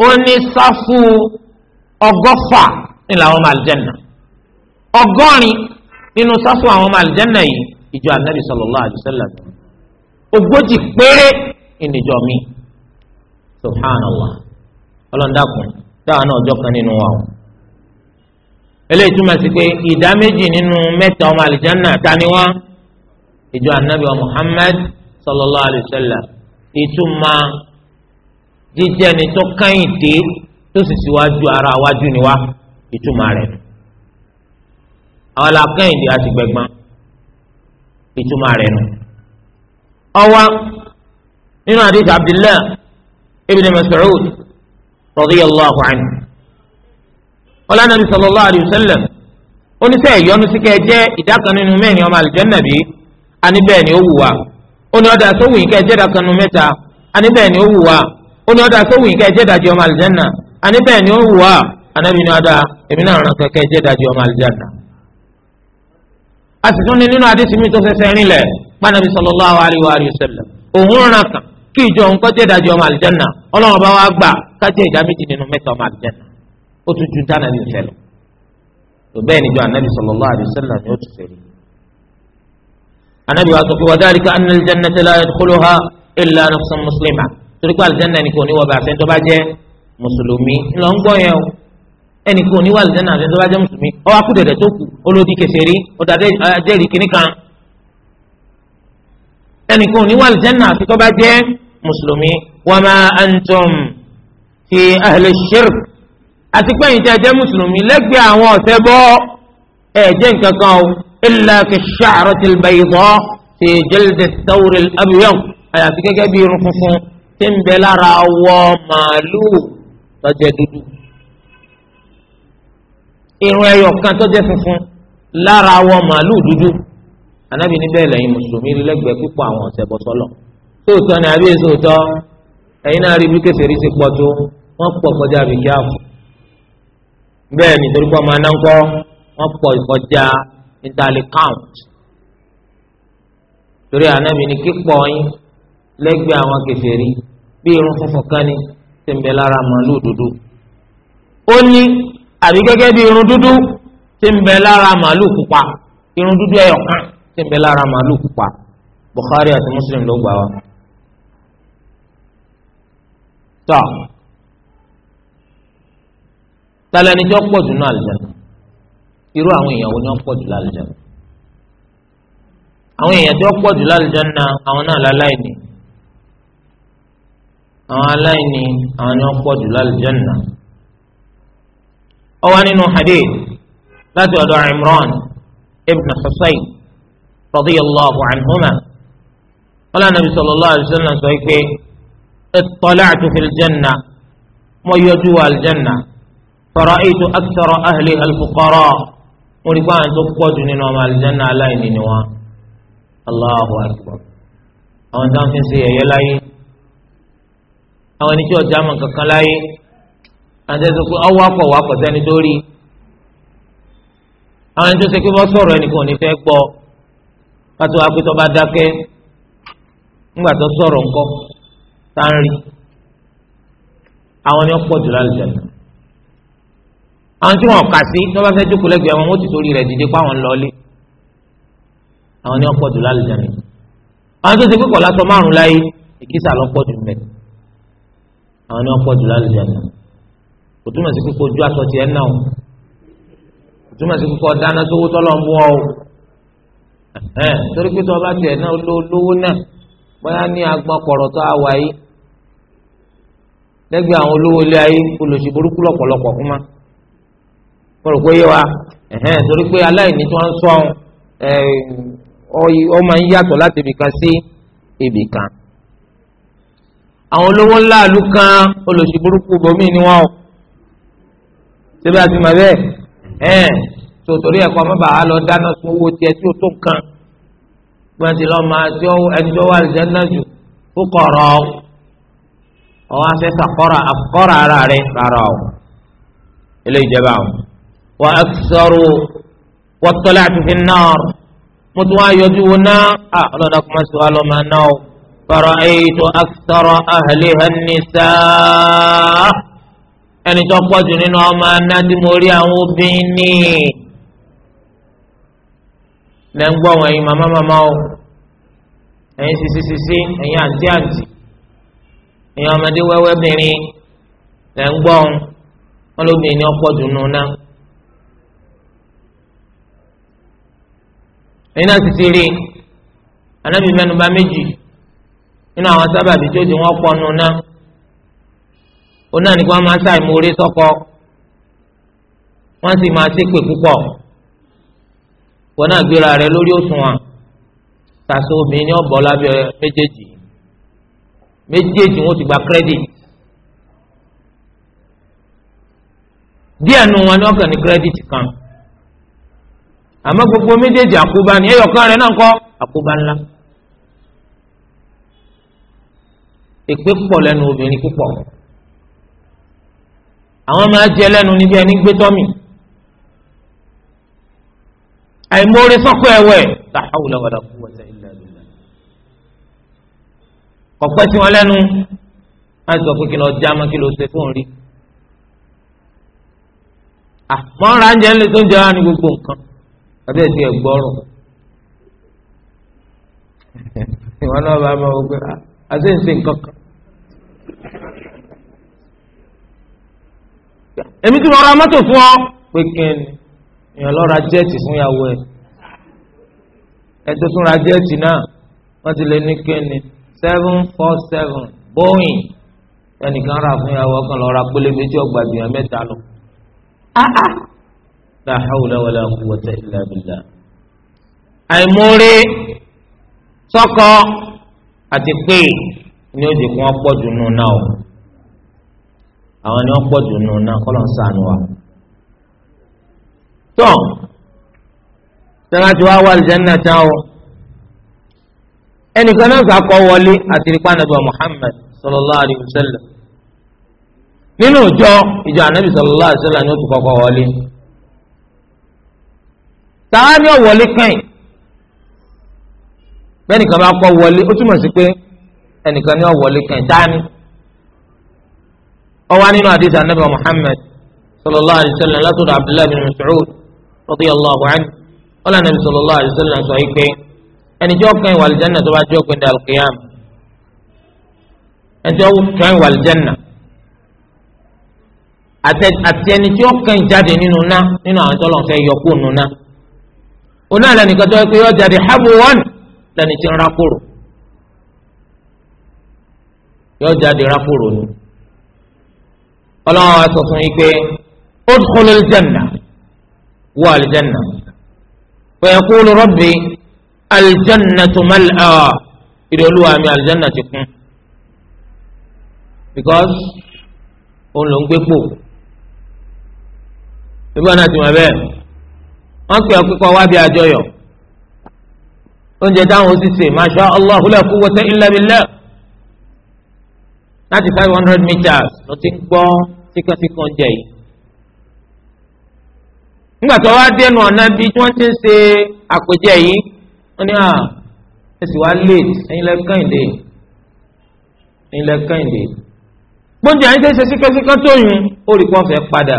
ó ní sáfù ọgọ́fà nílò àwọn ọmọ àlìjẹ́nà ọgọ́rin nínú sáfù àwọn ọmọ àlìjẹ́nà yìí ìjọ anabi sallallahu alayhi wa sallam ogójì péré ìnìjọ mi subhanallah ọlọ́ndàkùn táwọn náà ọjọ́ kan nínú wa o eléyìí túmọ̀ sí pé ìdá méjì nínú mẹ́ta ọmọ àlìjẹ́nà ta ni wọ́n ìjọ anabi wa muhammad sallallahu alayhi wa sallam ìtumọ̀ jíjẹ́ ni tó kẹ́yìn dé tó sì síwájú ara wájú ni wá ìtumọ̀ rẹ̀ nù àwọn làkẹ́yìn dé àti gbẹ̀gbọ́n ìtumọ̀ rẹ̀ nù. ọwọ́ nínú àdìs abdillah ibn mas'ud radiyallahu anhu ọlá nàbì sallallahu alayhi wa sallam oníṣẹ́ ìyọnu sí kẹ́ jẹ́ ìdá nínú mẹ́rin ọmọ àlùjànnà bíi anibẹ̀ ni ó wù wá ó ní ọ̀dà sówù yìí kẹ́ jẹ́dà kanu mẹ́ta anibẹ̀ ni ó wù wá ó ní ọ̀dà sówù yìí kẹ́ jẹ́dà jẹ́ ọmọ àlìjẹ́nà anibẹ̀ ni ó wù wá anabi ni ọ̀dà èmi náà ràn kẹ́kẹ́ jẹ́dà jẹ́ ọmọ àlìjẹ́nà. a sì nínú àdìsí mi tó fẹsẹ̀ rìn lẹ̀ pànàbí sallallahu alayhi wa sallam òun ràn kàn kí ìjọ òun kọ́ jẹ́dà jẹ́ ọmọ àlìjẹ́nà ọlọ́run bá wá gbà kájẹ́ ìdá méjì nínú mẹ́ta ọmọ àlìjẹ́nà wa sallam anabi wa sọ pé wadhalika anna al-jannata la yadkhuluha illa nafsun muslima torí pé alìjẹ́nà ẹnì kò ní wọ bàtẹ́ tó bá jẹ́ mùsùlùmí ńlọ ń gbọ́ yẹn o ẹnì kò ní wọ alìjẹ́nà àti tó bá jẹ́ mùsùlùmí ọwọ́ akúdẹ̀dẹ̀ tó kù olódì kèfèrí ọ̀dàdẹ́rì kìíní kan ẹnì kò ní wọ alìjẹ́nà tó bá jẹ́ mùsùlùmí wa ma antum fi ahli àti pé ìjà jẹ́ lẹ́gbẹ̀ẹ́ àwọn ọ̀sẹ̀ bọ́ ẹ̀ jẹ́ o illa kisha'rati albayda fi jaldi thawri alabyad àyàfi gẹ́gẹ́ bí irun funfun tí ń bẹ lára awọ màálùú tó jẹ́ dúdú irun ẹyọ kan tó jẹ́ funfun lára awọ màálùú dúdú anabi níbẹ̀ lẹ́yìn mùsùlùmí lẹ́gbẹ̀ẹ́ púpọ̀ àwọn ọ̀sẹ̀ bọ́ sọ́lọ̀ tóòtọ́ ni àbí èso tọ́ ẹ̀yin náà rí bí kẹsìrì ti pọ̀ tó wọ́n pọ̀ kọjá àbíkí àfọ̀ bẹ́ẹ̀ nítorí pé ọmọ anáńkọ́ wọ́n pọ̀ kọjá ìtàlẹ̀ count torí ànábì ní kíkpọ̀ yín lẹ́gbẹ̀ẹ́ àwọn kèfèrí bí irun funfun kan ní tí ń bẹ lára màálù dúdú ó ní àbí gẹ́gẹ́ bí irun dúdú tí ń pupa irun dúdú ẹyọ kan tí ń pupa Bukhari àti Muslim ló gbà wá. tọ́ talẹ̀ ni tí pọ̀ jù náà àlùjáde. irú àwọn èèyàn wo ni wọ́n pọ̀ jù lálùjẹ àwọn èèyàn tí wọ́n pọ̀ jù lálùjẹ ńnà àwọn náà láláìní àwọn aláìní àwọn ni wọ́n pọ̀ jù lálùjẹ ńnà ó wà nínú hadith láti ọ̀dọ̀ Imran ibn rọ̀dí Husayn radiyallahu anhuma wala nabi sallallahu alayhi wa sallam sọ pé ittala'tu fil janna mo yọjú wa aljanna fara'aytu akthara ahliha al-fuqara. wọ́n rí báwọn tó pọ̀ jù nínú ọmọ àlùjáná aláìní ni Allahu akbar àwọn tó ń fi ṣe yẹ̀yẹ́ láyé àwọn ẹni tí ọjà mọ̀ kankan láyé àti pé ọwọ́ akọ̀ wà pọ̀ sẹ́ni tó rí àwọn ẹni tó ṣe pé wọ́n sọ̀rọ̀ ẹnìkan ò ní fẹ́ gbọ́ pàtó apẹ́tọ́ bá dákẹ́ ńgbà àwọn tí wọn kà sí tí wọn bá fẹ́ jókòó lẹ́gbẹ̀ẹ́ wọn wọn ti torí rẹ̀ dìde pa àwọn lọlé àwọn ni wọn pọ̀ jù lálejò ni àwọn tó ti pípọ̀ lásán márùn láyé ìkísà lọ pọ̀ jù mẹ àwọn ni wọn pọ̀ jù lálejò ni kò túmọ̀ sí pípọ̀ ojú aṣọ tiẹ̀ náà o kò túmọ̀ sí pípọ̀ dáná sówó tọ́lọ̀ ń bú ọ o ẹ̀ torí pé tí tiẹ̀ náà lówó náà bóyá ní agbọn kọ̀rọ̀ tó a yìí lẹ́gbẹ̀ẹ́ àwọn olówó ilé ayé olùsí burúkú fún ma mo rò pé yé wa torí pé aláìní tí wọ́n ń sọ ọ máa ń yàtọ̀ láti ibìkan sí ibìkan àwọn olówó ńlá àlù kan olóṣù burúkú bomi ni wọn o síbi àti mà bẹ́ẹ̀ ẹ̀ tó torí ẹ̀kọ́ ọmọ bàá lọ dáná sun owó tiẹ̀ tí o tó nǹkan wọ́n ti lọ máa tí ó ẹni tó wà lẹ́sẹ̀ jù kó kọ̀rọ̀ ọ̀hún afẹ́ sàkọ́ra àkọ́ra ara rẹ̀ rárá o ilé ìjẹba o. وأكثر واطلعت في النار متوا يجونا أهلنا كما سؤال ما نو فرأيت أكثر أهلها النساء ẹni tó pọ̀ jù nínú ọmọ aná tí mo rí àwọn obìnrin ní lẹ́ ń gbọ́ wọ̀nyí màmá màmá o ẹ̀yin sisi sisi ẹ̀yin àǹtí àǹtí ẹ̀yin ọmọdé wẹ́wẹ́ bìnrin lẹ́ ń gbọ́ wọn lóbìnrin ni ọ̀pọ̀ jù nínú náà. ẹ̀yin náà sì ti rí anábì mẹ́nubà méjì nínú àwọn sábàbí tí ó di wọ́n pọnu náà ó náà ní kí wọ́n máa ṣàìmoore sọ́kọ wọ́n sì máa ṣépè púpọ̀ wọn náà gbéra rẹ lórí òṣùwọ̀n tàṣọ obìnrin ní ọ̀bọ̀ lábẹ́ méjèèjì méjèèjì wọn ti gba credit díẹ̀ nu wọn ní ọkàn ní credit kan àmọ́ gbogbo méjèèjì àkóbá ni ẹyọ̀kan rẹ̀ náà ń kọ́ àkóbá ńlá. èpè pọ̀ lẹ́nu obìnrin púpọ̀ àwọn máa jẹ lẹ́nu níbi ẹni gbé tọ́mì àìmọ́re sọ́kọ́ ẹ̀wẹ̀ la hawla wala quwwata illa billah ọ̀pẹ́ tí wọ́n lẹ́nu á sọ pé kí lọ já mọ́ kí lọ ṣe fóun rí àmọ́ ah, ra ń jẹ́ ń lè tó ń jẹ́ wá ní gbogbo nǹkan abẹ́ ti ẹ̀ gbọ́rọ̀ ìwọ náà bá máa wọ pé àti ń ṣe nǹkan kan. èmi tí mo ra mọ́tò fún ọ pé kí ni èèyàn lọ ra jẹ́ẹ̀tì fún ìyàwó ẹ̀ ẹ tó tún ra jẹ́ẹ̀tì náà wọ́n ti lè ní kí ni seven four seven Boeing ẹnìkan rà fún ìyàwó ọkàn lọ ra pélé méjì ọgbà ìgbìyànjú mẹ́ta lọ. Ah, ah la hawla wala quwwata illa billah. àìmúrí sọ́kọ àti pé ni ó di kún ọ̀pọ̀ dùnú náà o àwọn ni wọ́n pọ̀ dùnú náà kọ́ ló ń sànù wa. tó sẹ́wájú wa wà aljanna tán o ẹnìkan náà sàkọ wọlé àti nípa nàbà Muhammad sallallahu alayhi wa sallam nínú ìjọ ìjọ sallallahu alayhi wa ni ó ti kọ́kọ́ wọlé tààrí ọ̀wọ́lé kẹ́yìn bẹ́ẹ̀nìkan bá kọ́ wọlé ó túmọ̀ sí pé ẹnìkan ní ọ̀wọ́lé kẹ́yìn tání ọwọ́ nínú àdìsí anábẹ́ Muhammad sallallahu alayhi wa sallam látọ̀dọ̀ Abdullahi bin Mas'ud radiyallahu anhu ọ̀là nàbí sallallahu alayhi wa sallam sọ yìí pé ẹni tí ó kẹ́yìn wà lìjánà tó bá jẹ́ òpin dà alqiyam ẹni tí ó kẹ́yìn wà lìjánà àti ẹni tí ó kẹ́yìn jáde nínú ná nínú àwọn tó fẹ́ yọ kó nínú ná oná lẹnìkan tó yẹ pé yọjà di habuwan lẹni tí ń rakoro yọjà di rakoro ni ọlọ́run wa sọ fún yín pé ó kọlọ́ aljanna wọ aljanna fẹ̀yẹ̀kúlù rọ́bì aljanna tó mal awa ìdòlúwa mi aljanna ti kún because òun ló ń gbé pò ìgbà náà ti mọ̀ bẹ́ẹ̀ wọ́n pè ọ́ pípọ̀ wá bí àjọyọ̀ oúnjẹ táwọn sì sè masha allah la quwwata láti five hundred meters ló ti ń gbọ́ síkọ́síkọ́ oúnjẹ yìí. nígbà tó wá dénú ọ̀nà bí wọ́n ti ń ṣe àpèjẹ yìí wọ́n ní à ẹ sì wá late ẹ̀yin lẹ́kàn ìdè ẹ̀yin lẹ́kàn ìdè gbọ́njẹ àyíṣe ṣe síkọ́síkọ́ tó yùn ó rí kó fẹ́ padà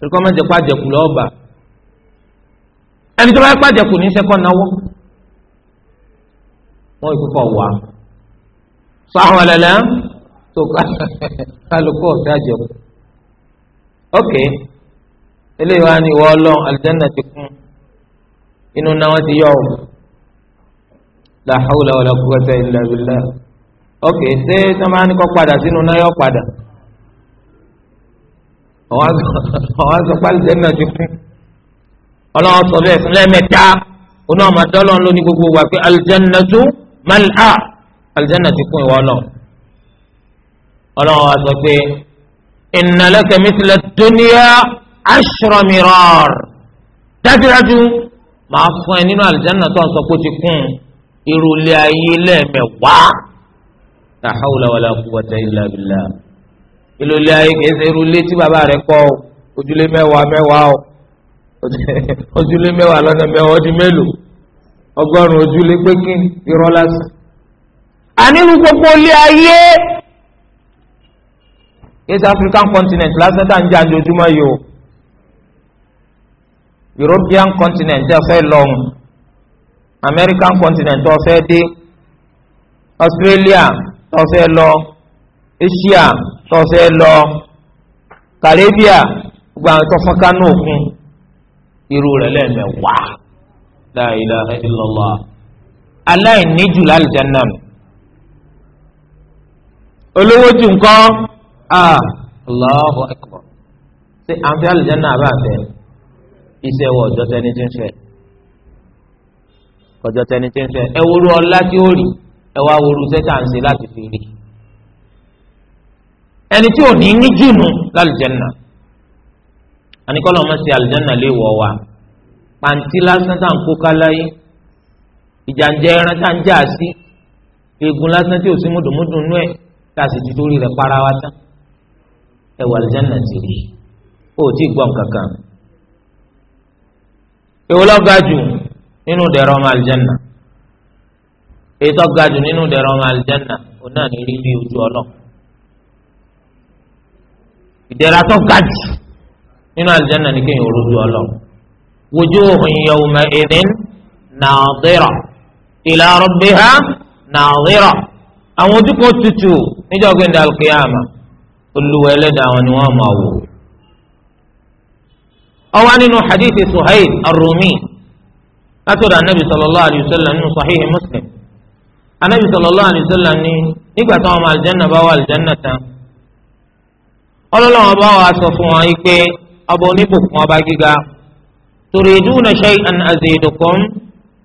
rí kó má jẹ́ pàjẹ́kù lọ́ọ̀bà ẹni tó bá pàjẹ́ kù ní sẹ́kọ̀ náwó wọn ìkókò wà sọ àwọn ẹlẹ́lẹ́ tó kálukú ọ̀tá jẹ kù ok eléyìí wá ní ìwọ ọlọ́run alìjẹ́nà ti kún inú náà ti yọ ọ́ la hawla wala quwwata illa billah ok ṣé tí wọ́n bá ní kó padà sínú náà yọ padà àwọn àgbà alìjẹ́nà ti kún ọlọ́wọ́ sọ bẹ́ẹ̀ fún lẹ́mẹ̀ta oní ọmọ adọ́lọ́ ló ní gbogbo wa pé aljannatu mal'a aljanna ti kún ìwọ náà ọlọ́wọ́ wa sọ pé inna laka mithla dunya ashra mirar dájúdájú màá fún ẹ nínú aljanna tó ń sọ pé ó ti kún irú ilé ayé lẹ́ẹ̀mẹ̀wàá la hawla wala quwwata illa billah irú ilé ayé kìí ṣe irú ilé tí bàbá rẹ̀ kọ́ ojúlé mẹ́wàá mẹ́wàá o ojúlé mẹ́wàá lọ́nà mẹ́wàá ọdún mélòó ọgọ́rùn-ún ojúlé pé kí irọ́ lásán. àníwú gbogbo ilé ayé East African continent lásán tá à ń jà ojoojúmọ́ yìí o European continent ọ̀fẹ́ lọ́hùn American continent ọ̀fẹ́ dé Australia ọ̀fẹ́ lọ Asia ọ̀fẹ́ lọ Caribbean gbogbo àwọn tó fọ́nká náà kún irú rẹ̀ lẹ́ẹ̀mẹ̀wàá la ilaha illallah aláìní jù lálùjáná mi olówó jù nǹkan Allahu akbar ṣé à ń fẹ́ àlùjáná àbá àfẹ́ iṣẹ́ wọ ọjọ́ tẹni tí ń fẹ́ ọjọ́ tẹni tí ń fẹ́ ẹ wúru ọlá tí ó rí ẹ wá wúru sẹ́tà ń ṣe láti fi rí ẹni tí ò ní ní jù nù lálùjáná. Ani ọmọ sí alìjánà lè wọ̀ wá pàǹtí lásán tá à ń kó káláyé ìjànjẹ ẹran tá à ń jà sí egun lásán tí ò sí mùdùmùdù nú ẹ tá a sì ti torí rẹ̀ para wa tán ẹ wà alìjánà ti rí o ò tí ì gbọ́ nǹkankan èwo ló ga jù nínú dẹ̀rọ ọmọ alìjánà èyí tó ga jù nínú dẹ̀rọ ojú ọlọ́ ìdẹ̀ra tó ga nínú aljanna ni kéèyàn rojú ọlọ wujuhun yawma idhin nadira ila rabbiha nadira àwọn ojú kan tutù níjọ́ gbẹ̀ndẹ̀ alqiyama olùwẹ̀ ẹlẹ́dàá àwọn ni wọ́n máa wò. ọwọ́ nínú hadithi suhail arumi látọ̀dọ̀ anabi sallallahu alayhi wa sallam nínú sahihi muslim anabi sallallahu alayhi wa sallam ní nígbà táwọn ọmọ aljanna bá wà aljanna tán ọlọ́lọ́wọ́n bá wà sọ fún wọn yìí pé ọba oníbùkún ọba gíga turiduna shay'an azidukum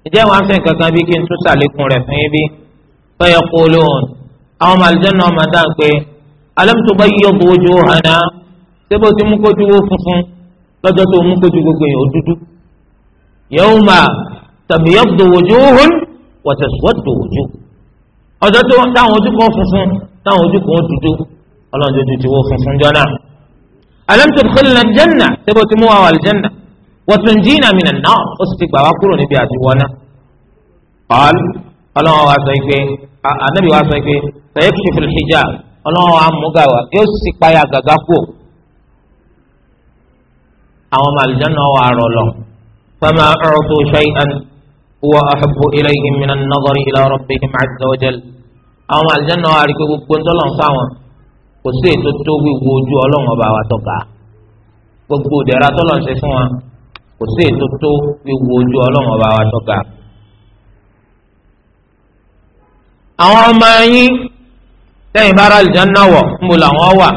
ǹjẹ́ wàá fẹ́ kankan bí kí n tún sàlékún rẹ̀ fún yín bí fayaqulun àwọn ọmọ àlùjànnà ọmọ dáhùn pé alam tubayyadu wujuhana sebo ti mú kojú wo funfun lọ́jọ́ tó mú kojú gbogbo yẹn ó dúdú yawma tabyaddu wujuhun wa taswaddu wujuh ọjọ́ tó táwọn ojú kan funfun táwọn ojú kan dúdú ọlọ́run ti wo funfun jọ náà alam tudkhilna aljanna ṣé bó ti mú wa wà aljanna wa tunjina minan nar ó sì ti gbà wá kúrò níbi àti wọná. qaal ọlọ́wọ́n wa sọ pé anabi wa sọ pé sayakshifu alhijab ọlọ́wọ́n wa mú gàwá yóò sì payà gàgà kú. àwọn ọmọ aljanna wà rọ lọ fama u'tu shay'an huwa ahabbu ilayhim minan nadari ila rabbihim azza wa àwọn ọmọ aljanna wà rí kò sí ètò tó wíwo ojú ọlọ́run ọba wa tọ́ka gbogbo ìdẹ̀ra tọ́lọ̀ ń ṣe fún wa kò sí ètò tó wíwo ojú ọlọ́run ọba wa tọ́ka. àwọn ọmọ yín tẹ́yìn bá rálì jẹ́ náwọ̀ ńbò làwọn wà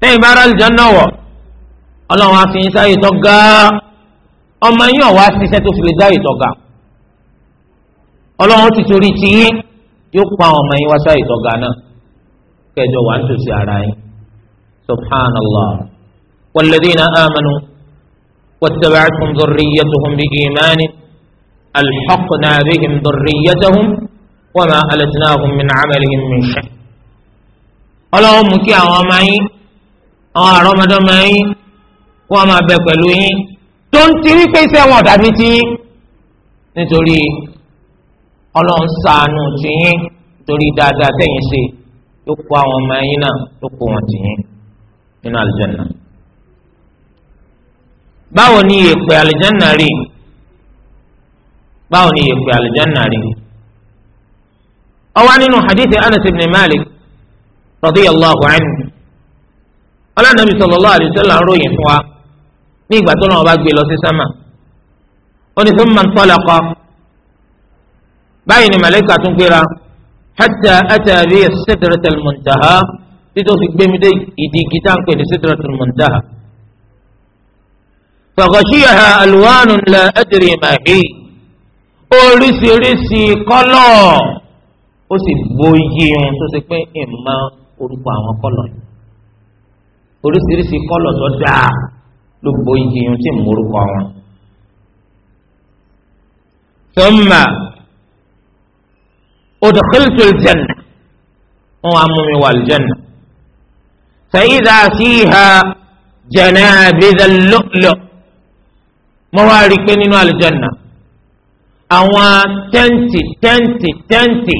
tẹ́yìn bá rálì jẹ́ náwọ̀ ọlọ́run á fi yín sáyé tọ́ga ọmọ yín ọ̀wá ṣiṣẹ́ tó fi lè dáyé tọ́ga ọlọ́run ti torí tiyín yóò pa ọmọ yín wá sáyé tọ́ga náà kẹjọ wà nítòsí ara yín subhanallah walladhina amanu wattaba'athum dhurriyyatuhum biimani alhaqna bihim dhurriyyatahum wama alatnahum min amalihim min shay. ọlọ́run mú kí àwọn ọmọ yín àwọn àrọ́mọdọ́mọ yín kó wọn máa bẹ pẹ̀lú yín tó ń ti wípé iṣẹ́ wọn dàbí ti yín nítorí ọlọ́run ṣàánú ti yín nítorí dáadáa tẹ̀yìn ṣe yóò kó àwọn ọmọ yín náà yóò kó wọn tì yín nínú àlùjánnà. báwo ni ìyèpẹ̀ àlùjánnà rí báwo ni ìyèpẹ̀ àlùjánnà rí ó wà nínú hadithi anas ibn malik radiyallahu anhu ọlọ́nàbí sallallahu alaihi wasallam ń ròyìn fún wa ní ìgbà tó náà bá gbé lọ sí sámà ó ní thumma intalaqa báyìí ni màlẹ́kà tún gbéra hatta atari sidratul muntaha títí ó fi gbé mi dé ìdí igi tá à ń pè ní sidratul muntaha. faghashiyaha alwanun la adri ma hi oríṣiríṣi kọ́lọ̀ ó sì gboyè ohun tó ṣe pé ìmọ̀ orúkọ àwọn kọ́lọ̀ yìí oríṣiríṣi kọ́lọ̀ tó dáa ló gboyè ohun tí ìmọ̀ orúkọ wọn. thumma udkhiltu aljanna wọn wá mú mi wà aljanna fa idha fiha janabidha lu'lu' mo wá rí i pé nínú aljanna àwọn tẹ́ǹtì tẹ́ǹtì tẹ́ǹtì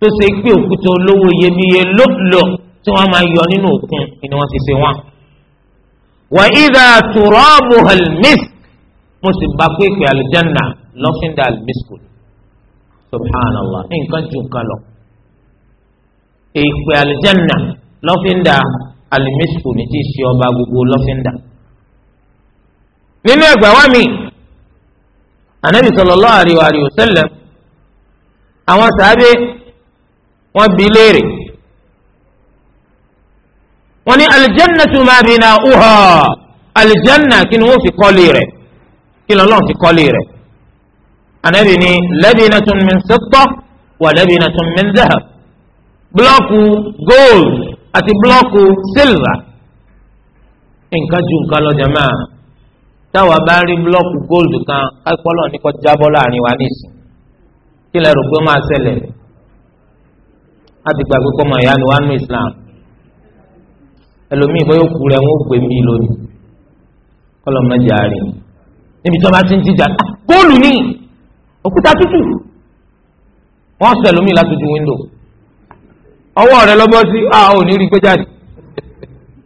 tó ṣe pé òkúta olówó iyebíye lọ́lọ́ tí wọ́n máa yọ nínú òkun ni wọ́n ti ṣe wọ́n. wà ìdá tùrọ́ọ̀bù almisk mo sì bá pépè aljanna lọ́fíńdà almisk kù subhanallah nǹkan ju nǹkan lọ. èèpẹ̀ àlìjẹ́nà lọ́fíńdà àlìmísìkò ní ti ṣe ọba gbogbo lọ́fíńdà. nínú ẹgbẹ́ wa mi anabi sallallahu alaihi wa sallam àwọn sàábé wọ́n bi léèrè wọ́n ní alìjẹ́nà tó máa bìnnà uha alìjẹ́nà kí ni wọ́n fi kọ́lé rẹ̀ kí ni Ọlọ́run fi kọ́lé rẹ̀ anabi ni labinatun min sitta wà labinatun min zahab búlọ́ọ̀kù gold ati búlọ́ọ̀kù silver nǹkan ju nǹkan lọ jama táwa bá rí búlọ́ọ̀kù gold kan kápọ́lọ́ ní kó jábọ́ láàrin wa nísìn kí lè rò pé máa ṣẹlẹ̀ láti gbàgbé kọ́ mọ̀ ìyá ni wàá nù Islam ẹlòmíì bóyá òkú rẹ̀ wọ́n gbé mi lónìí kọ́lọ́ mẹ́jà rè níbi tí wọ́n bá ti ń jíjà ah, góòlù ní òkúta tútù wọ́n sọ ẹlòmíì látòjú wíńdò ọwọ́ rẹ lọ́bọ́ sí a ò ní rí gbé jáde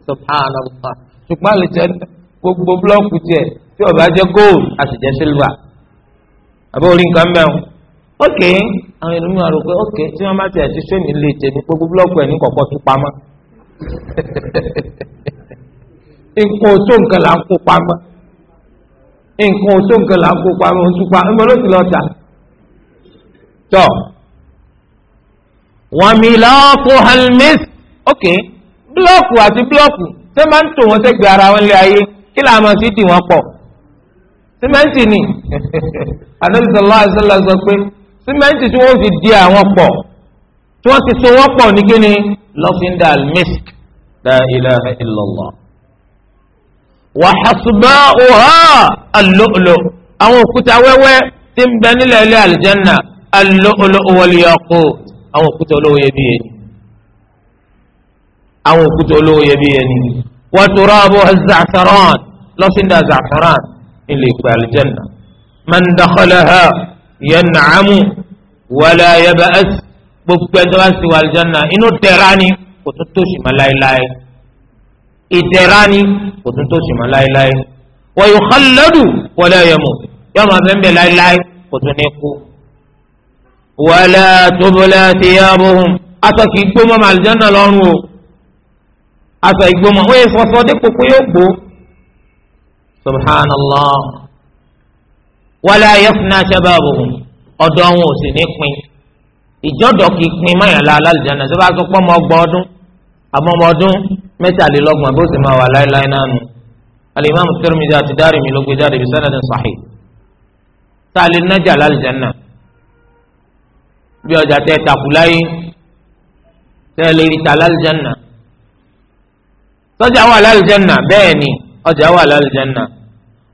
subhanallah ṣùgbọ́n lè jẹ gbogbo búlọ́ọ̀kù tiẹ̀ tí ó bá jẹ́ gold a sì jẹ́ silver àbẹ́ orí nǹkan mẹ́rin ok àwọn ẹlòmíì wà rò pé ok tí wọ́n bá ti ẹ̀ ti sẹ́mi lè tẹ̀ ní gbogbo búlọ́ọ̀kù ẹ̀ ní kọ̀kọ́ tún pamọ́ <laughs> nǹkan tó nǹkan là ń kó pamọ́ nǹkan oṣù nǹkan là ń kó pamọ́ oṣù pa ń bọ́ ló ti lọ tà. tọ́ wọ́n mi lọ́ọ̀kù halmis ok búlọ́ọ̀kù àti búlọ́ọ̀kù ṣé máa ń tò wọ́n sẹ́gbẹ̀ẹ́ ara wọn lé ayé kí làá máa sì dì wọ́n pọ̀ símẹ́ǹtì ni <laughs> Ànábì sallallahu alaihi wasallam sọ pé símẹ́ǹtì tí wọ́n fi di àwọn pọ̀ tí wọ́n ti so wọ́n pọ̀ ní kíni lọ́fíńdà misk la ilaha illallah. وحصباؤها اللؤلؤ àwọn òkúta wẹ́wẹ́ tí ń bẹ nílẹ̀ ilé àlìjẹ́nà اللؤلؤ والياقوت àwọn òkúta olówó iyebíye ni àwọn òkúta olówó iyebíye ni wa turabuha az-za'faran lọ́sìndà za'faran ilé ìgbà àlìjẹ́nà man dakhalaha yan'amu wala yab'as gbogbo ẹjọ́ bá sì wà àlìjẹ́nà inú tẹ̀ra ni kò tó tó sì láéláé ìdẹ̀ra ni kò tún tó sì mọ́ láéláé wa yukhalladu wa la yamut yọmọ abẹ́ńbẹ́ láéláé kò tún ní kú. wala tubla thiyabuhum aṣọ kì í gbó mọ́ màlìjánà lọ́rùn o aṣọ ìgbó wọ́n yẹ fọ́fọ́ dípò pé yóò gbó. subhanallah wala yafna shababuhum ọ̀dọ́ wọn ò sì ní pin ìjọ́dọ̀ kì í pin mọ́yànlá alálìjánà tó bá tó pọ́ ọmọ ọgbọ́n ọdún àmọ́ ọmọ ọdún mẹ́tàlélọ́gbọ̀n bó sì máa wà láéláé náà nù alimami Tirmidhi àti Darimi ló gbé jáde bí sanadin sahih sáàlì nájà lálìjáná bí ọjà tẹ takùláyé tẹ́lẹ̀ ìta lálìjáná sọ́jà wà lálìjáná bẹ́ẹ̀ ni ọjà wà lálìjáná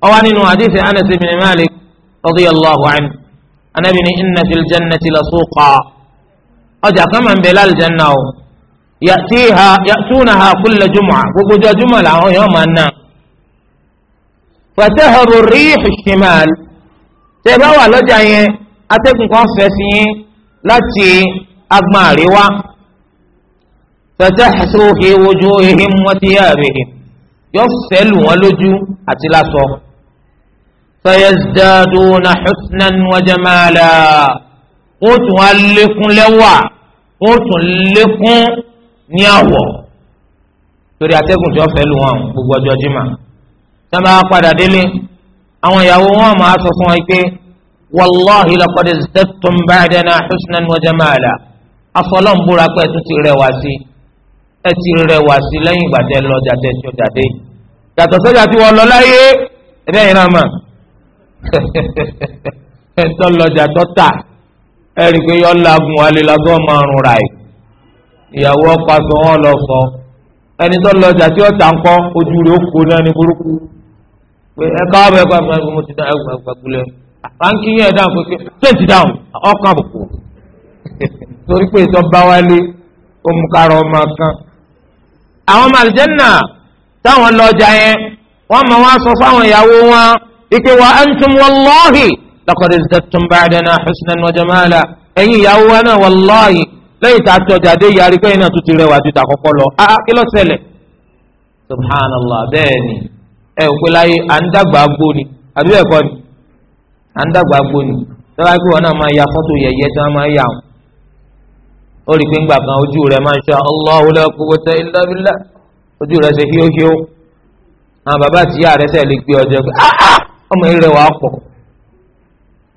ọwọ́ nínú hadith Anas ibn Malik radiyallahu anhu anabini inna fil jannati la suqa ọjà kan máa bẹ lálìjáná o yàtúnà kulla jumu'a gbogbo ọjọ́ jùmọ̀ làwọn yóò máa ná. fataharu riihu shimal tẹ́ bá wà lọ́jà yẹn atẹ́gùn kan fẹ́ sí yín láti agbọ̀n àríwá. fatahasu hi wujuhihim wa thiyabihim yóò fẹ́lù wọn lójú àti lásọ. fayazdaduna husnan wa jamala wọ́n tún wá lékún lẹ́wà wọ́n tún lékún ní àwọ̀ torí atẹ́gùn tí wọ́n fẹ́ lu wọn gbogbo ọjọ́ jimá sábà padà délé àwọn ìyàwó wọn máa sọ fún wọn pé wàláhi laqad izdattum ba'dana husnan wa jamala afọlọ́n búra pé ẹtún ti rẹwà sí ẹ ti rẹwà sí lẹ́yìn ìgbà tẹ lọ jàdẹ tí ó jàdé yàtọ̀ sọ́jà tí wọ́n lọ láyé ẹ̀dẹ́ yìí náà mà <laughs> ẹ̀tọ́ lọ́jà tó tà ẹ̀rí pé yọ lagun alẹ́ lagun ọmọ ọrùn rà ìyàwó ọ̀pá sọ wọn lọ sọ ẹni tó lọ jà tí ó ta ojú rẹ̀ kó náà ní burúkú pé ẹ káwọ́ bẹ́ẹ̀ kọ́ ẹ mo ti dá ẹ gbàgbọ́lẹ̀ báńkì yẹn dáhùn pé ṣé ti dáhùn ọkàn àbùkù <laughs> torí pé ìtọ́ bá ọmọ kan. àwọn táwọn yẹn wọ́n mọ̀ sọ fáwọn ìyàwó wọn ike wa lẹ́yìn tá a tọjà dé yarí pé iná tún ti rẹwà ju lọ a ah, ah, kí ló ṣẹlẹ̀ subhanallah bẹ́ẹ̀ ni ẹ ò pé láyé à ń dàgbà ni àbí ni à ń dàgbà ni pé wọn náà máa ya fọ́tò yẹ̀yẹ́ tí máa yà wọn ó rí i pé kan ojú máa ń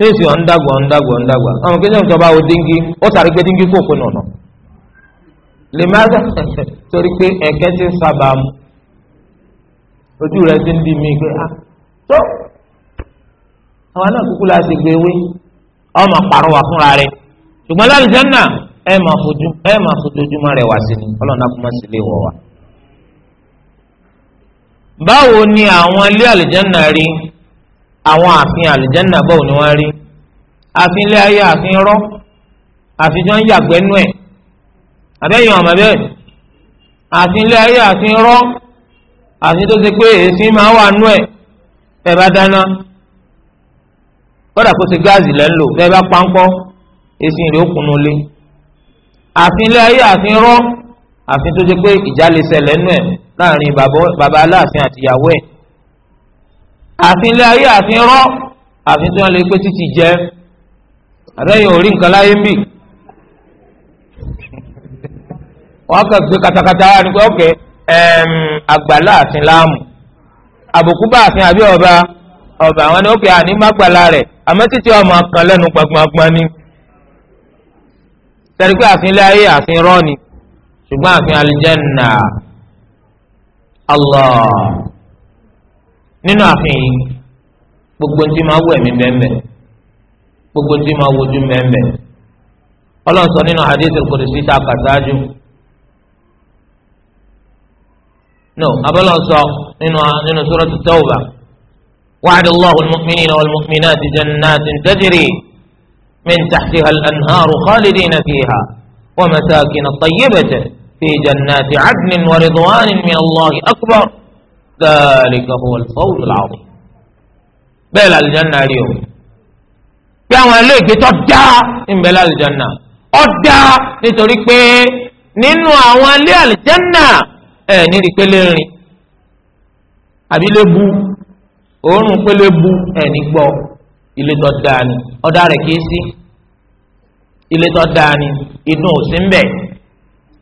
níìsì ọ̀ ń dàgbà ọ̀ ń dàgbà ọ̀ ń dàgbà àwọn kejì ọ̀tọ̀ bá wo díngí ó sàrí pé díngí kò pinnu ọ̀nà lè má dà <laughs> torí pé ẹ̀kẹ́ ti ń sábà mu ojú rẹ̀ ti ń di mí pé ah, tó àwọn náà kúkú la ṣe gbé ewé ọmọ parọ́ wà fúnra rẹ̀ ṣùgbọ́n láti jẹ́ náà ẹ máa fojú ẹ máa fojoojúmọ́ rẹ̀ wá sí ni ọlọ́run náà sí lè wọ̀ wá. báwo ni àwọn ilé àlùjànnà rí àwọn ààfin àlìjánà bọ̀ ni wọ́n rí ààfin ilé ayé ààfin rọ́ ààfin tí wọ́n ń yàgbẹ́ nú ẹ̀ àbẹ́yìn ọ̀mọ̀ bẹ́ẹ̀ ààfin ilé ayé ààfin rọ́ ààfin tó ṣe pé èsì máa wà nú ẹ̀ bẹ́ẹ̀ bá dáná kódà kó ṣe gáàsì lẹ́ ń lò bẹ́ẹ̀ bá pánkọ́ èsì rẹ̀ ó kunu lé ààfin ilé ayé ààfin rọ́ ààfin tó ṣe pé ìjà lè nú ẹ̀ láàrin bàbá aláàfin àtìyàwó ẹ̀ àfin ilé ayé àfin rọ àfin tí wọn lè pé títí jẹ àtẹyìn orí nǹkan láyé ń bì wọn kàn gbé katakata wá ní pé ọkẹ àgbàlá àfin láàmù àbùkù bá àfin àbí ọba ọba àwọn ni ọkẹ àní rẹ àmọ́ títí ọmọ kan lẹ́nu gbangban ni tẹ̀lé pé àfin ayé àfin rọ ni ṣùgbọ́n àfin aljanna Allah. nínú ààfin yìí gbogbo tí máa wù ẹ̀mí bẹ́ẹ̀ gbogbo tí máa wojú bẹ́ẹ̀ ọlọ́run sọ nínú hadith al-Qudsi tá a kà sáájú no abọ́lọ́run sọ nínú nínú Surat at-Tawbah wa'ada Allahu al-mu'minina wal-mu'minati jannatin tajri min tahtiha al-anharu khalidina fiha wa masakin tayyibatan fi jannati 'adnin wa ridwanin min Allahi akbar. dhalika huwal fawzul azim bẹ́ẹ̀ الجنة اليوم o pé àwọn iléègbé tó dá ìbẹ̀ làlùjáná ó dá nítorí pé nínú àwọn ilé àlùjáná ẹ̀ nírí pélé rìn àbí lébu òórùn pélé bu ẹ̀ ní gbọ́ ilé tó dá ni ọ̀dà rẹ̀ kìí sí ilé tó dá ni inú ò sí ń bẹ̀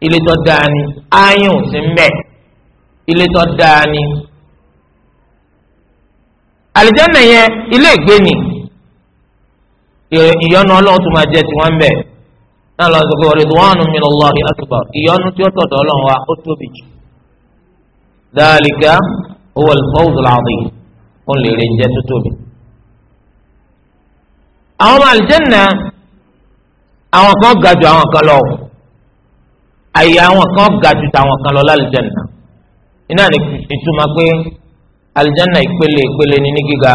ilé tó dá ni áyùn ò sí ń bẹ̀ ilé tó dáa ni àlìjánnà yẹn ilé ìgbé ni ìyọ́nú ọlọ́run tó máa jẹ tiwọn ń bẹ náà lọ sọ pé ridwanun minallahi akbar ìyọ́nú tí ó tọ̀dọ̀ ọlọ́run wa ó tóbi jù dhalika huwa al-fawzul azim ó lè rè jẹ́ tó tóbi. àwọn ọmọ àlìjánnà àwọn kan ga àwọn kan lọ àyè àwọn kan ga tàwọn kan lọ lálìjánnà iná ní ìtumọ̀ pé aljanna ìpele ìpele ní ní gíga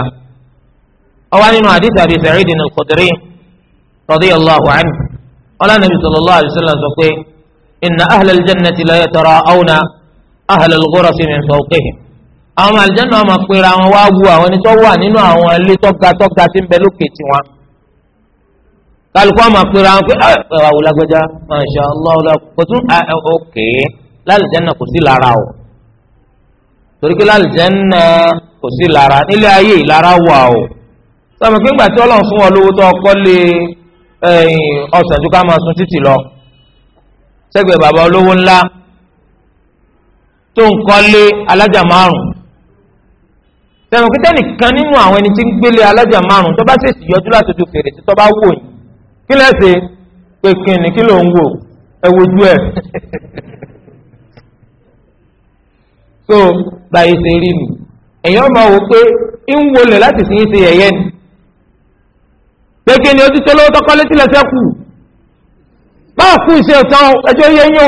ọwọ́ nínú hadith Abi Sa'id al-Khudri radiyallahu anhu ọlá nàbí sallallahu alayhi wa sallam sọ pé inna ahla aljannati la yatara'awna ahla al-ghurasi min fawqihim àwọn aljanna wọn máa pera wọn wá wu àwọn ẹni tó wà nínú àwọn ilé tọ́ga tọ́ga tí ń bẹ lókè tiwọn kálukú àwọn máa pera wọn pé ẹ ah, ẹ torí pé lálùjẹ́nà kò sí lára nílé ayé ìlara wà o sọmọ pé ńgbà tí ọlọ́run fún wọn lówó tó ọkọ lé ọ̀sán tó ká máa sun títì lọ sẹ́gbẹ̀ẹ́ bàbá olówó ńlá tó ń kọ́ lé alájà márùn-ún pé tẹ́nìkan nínú àwọn ẹni tí ń gbélé alájà márùn tó bá ṣèṣì yọjú láti ojú fèrèsé tó bá wò yìí kí lẹ́sẹ̀ pé kìnnìkí ló ń wò ẹ wojú ẹ̀ <laughs> so báyìí ṣe rí mi èèyàn máa wò pé ń wọlé láti fi ń ṣe yẹ̀yẹ́ ni pé ni ojú tó lówó tọkọ létí lẹsẹ kù báà kú ìṣe ọ̀tàn ẹjọ́ yẹyẹ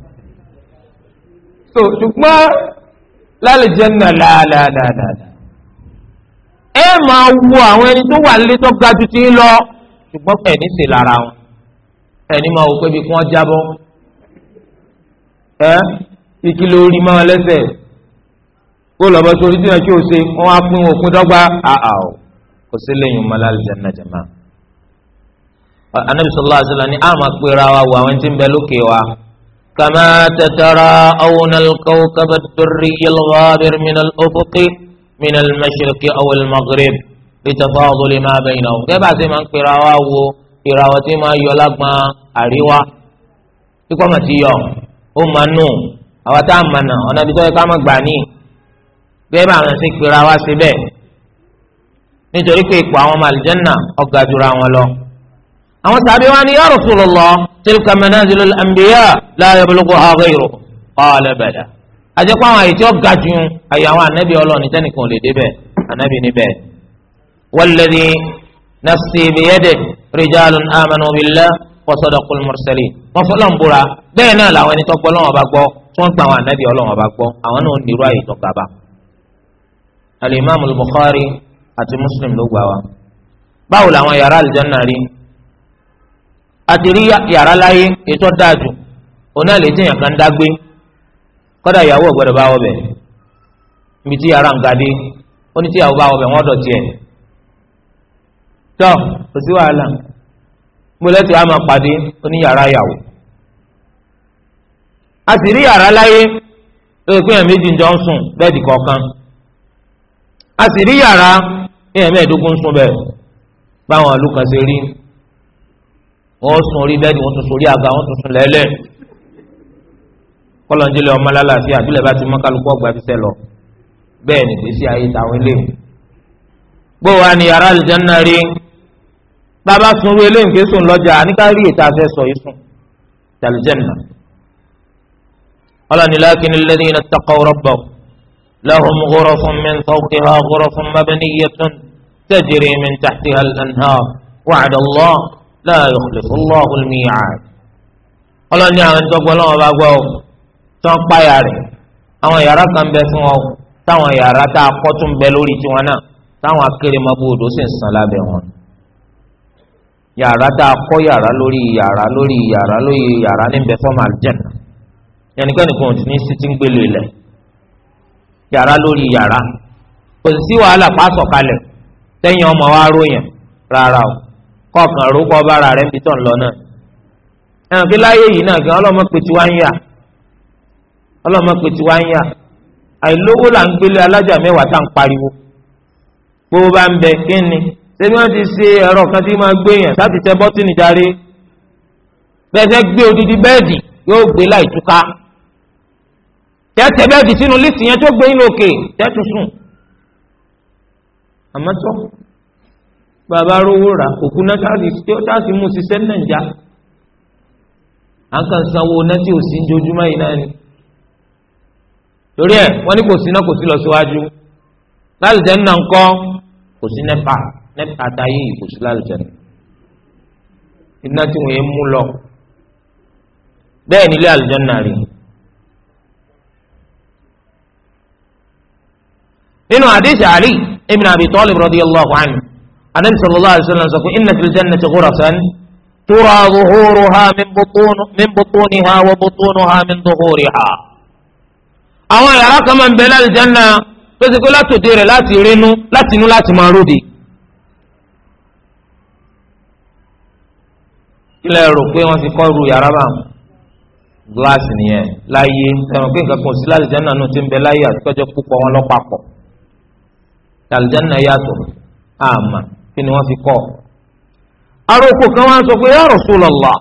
<laughs> so ṣùgbọ́n lálẹ́ jẹ́ nà láàláàláà ẹ máa wo àwọn ẹni tó wà nílé tó ga jù ti ń lọ ṣùgbọ́n ẹni sì lára wọn ẹni máa wò pé bí kí wọ́n jábọ́ ẹ. Eh? kíkí lórí mọ́ wọn lẹ́sẹ̀ kó lọ́bọ sórí tí wọn kí o ṣe wọn á pín òpin dọ́gba àà o kò sí lẹ́yìn mọ́lá àlùjáná jàmá. anabi sallallahu alaihi wasallam ni a máa pera wa wo àwọn tí ń bẹ lókè wa. kama tatara awon alkawkab adurri yalghabir min al-ufuqi min al-mashriqi aw al-maghrib litafadul ma bainahum. kẹ́ bá a máa ń pera wa wo ìràwọ̀ tí máa yọ lágbọ́n àríwá kíkọ́ àwa tá a mọ̀ náà ọ̀nà ibi tó yẹ ká mọ̀ gbà ní bẹ́ẹ̀ bá àwọn sì pera wá sí bẹ́ẹ̀ nítorí pé ipò àwọn ọmọ àlùjànnà ọ̀gá jura wọn lọ. àwọn sàbí wa ni ya Rasulullah tilka manazilul anbiya la yablughuha ghayru qala bala. àjẹpọ̀ àwọn àyè tí ó ga jù àyè àwọn ànábì ọlọ́ọ̀ni tẹ́nìkan ò wa sadaqul mursalin wọ́n fọlọ́ ń búra bẹ́ẹ̀ náà làwọn ẹni tó gbọ́ lọ́wọ́ bá gbọ́ tí wọ́n gba àwọn ànábì ọlọ́wọ́ bá gbọ́ àwọn náà nírú àyè tó gaba. alimami Bukhari àti Muslim ló gbà wá. báwo làwọn yàrá àlùjánnà rí àti rí yàrá láyé ètò dáàjù òun náà lè tí èèyàn kan dágbé kọ́dà ìyàwó ọ̀gbọ́dọ̀ bá wọ̀ bẹ̀ tí yàrá ń ga dé ó tí ìyàwó bá wọ̀ bẹ̀ wọ́n dọ̀ tọ́ kò sí wàhálà gbọ́dọ̀ tí wàá máa pàdé oníyàrá yàwó. a sì rí yàrá láyé tó yẹ pé èèyàn méjì ń jọ ń sùn bẹ́ẹ̀dì kọ̀ọ̀kan. a sì rí yàrá èèyàn mẹ́ẹ̀ẹ́dógún ń sùn bẹ́ẹ̀ báwọn ìlú kan ṣe rí wọ́n sùn orí bẹ́ẹ̀dì wọ́n tún sùn orí àga wọ́n tún sùn lẹ́lẹ́ kọ́lọ́njẹ́lẹ̀ ọmọ alálàáfíà àbílẹ̀ bá ti mọ́ kálukú ọgbà fi lọ bẹ́ẹ̀ nìgbésí ayé táwọn eléyìí. gbówó wa ni yàrá rí bàbá sunru eléyìí nké sùn lọ́jà àníkárí ètò afẹ́ sọ yìí sùn tàlùjẹ́nà. ọlọ́ni lákìní lẹ́yìn iná taqaw rabbahum lahum ghurafun min fawqiha ghurafun mabniyyatun tajri min tahtiha al-anhar wa'da Allah la yukhlifu Allahu al-mi'ad. ọlọ́ni àwọn ẹni tó gbọ́ lọ́wọ́ bá gbọ́ tó ń páyà rẹ̀ àwọn yàrá kan bẹ fún ọ táwọn yàrá tá a kọ́ tún bẹ lórí tiwọn náà táwọn akérèmọ́bù odò sì ń sàn lábẹ́ wọn. yàrá tá a kọ́ yàrá lórí yàrá lórí yàrá lórí yàrá níbẹ̀ fọ́ọ̀mù àlùjẹ̀nà yẹnikẹ́ni kan ti ní sítí ń gbélé ilẹ̀ yàrá lórí yàrá kò sí wàhálà pásọ̀ kalẹ̀ tẹ́yìn ọmọ wa ròyìn rárá o kọ̀ọ̀kan ro kọ́ bára rẹ̀ níbi tó ń lọ náà ẹ̀hàn kí láyé yìí náà gan ọlọ́mọ pé tí wá ń yà ọlọ́mọ pé tí wá ń yà àìlówó là ń gbélé alájà mẹ́wàá tá à ń pariwo gbogbo bá ń bẹ kí ni ṣebí wọ́n ti ṣe ẹ̀rọ kan tí máa gbé yẹn láti tẹ bọ́tìnì darí bẹ́ẹ̀ gbé odidi bẹ́ẹ̀dì yóò gbé láì túká tẹ́tẹ́ bẹ́ẹ̀dì sínú lísì yẹn tó gbé inú òkè tẹ́tù sùn àmọ́ tó bàbá rówó rà òkú náà táàsì tí ó táàsì mú ṣiṣẹ́ nàìjà à sanwó náà tí ń jojúmọ́ yìí náà ni torí ẹ̀ wọ́n ní kò sí náà kò sí lọ síwájú láti jẹ́ ń nà ń kò sí nẹ́pà. nípa àtàyè ìkùsù lálùjẹ iná tí wọn yẹn mú lọ bẹ́ẹ̀ nílé àlùjọ náà rí nínú àdéhùn àlì ibn Abi Talib radiyallahu anhu anabi sallallahu alayhi wa lùjẹ náà ti pé inna ti jannati ghurasan tura zuhuru ha min ha wa ha min zuhuri ha. àwọn yàrá kan máa ń bẹ lálùjọ náà na pèsè kó láti látòdì rẹ̀ láti rínú láti inú láti máa ròde. kílẹ̀ rò pé wọ́n fi kọ́ ru yàrá bá wọn glace nìyẹn láyé sẹ́wọ̀n pé nǹkan kan sí lálìjáná náà ti ń bẹ láyé àtúkọ́jọ́ púpọ̀ wọn lọ́pàpọ̀ lálìjáná yàtọ̀ àmà kí ni wọ́n fi kọ́ arókò kan wá ń sọ pé ya Rasulullah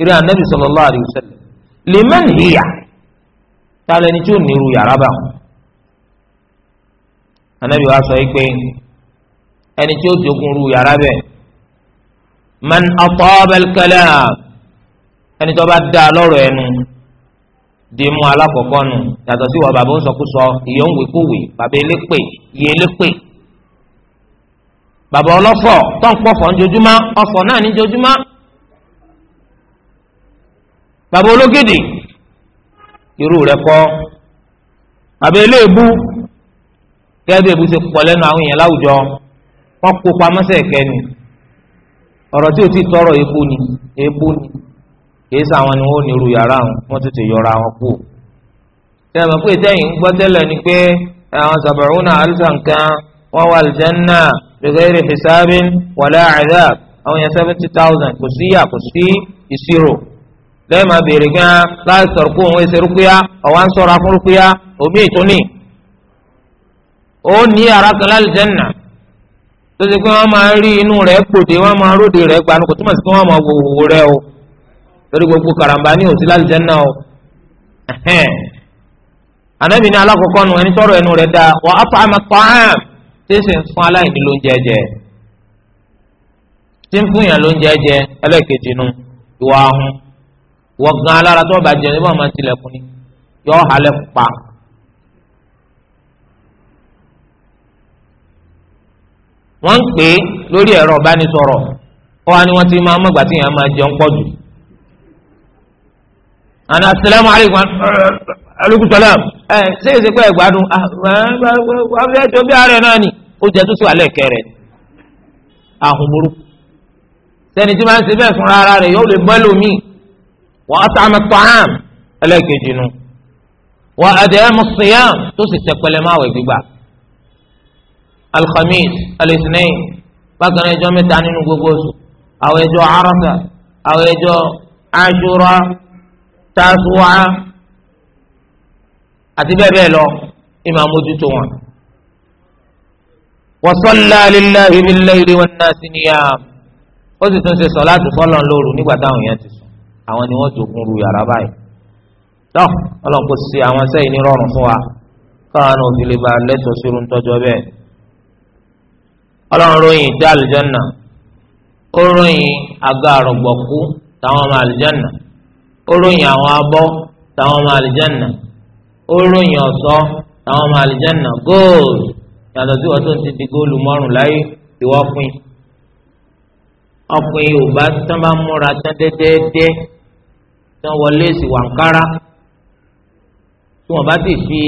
eré anabi sallallahu alaihi wasallam liman hiya tálẹ̀ ni tí ò ní ru yàrá bá anabi wa sọ yìí pé ẹni tí ó jogun ru yàrá bẹ́ẹ̀ man ataba al-kalam ẹni tó bá da lọ́rọ̀ ẹnu di mu alákọ̀ọ́kọ́ nu yàtọ̀ sí wọ bàbá ń sọkúsọ ìyó ń wèkúwè bàbá elépè yé elépè bàbá ọlọ́fọ̀ tó ń pọ̀fọ̀ ńjojúmọ́ ọ̀fọ̀ náà níjojúmọ́ bàbá ológìdì irú rẹ̀ kọ́ bàbá eléèbú gẹ́gẹ́ bí àwọn èèyàn láwùjọ wọ́n kó pamọ́ sẹ́ẹ̀kẹ́ ni ọ̀rọ̀ tí o ti tọrọ epo ni epo ni kìí sàwọn ni wọn ò ní ru yàrá wọn wọn tètè yọra wọn kú. sẹ́wọ̀n pé sẹ́yìn ń gbọ́ tẹ́lẹ̀ ni pé àwọn sàbẹ̀rún náà alisa nǹkan wọ́n wà aljanna bighairi hisabin wala adab àwọn yẹn seventy thousand kò sí yà kò sí ìṣirò lẹ́yìn máa béèrè gan láti sọ̀rọ̀ kó òun ẹsẹ̀ rúkúyà ọ̀wá ń sọ̀rọ̀ afúnrúkúyà òbí ìtúnì ó ní yàrá kan lálẹ́ tó ṣe pé wọ́n máa rí inú rẹ̀ gbòde wọ́n máa róde rẹ̀ gbanú kò túmọ̀ sí pé wọ́n máa wò wò rẹ̀ o torí gbogbo karamba ní òsì lálùjẹ́ náà o anabi ní alákọ̀ọ́kọ́ nu ẹni tọrọ ẹnu rẹ̀ da wà á fa àmà pààm tí ń sìn fún aláìní ló ń jẹjẹ tí ń fún yàn ló ń jẹjẹ ẹlẹ́ẹ̀kejì nu ìwà ahun wọ̀gán alára tó bàjẹ́ níbo máa tilẹ̀kùn ni yọ ọ́ halẹ̀ pa. wọ́n ń pè lórí ẹ̀rọ ìbánisọ̀rọ̀ kọ́ wa ni wọ́n ti máa mọ̀gbà tí yẹn máa jẹun pọ̀ jù. àná asalaamu aleykum aleykum salaam ẹ eh, ṣé èsì pé tó ah, bí náà ó jẹ́ burúkú. sẹ́ni tí máa ń ṣe bẹ́ẹ̀ fúnra ara rẹ̀ yóò lè bọ́ lómi wọ́n á wọ́n sèyàn alhamis alisnei bákan ẹjọ́ mẹ́ta nínú gbogbo oṣù àwọn ẹjọ́ arafa àwọn ẹjọ́ ashura tasuwa àti bẹ́ẹ̀ bẹ́ẹ̀ lọ ìmọ̀ àmójútó wọn. wasalla lillahi bil layli wan nasi niyam ó sì tún ṣe sọ̀láàtù fọ́lọ́n lóru nígbà táwọn èèyàn ti sùn àwọn ni wọ́n jogún ru yàrá báyìí. tọ́ ọlọ́run kò àwọn sẹ́yìn ní rọrùn fún wa káwọn òfin lè ba lẹ́tọ̀ọ́ sírun tọ́jọ́ bẹ́ẹ̀ ọlọ́run ròyìn ìdá àlùjọ́nà ó ròyìn àga àrògbọ̀kú táwọn ọmọ àlùjọ́nà ó ròyìn àwọn abọ́ táwọn ọmọ àlùjọ́nà ó ròyìn ọ̀ṣọ́ táwọn ọmọ àlùjọ́nà gold yàtọ̀ sí wọ́n tó ti di góòlù mọ́rùn láyé ìwọ́ pin ọkùnrin yorùbá tán bá múra tán déédéé tán wọlé èsì wàǹkárá tí wọ́n bá ti fi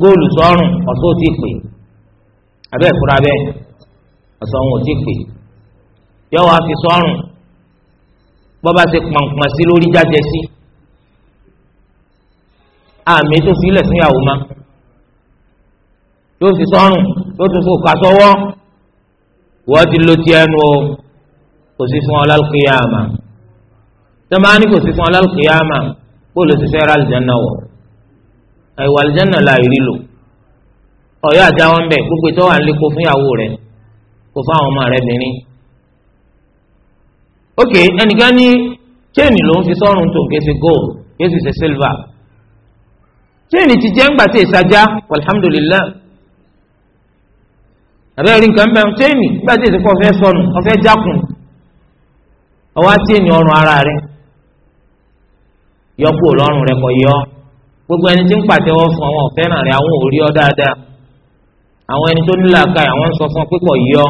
góòlù sọ́rùn ọ̀ṣọ́ ti pè é abẹ́ ìfura bẹ́ẹ̀ ọ̀sán wọn ò tí pè yọ wá fi sọ́rùn bọ́ba ṣe pọ̀npọ̀n sí lórí jáde sí àmì tó filẹ̀ fún ìyàwó ma yóò fi sọ́rùn yóò tún fò ká sọ́wọ́ wọ́n ti lo ti ẹnu o kò sí fún ọlọ́kìyàmà tẹ́lẹ̀ ní kò sí fún ọlọ́kìyàmà bó ló ti fẹ́ ra àlìjáná wọ̀ ẹ̀wọ̀ àlìjáná la ìrí lò ọ̀yọ́ àjà wọn bẹ̀ gbogbo ìtọ́ wà nílé kó fún ìyàwó rẹ̀ kó fún àwọn ọmọ rẹ̀ bìnrin. ok ẹnìkan ní chaine ló ń fi sọ́run tó kìí ṣe gold kìí sì ṣe silver chaine ti jẹ́ ńgbà tí ìsajá alhamdulillah àbẹ́ rí nǹkan bẹ́ẹ̀ chaine ńgbà tí ìsìnkú ọ̀fẹ́ sọnù ọ̀fẹ́ jákùn ọwọ́ chaine ọrùn ara rẹ̀ yọ kúrò lọ́rùn rẹ̀ kọ̀ yọ gbogbo ẹni tí ń pàtẹ́wọ́ fún ọ̀fẹ́ náà rẹ̀ àwọn ò rí ọ dáadáa àwọn ẹni tó nílò àkàì àwọn ń sọ pé kò yọ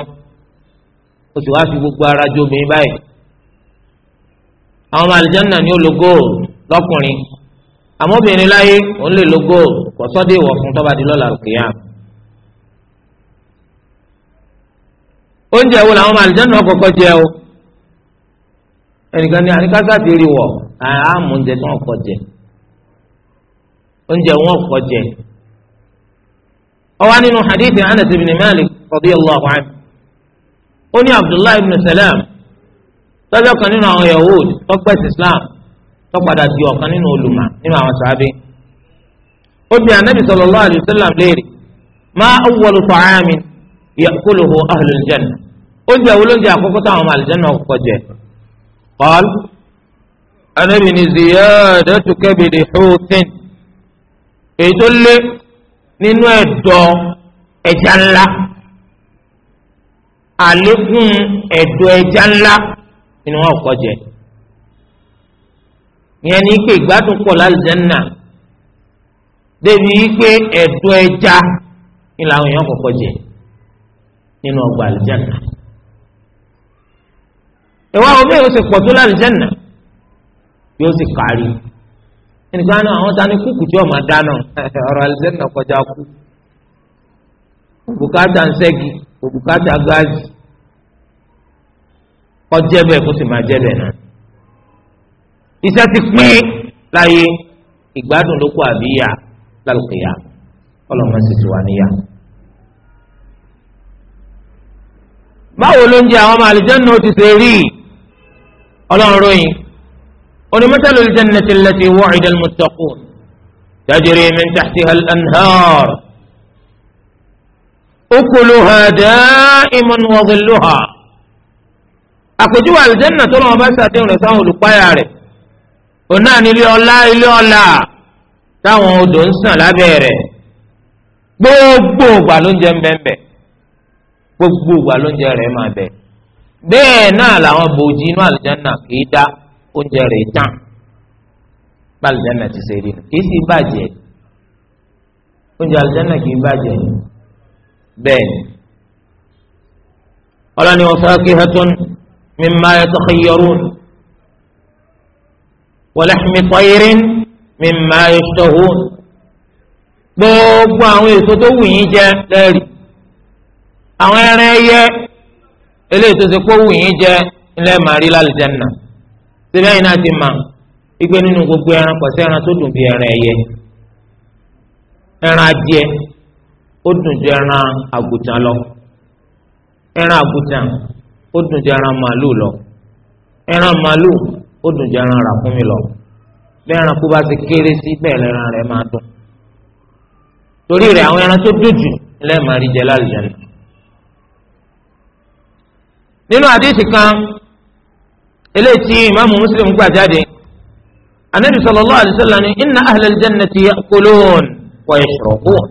o sì wá fi gbogbo ara jó mi báyìí àwọn ọmọ àlìjáná ni ó lo góòlù lọkùnrin àmọ́ obìnrin láyé òun lè lo góòlù kò sọ́dọ̀ ìwọ̀ fún tọ́ba di lọ́la òkèèyà. oúnjẹ wo làwọn ọmọ àlìjáná kọ́kọ́ jẹ o ẹnìkan ní àníkásá ti rí wọ àmú oúnjẹ tí wọ́n kọ́ jẹ oúnjẹ wọ́n kọ́ jẹ ọwọ́ nínú hadithi anas ibn malik radiyallahu anhu ó ní abdullahi ibn salam lọ́jọ́ kan nínú àwọn yahood tọ́gbẹ́sì islam tọ́padà di ọ̀kan nínú olùmọ̀ nínú àwọn sàábé ó bi anabi sallallahu alayhi wa sallam léèrè ma awwalu ta'amin ya'kuluhu ahlul janna ó jẹ́ olóúnjẹ àkọ́kọ́ táwọn ọmọ àlùjànnà kọ́kọ́ jẹ qal anabi ni ziyadatu kabidi hutin èyí lé nínú ẹ̀dọ̀ ẹja ńlá àlékún ẹ̀dọ̀ ẹja ńlá ni wọn kọ jẹ ìyẹn ní pé ìgbádùn pọ̀ lálùjẹ́nà débi wípé ẹ̀dọ̀ ẹja ni làwọn èèyàn kọ́kọ́ jẹ nínú ọgbà àlùjẹ́nà ìwà omi yóò sì pọ̀ tó lálùjẹ́nà yóò sì kárí ẹnìkan ah, náà àwọn tani kúkú tí ọmọ dáná <laughs> ọ̀rọ̀ alẹ́nà kọjá kú bùkátà nsẹ́gi bùkátà gáàsì kọjẹ́ bẹ́ẹ̀ kó sì máa jẹ́ bẹ́ẹ̀ náà iṣẹ́ ti pín láyé ìgbádùn ló kó àbíyá lálùkìyà ọlọ́mọ sì ti wà níyà. báwo ló ń jẹ àwọn ọmọ àlùjànnà ti ṣe rí ọlọ́run ròyìn onímọ̀tàlù ìjẹ́nẹ́tì lẹ́tì wọ́ọ̀dà mùtọ́kù tajiri min taxti hal anhaar ukuluha daa'imun wadilluha àpèjúwe àlùjẹ́nà tó lọ́wọ́ bá sàdéhùn rẹ̀ sáwọn olùpáyà rẹ̀ òun náà ní ilé ọlá ilé ọlá táwọn odò ń sàn lábẹ́ rẹ̀ gbogbo ìgbà ló ń jẹ mbẹ́mbẹ́ gbogbo ìgbà ló ń jẹ rẹ̀ máa bẹ̀ bẹ́ẹ̀ náà làwọn bòójì inú àlùjẹ́nà kì í dá oúnjẹ rẹ̀ tán gbàlùjánà ti ṣe rí nu kì í sì bàjẹ́ oúnjẹ àlùjánà kì í bàjẹ́ bẹ́ẹ̀ ni ọlọ́ni wọn faqihatun mimma yatakhayyarun wa lahmi tayrin mimma yashtahun gbogbo àwọn èso tó wù yín jẹ lẹ́rìí àwọn ẹran ẹyẹ eléyìí tó ṣe kó wù yín jẹ ńlẹ́ màrí lálùjánà. síbẹ̀ yìí náà ti mà igbe nínú gbogbo ẹran pọ̀sẹ̀ ẹran tó dùn bí ẹran ẹyẹ ẹran adìẹ ó dùn ju ẹran àgùtàn lọ ẹran àgùtàn ó dùn ju ẹran lọ ẹran malu ó dùn ju ẹran ràkúnmí lọ bẹ́ẹ̀ ẹran kó bá ti kéré sí bẹ́ẹ̀ lẹ́ran rẹ̀ máa dùn torí rẹ̀ àwọn ẹran tó dùn jù lẹ́ẹ̀ máa rí jẹ lálẹ́ nínú kan. eléyìí tí ìmáàmù Muslim gbà jáde anabi sallallahu alayhi wa sallam ni inna ahlal jannati ya'kulun wa yashrabun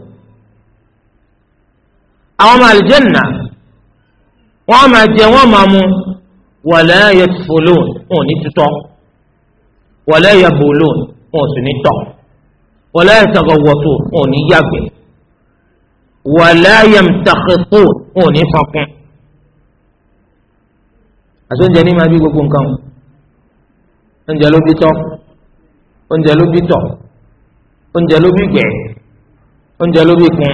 àwọn ọmọ aljanna wọ́n máa jẹ wọ́n máa mu wala yatfulun wọ́n ò ní tutọ́ wala yabulun wọ́n ò sì ní tọ̀ wala yatagawwatun wọ́n ò ní yàgbẹ́ wala yamtakhitun wọ́n ò ní fọkún àti oúnjẹ ní máa bí gbogbo nǹkan o oúnjẹ ló bí tọ́ oúnjẹ ló bí tọ̀ oúnjẹ ló bí gbẹ̀ oúnjẹ ló bí kun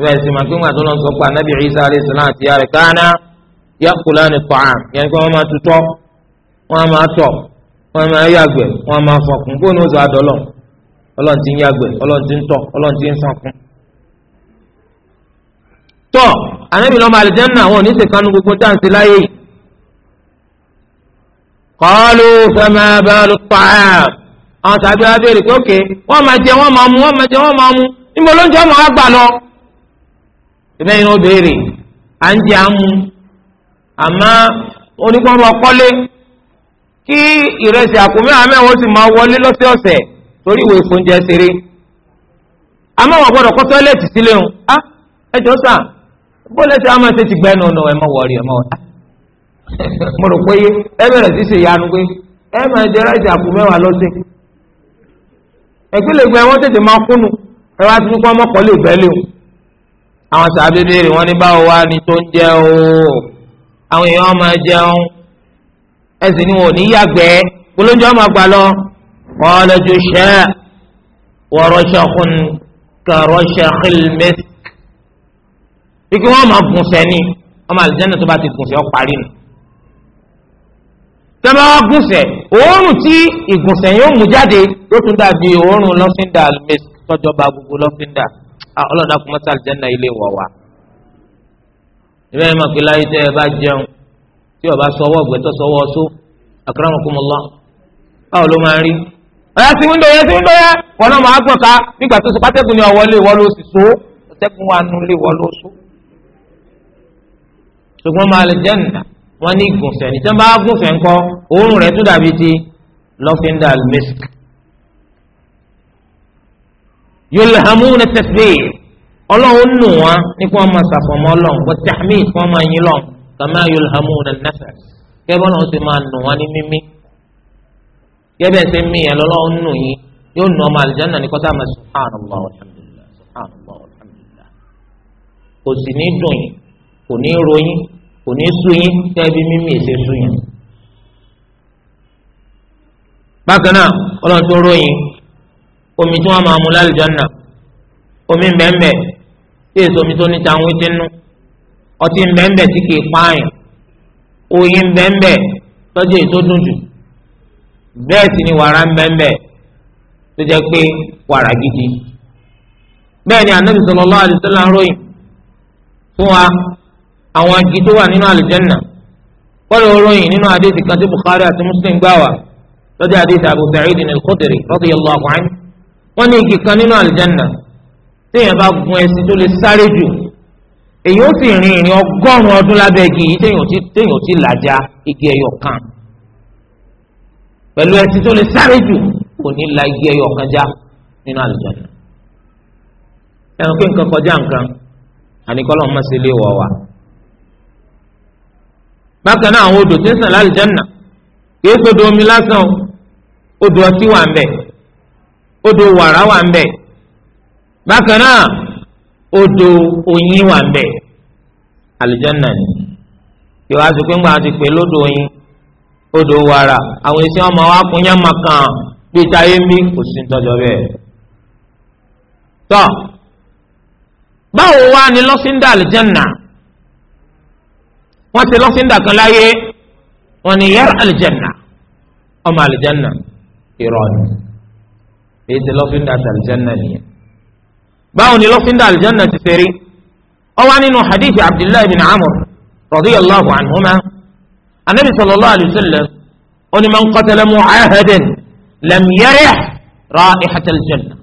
ìwé ẹ̀sìn máa pín wàtí ọlọ́run sọ pé anábì Isa alayhi salam àti yàrá káná yakulani ta'am yẹn kí wọ́n máa tutọ́ wọ́n máa tọ̀ wọ́n máa yàgbẹ́ wọ́n máa fọkùn bóun ó sọ àdọ́lọ́ ọlọ́run ti ń yàgbẹ́ ọlọ́run ti ń tọ̀ ọlọ́run ti ń sọkùn. tọ́ anábì lọ́mọ àlìjẹ́nà àwọn oníṣèkánú gbogbo táǹsì láyé yìí kọ́ọ̀lù sẹ́mẹ́bẹ́lú pààyàn àwọn sàbí wa béèrè pé òkè wọ́n máa jẹ wọ́n máa mu wọ́n máa jẹ wọ́n máa mu níbo ló ń jẹ́ ọmọ wa gbà lọ. ìbẹ́ yìí ló béèrè à ń jẹ à ń mu àmọ́ onígbọ́nmọ́ kọ́lé kí ìrẹsì àkùnmí àmẹ́wò sì máa wọlé lọ́sọ̀ọ̀sẹ̀ torí ìwé ìfúnjẹ ṣeré àmọ́ wọn gbọ́dọ̀ ah, kọ́ tọ́lẹ̀tì sílẹ̀ o ẹjọ́ sà bọ́lẹ̀tì àmọ́ ṣe ti gbẹ́ nù ẹ̀ mọ́ wọ̀ọ́rì ẹ̀ mọ́ wọ̀ọ́rì mo rò pé ẹ bẹ̀rẹ̀ sí ṣe yanu pé ẹ máa jẹ ráìsì àpò mẹ́wàá lọ́sẹ̀ ẹ̀gbẹ́lẹ́gbẹ́ wọn tètè máa kúnnu ẹ wá tún kọ́ ọmọkọ̀ lè bẹ́ẹ̀ lé o àwọn sàbí béèrè wọn ní báwo wá ní tó ń jẹ o àwọn èèyàn máa jẹun ẹsìn ni wọn ò ní yàgbẹ́ polonjọ máa gbà lọ ọlọ́jọ́ ṣẹ́ wọ́rọ́ṣọ́kùn kẹrọ́ṣẹ́kìlmẹ́sì bí kí wọ́n máa gùn sẹ́ni ọmọ àlùjẹ́nà tó bá ti gùn sẹ́ ọ tẹ́lá wá gúnṣẹ̀ òórùn tí ìgúnṣẹ̀ yóò mú jáde ló tún dàbí òórùn lọ́fíńdà mẹ́sì tọ́jọba gbogbo lọ́fíńdà ọlọ́dà kò mọ́tà àlùjẹ́nà ilé wọ̀ wá. ìbẹ́ẹ̀ mọ̀ pé láyé tẹ́ ẹ bá jẹun tí ọba sọwọ́ ọ̀gbẹ́tọ̀ sọwọ́ ọ̀ṣọ́ akramakumullah báwo ló máa rí. ọ̀yà sí wíńdò yẹn sí wíńdò yẹn wọn náà máa gbọ̀n ká nígbà tó so ni ọ̀wọ́lé wọ́n ní gùnfẹ̀ ní sẹ́ńbà gùnfẹ̀ ńkọ́ òórùn rẹ̀ tún dàbí ti lọ́fíńdà misk. yulhamuna tasbih ọlọ́run nù wọn ní kí wọ́n máa ṣàfọ̀mọ́ ọlọ́run wọ́n tàmí kí wọ́n máa yín lọ́n kàmá yulhamuna nafas kẹ́bọ́n náà ti máa nù wọn ní mímí kẹ́bẹ́ ti mí yẹn lọ́lọ́run nù yín yóò nù ọmọ àlùjáná ní kọ́tà máa subhanallah alhamdulillah subhanallah alhamdulillah kò sì ní dùn yín kò ní ròyìn o ní suyin tẹ́bi mímí èsè suyin. bákan náà ọlọ́run tó ròyìn omi tí wọ́n máa mu lálùjáná omi mbẹ́mbẹ́ tí èso omi tó ní tàwọn ètè nù ọtí mbẹ́mbẹ́ tí kìí pààyàn oyin mbẹ́mbẹ́ lọ́jọ́ èso dùn jù bẹ́ẹ̀ sì ni wàrà mbẹ́mbẹ́ tó jẹ́ pé wàrà gidi bẹ́ẹ̀ ni anabi ròyìn fún wa. àwọn igi tó wà nínú àlùjẹ́nà bọ́lá oróyìn nínú àdéhìí kan tó Bukhari àti Muslim gbà wá lọ́jọ́ àdéhìí Abu Sa'id al-Khudri radiyallahu anhu wọ́n ní igi kan nínú àlùjẹ́nà téèyàn bá gun ẹṣin tó lè sáré jù èyí ó sì rìn ìrìn ọgọ́rùn-ún ọdún lábẹ́ igi yìí téèyàn ò ti làjá igi ẹyọ kan pẹ̀lú ẹṣin tó lè sáré jù kò ní la igi ẹyọ kan já nínú àlùjẹ́nà ẹnu kí nǹkan kọjá nǹkan bákan náà àwọn odò tí ń sàn lálùjánnà kìí sọdọ omi lásán o odò ọtí wà ń bẹ odò wàrà wà ń bẹ bákan náà odò oyin wà ń bẹ àlùjánnà ni yóò wá sí pé ńgbà ti pè lódò oyin odò wàrà àwọn èsì ọmọ wa kún màkàn bíi táyé mi kò sí ń bẹ́ẹ̀ tọ báwo wá ni lọ sí wọ́n ṣe lọ́sìndà kan láyé wọ́n ní yàrá àlìjẹ̀nà ọmọ àlìjẹ̀nà irọ́ ni èyí ṣe lọ́sìndà àlìjẹ̀nà nìyẹn. báwo ni lọ́sìndà àlìjẹ̀nà ti ṣe rí ọwọ́ nínú hadith abdullahi bin amr radiyallahu anhuma anabi sallallahu alayhi wa sallam oní man qatala mu'ahadan lam yarih ra'ihat àlìjẹ̀nà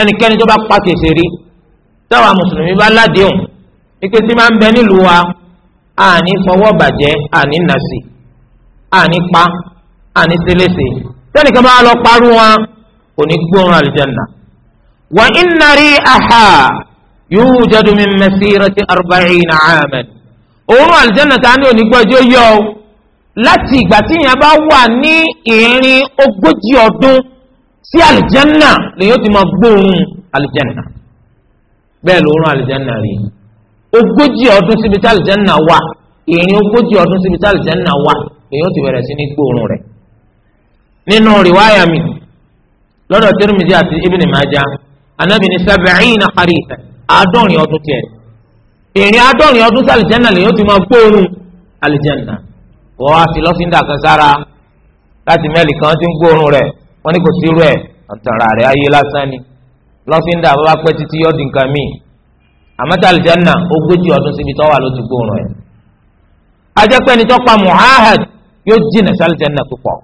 ẹnikẹ́ni tó bá pàṣẹ ṣe táwa mùsùlùmí bá ládìhùn ìpèsè máa ń bẹ nílùú wa àní fọwọ́ bàjẹ́ àní nàsì àní pa àní sẹlẹsẹ sẹ́nìkan bá lọ parú wọn kò ní gbóòórùn àlùjánnà. wà inna ri'aha yujadu min masirati arba'ina 'aman. òórùn àlùjánnà ta ni onígbọ́jọ́ yọ ọ láti ìgbà tí yẹn bá wà ní ìrìn ogójì ọdún sí àlùjánnà lèyìn ó ti máa gbóòórùn àlùjánnà bẹ́ẹ̀ lóòórùn àlùjánnà rí ogójì ọdún síbi tí wa wà ìrìn ogójì ọdún síbi tí wà ti bẹ̀rẹ̀ sí ní gbóòórùn rẹ̀ nínú rìwáyà mi lọ́dọ̀ Tirmidhi àti Ibn Majah Ànábì ní sab'ina qari'atan àádọ́rin ọdún tiẹ̀ ìrìn àádọ́rin ọdún sí ti máa gbóòórùn àlùjánnà wọ́n á fi lọ́fíńdà kan sára láti mẹ́lì kan ti ń gbóòórùn rẹ̀ wọ́n ní kò sí rẹ̀ ọ̀tàn rà rẹ̀ ayé lásán ni bá pẹ́ títí míì àmọ́tà àlùjáná ogójì ọdún síbi tó wà ló ti gbóòórùn ẹ̀. ajẹ́pẹ́ ni tó pa muhammed yóò jìnà sí àlùjáná púpọ̀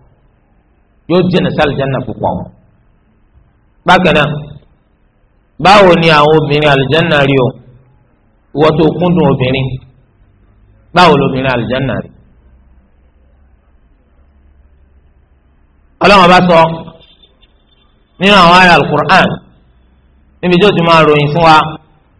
yóò jìnà sí àlùjáná púpọ̀. bákan náà báwo ni àwọn obìnrin àlùjáná rí o ìwọ́n tó kúndùn obìnrin báwo lobìnrin àlùjáná rí. ọlọ́run bá sọ nínú àwọn àyà alukur'an níbi tí ó ti máa ròyìn fún wa.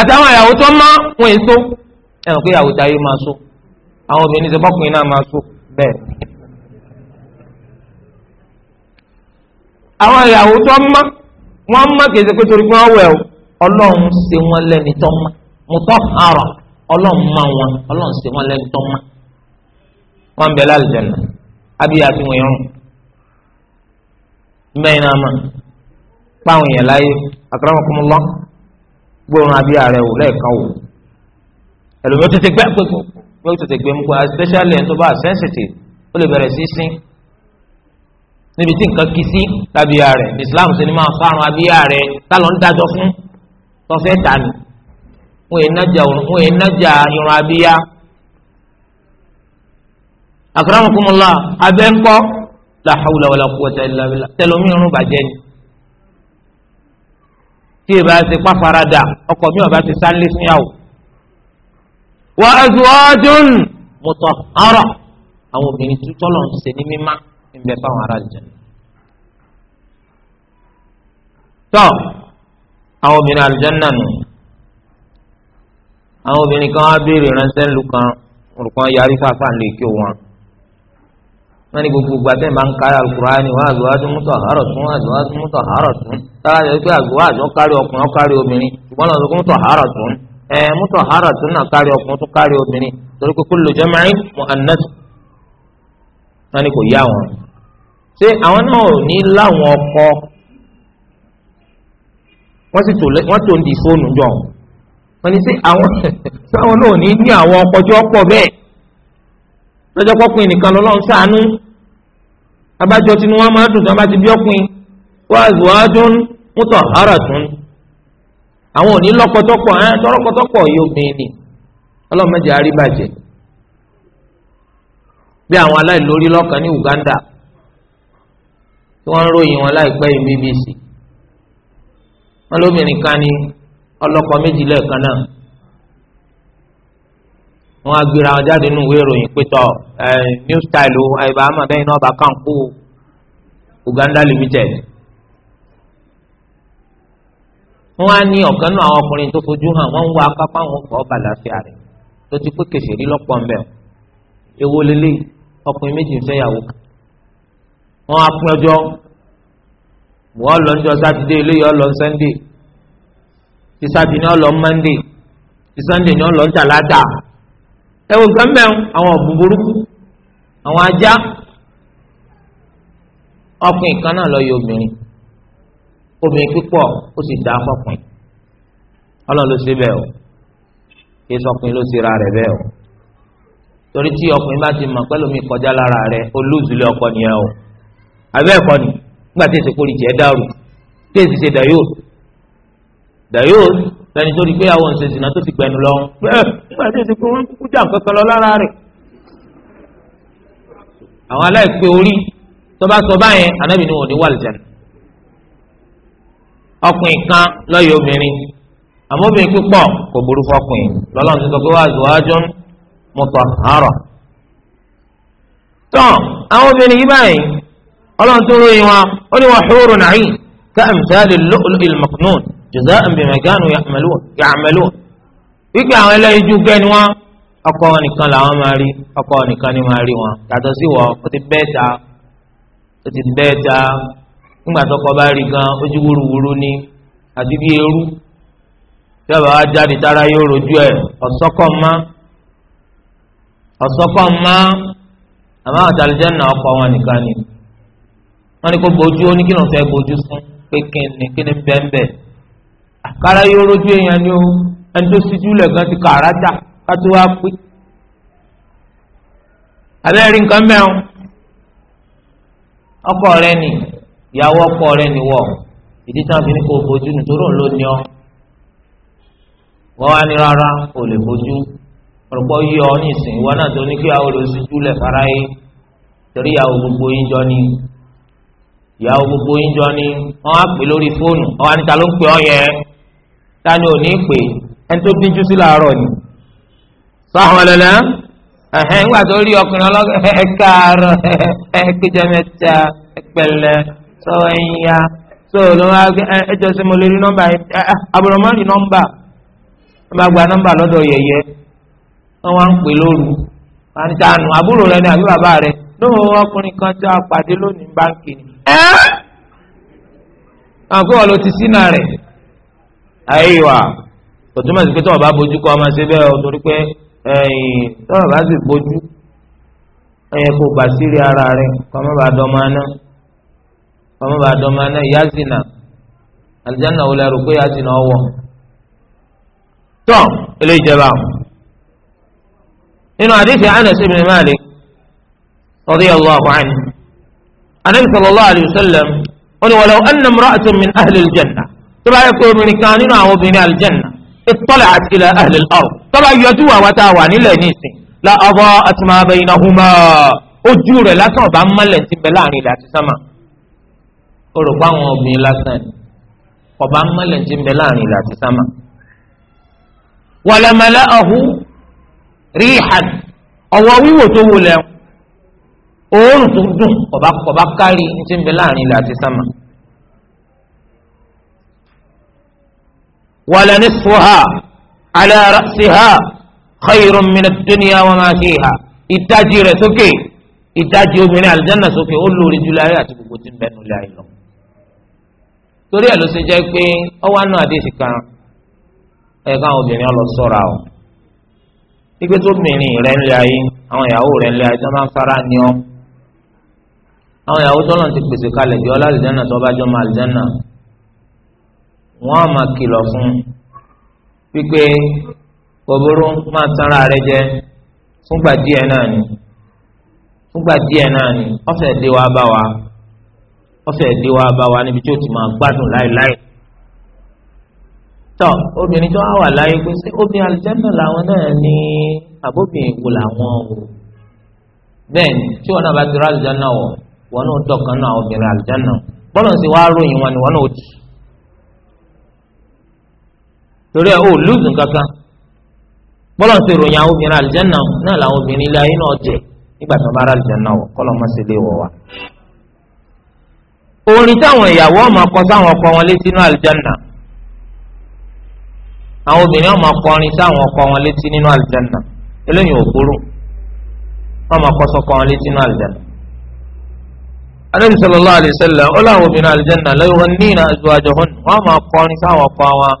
àtàwọn ìyàwó tó mọ́ wọn è so ẹnu pé ìyàwó táyé máa so àwọn obìnrin ti bọ́kùnrin náà máa so bẹ́ẹ̀. àwọn ìyàwó tó mọ́ wọ́n mọ́ kì í ṣe pé torí pé wọ́n wẹ̀ o ọlọ́run ṣe wọ́n lẹ́ni tó mọ́ mọ́tò àrọ̀ ọlọ́run mọ́ wọn ọlọ́run ṣe wọ́n lẹ́ni tó mọ́ wọ́n bẹ lálùjẹ̀nà abíyá tí wọ́n yọrùn mẹ́rin náà mọ́ pàwọn èèyàn láyé àkàràmọ́kùnmọ́ lọ́wọ́ gbóòórùn àbí ààrẹ wò lẹ́ẹ̀kan wò ẹlòmíì ó tètè gbẹ gbogbo ó tètè gbé mú kó especially ẹni tó bá sensitive ó lè bẹ̀rẹ̀ sí sín níbi tí nǹkan kì í sí tàbí ààrẹ Islam sì ni máa fárun àbí ààrẹ tálọ̀ ń dájọ́ fún tọ́fẹ́ tani wọn èyí nájà wọn èyí nájà irun abíyá akramakumullah abẹ́ ńkọ́ la hawla wala quwwata illa billah tẹlomi irun bàjẹ́ ni tí ìbá ṣe pàfaradà ọkọ mi ọba ti sálẹ síyàwó. wà á zu ọdún mọtò ọrọ àwọn obìnrin tútọ́ lọ ń ṣe ní mímá ìbẹ̀ fáwọn ará jẹ. tọ́ àwọn obìnrin àlùjánnà nù àwọn obìnrin kan á béèrè ránṣẹ́ ńlù kan olùkọ́ yarí fáfáà lè kí wọn wọn ní gbogbo gbàtẹ́ máa ń kárí alukurani wọn àzọ adúmútọ̀ àárọ̀ tún àzọ adúmútọ̀ àárọ̀ tún táwa yẹ pé àzọ àzọ kárí ọkùnrin ọkárí obìnrin ṣùgbọ́n lọ́sọ̀ kó mútọ̀ àárọ̀ tún ẹ mútọ̀ àárọ̀ tún náà kárí ọkùnrin tún kárí obìnrin torí pé kullu jam'in mu'annas wọn ní kò yá wọn. ṣé àwọn náà ò ní láwọn ọkọ wọ́n sì tó wọ́n ní <laughs> ní ní lọ́jọ́ pọ́pin nìkan lọ́lọ́run ṣàánú abájọ tí wọ́n máa dùn tí wọ́n bá ti bí ọ̀pin wa azwajun mutahharatun àwọn òní lọ́kọ̀tọ́kọ̀ ẹ̀ tọ́lọ́kọ̀tọ́kọ̀ yóò ní ọlọ́mọdé àríbàjẹ́ bí àwọn aláìlórí lọ́kàn ní Uganda tí wọ́n ń ròyìn wọn yìí BBC kan ní wọn á gbéra jáde nínú ìwé ìròyìn pétọ ẹ new style o àyùbá àmà bẹ́ẹ̀ náà bá kàn Uganda limited. wọn á ní ọ̀kan náà àwọn ọkùnrin tó fojú hàn wọn ń wá akápá àwọn ọkọ̀ ọba àlàáfíà rẹ̀ tó ti pé kèsì rí lọ́pọ̀ ń bẹ̀ ewo lélẹ̀ ọkùnrin méjì ń kan. wọn á pín ọjọ́ wọ́n lọ ní ọjọ́ sátidé eléyìí ọ̀lọ́ sunday ti sátidé ọ̀lọ́ monday ti sunday ni ọ̀lọ́ ń tà látà ẹ̀wọ̀n nǹkan mẹ́rin àwọn ọ̀bùn burúkú àwọn ajá ọkùnrin kan náà lọ yọ obìnrin obìnrin pípọ̀ ó sì dá fọkùnrin ọlọ́run ló ṣe bẹ́ẹ̀ o kí sọkùnrin ló ṣe ra rẹ̀ bẹ́ẹ̀ o torí tí ọkùnrin bá ti mọ̀ pẹ́lú mi kọjá lára rẹ̀ olóòzùlé ọkọ nìyẹn o abẹ́ ẹ̀kọ́ ni nígbà tí èsì kórìí jẹ́ dàrú tí èsì ṣe dayos dayos lẹni tó rí pé àwọn ọ̀sẹ̀ ìsìnà tó ti gbẹ̀nu lọ bẹ́ẹ̀ eh, nígbà tó ti pé wọ́n kúkú jà kankan lọ lára rẹ̀. àwọn aláìpé orí tó bá sọ báyẹn anábì ni wọn ní wà ọkùnrin kan lọ́yọ̀ obìnrin àmọ́ obìnrin púpọ̀ kò burú fọkùnrin lọ́lọ́run ti sọ pé wàá zuwájún mutahhara. tán àwọn obìnrin yìí báyìí ọlọ́run tó ròyìn wọn ó ní wọn hurun 'ayn ka'amthali al-lu'lu' al-maknun jaza'an bima kanu ya'malun ya'malun wípé àwọn ẹlẹ́yin ju gẹ́ ni wọ́n ọkọ nìkan làwọn máa rí ọkọ nìkan ni máa rí wọn yàtọ̀ sí wọ ó ti bẹ́ẹ̀ ta ó ti bẹ́ẹ̀ ta nígbà tó kọ bá rí gan ojú wúruwúru ni àti bí eérú tí ọba wa jáde tára yóò rojú ẹ ọ̀sọ́kọ̀ mọ́ ọ̀sọ́kọ̀ mọ́ àmọ́ àtàlẹ́jẹ́ nà ọkọ wọn nìkan ni wọ́n ní kó bójú ó ní kí ni wọ́n fẹ́ bójú fún pé kí ni kí ni bẹ́ẹ̀ bẹ́ẹ̀ kára yóò rojú èèyàn ni o ẹni tó ṣíjú lẹ̀ gan ti kàrá já ká tó wá pé. abẹ́rẹ́ rí nǹkan mẹ́rin ọkọ rẹ ni ìyàwó ọkọ rẹ ni wọ ìdí tí wọn fi ní kó fojú nítorí òun ló ní ọ wọ́n wá ní rárá kò lè fojú ọ̀pọ̀ yí ọ ní ìsìn náà tó ní kí àwọn olùsíjú lẹ̀ faraye torí ìyàwó gbogbo yín jọ ni ìyàwó gbogbo yín jọ ni wọ́n á pè lórí fóònù ọ̀hún àníta ló ń pè ọ́ yẹn tani ò ní pè ẹni tó la sí làárọ̀ ni sáwọn ọlọlẹ ńgbà tó rí ọkùnrin ọlọgẹ ẹka àárọ ẹkẹjẹ mẹ́ta sọ ya so ló wá ẹjọ sí mo lè rí nọ́mbà yẹn àbúrò mọ rí nọ́mbà ẹ máa gba nọ́mbà lọ́dọ̀ yẹyẹ wọn wá ń pè lóru àbúrò rẹ ni àbí bàbá rẹ lóhùn ọkùnrin kan tí a pàdé lónìí báńkì ni. ti àyíwá kò túmọ̀ sí pé tọ́wọ̀ bá bójú kọ́ ọmọ ṣe bẹ́ẹ̀ o torí pé tọ́wọ̀ bá sì bójú ẹ̀yẹ kò bà sírí ara rẹ̀ kọ́ ọmọ bá dọ́mọ aná kọ́ ọmọ bá dọ́mọ aná ìyá zina aljanna wò pé ìyá ọwọ́ tọ́ ilé ìjẹba nínú àdìsí Anas ibn Malik radiyallahu anhu anabi sallallahu alayhi wa sallam ó ní walaw anna imra'atan min ahli tó bá yẹ kó obìnrin kan nínú àwọn obìnrin àlùjẹ́nà ìtọ́lẹ̀ àti ilẹ̀ ahlil ard tó bá yọjú àwa tá a wà nílẹ̀ nísìn la ọba àti máa bẹ iná húmọ́ ojú rẹ̀ lásán ọba mọ́lẹ̀ ti bẹ láàrin ilẹ̀ àti sámà ó rò pé àwọn obìnrin lásán ọba mọ́lẹ̀ ti bẹ láàrin ilẹ̀ àti sámà. wàlẹ̀mẹ̀lẹ̀ ọ̀hún rí ìhàn ọ̀wọ́ wíwò tó wulẹ̀ òórùn tó dùn ọba kárí wala nisfuha ala ra'siha khayrun min ad-dunya wa ma fiha ìdajì rẹ̀ sókè ìdajì obìnrin aljanna sókè ó lórí jùlọ ayé àti gbogbo tí ń bẹnu lé ayé lọ. torí ẹ̀ ló ṣe jẹ́ pé ọwọ́ àánú àdéhì kan ẹ̀ka àwọn obìnrin ọlọ sọ́ra o pípé tó bìnrin rẹ̀ ń lé ayé àwọn ìyàwó rẹ̀ ń lé ayé tó máa ń fara ní ọ àwọn ìyàwó tó lọ́n ti pèsè kalẹ̀ jọ aljanna tó bá jọ mọ́ aljanna wọ́n máa kìlọ̀ fún wípé kòbóró máa tanra rẹ jẹ fúngbà díẹ̀ náà ni fúngbà díẹ̀ náà ni ọ̀fẹ́ dé wá bá wa ọ̀fẹ́ dé wá bá wa níbi tí ó ti máa gbádùn láéláé tọ obìnrin tó wà láyé pé ṣé obìnrin alìjẹ́nà làwọn náà ní àbóbìnrin kù làwọn o bẹ́ẹ̀ ni tí wọn náà bá ti rà alìjẹ́nà wọ̀ wọn náà tọkàn náà obìnrin alìjẹ́nà bọ́lọ̀ sí wàá ròyìn wọn ni wọn náà ó torí ẹ ò lùzù kankan bọ́lá ń ṣe ròyìn àwọn obìnrin àlìjẹ́nà náà làwọn obìnrin ilé ayé náà jẹ nígbà tí wọ́n bá rà àlìjẹ́nà wọ̀ kọ́lọ́ mọ́ sí ilé wọ̀ wá. orin táwọn ìyàwó ọmọ kọ sáwọn ọkọ wọn létí nínú àlìjẹ́nà àwọn obìnrin ọmọ kọrin sáwọn ọkọ wọn létí nínú àlìjẹ́nà eléyìí ò ọmọ kọ sọkọ wọn létí nínú àlìjẹ́nà. Ànábì sallallahu ó láwọn obìnrin àlìjẹ́nà la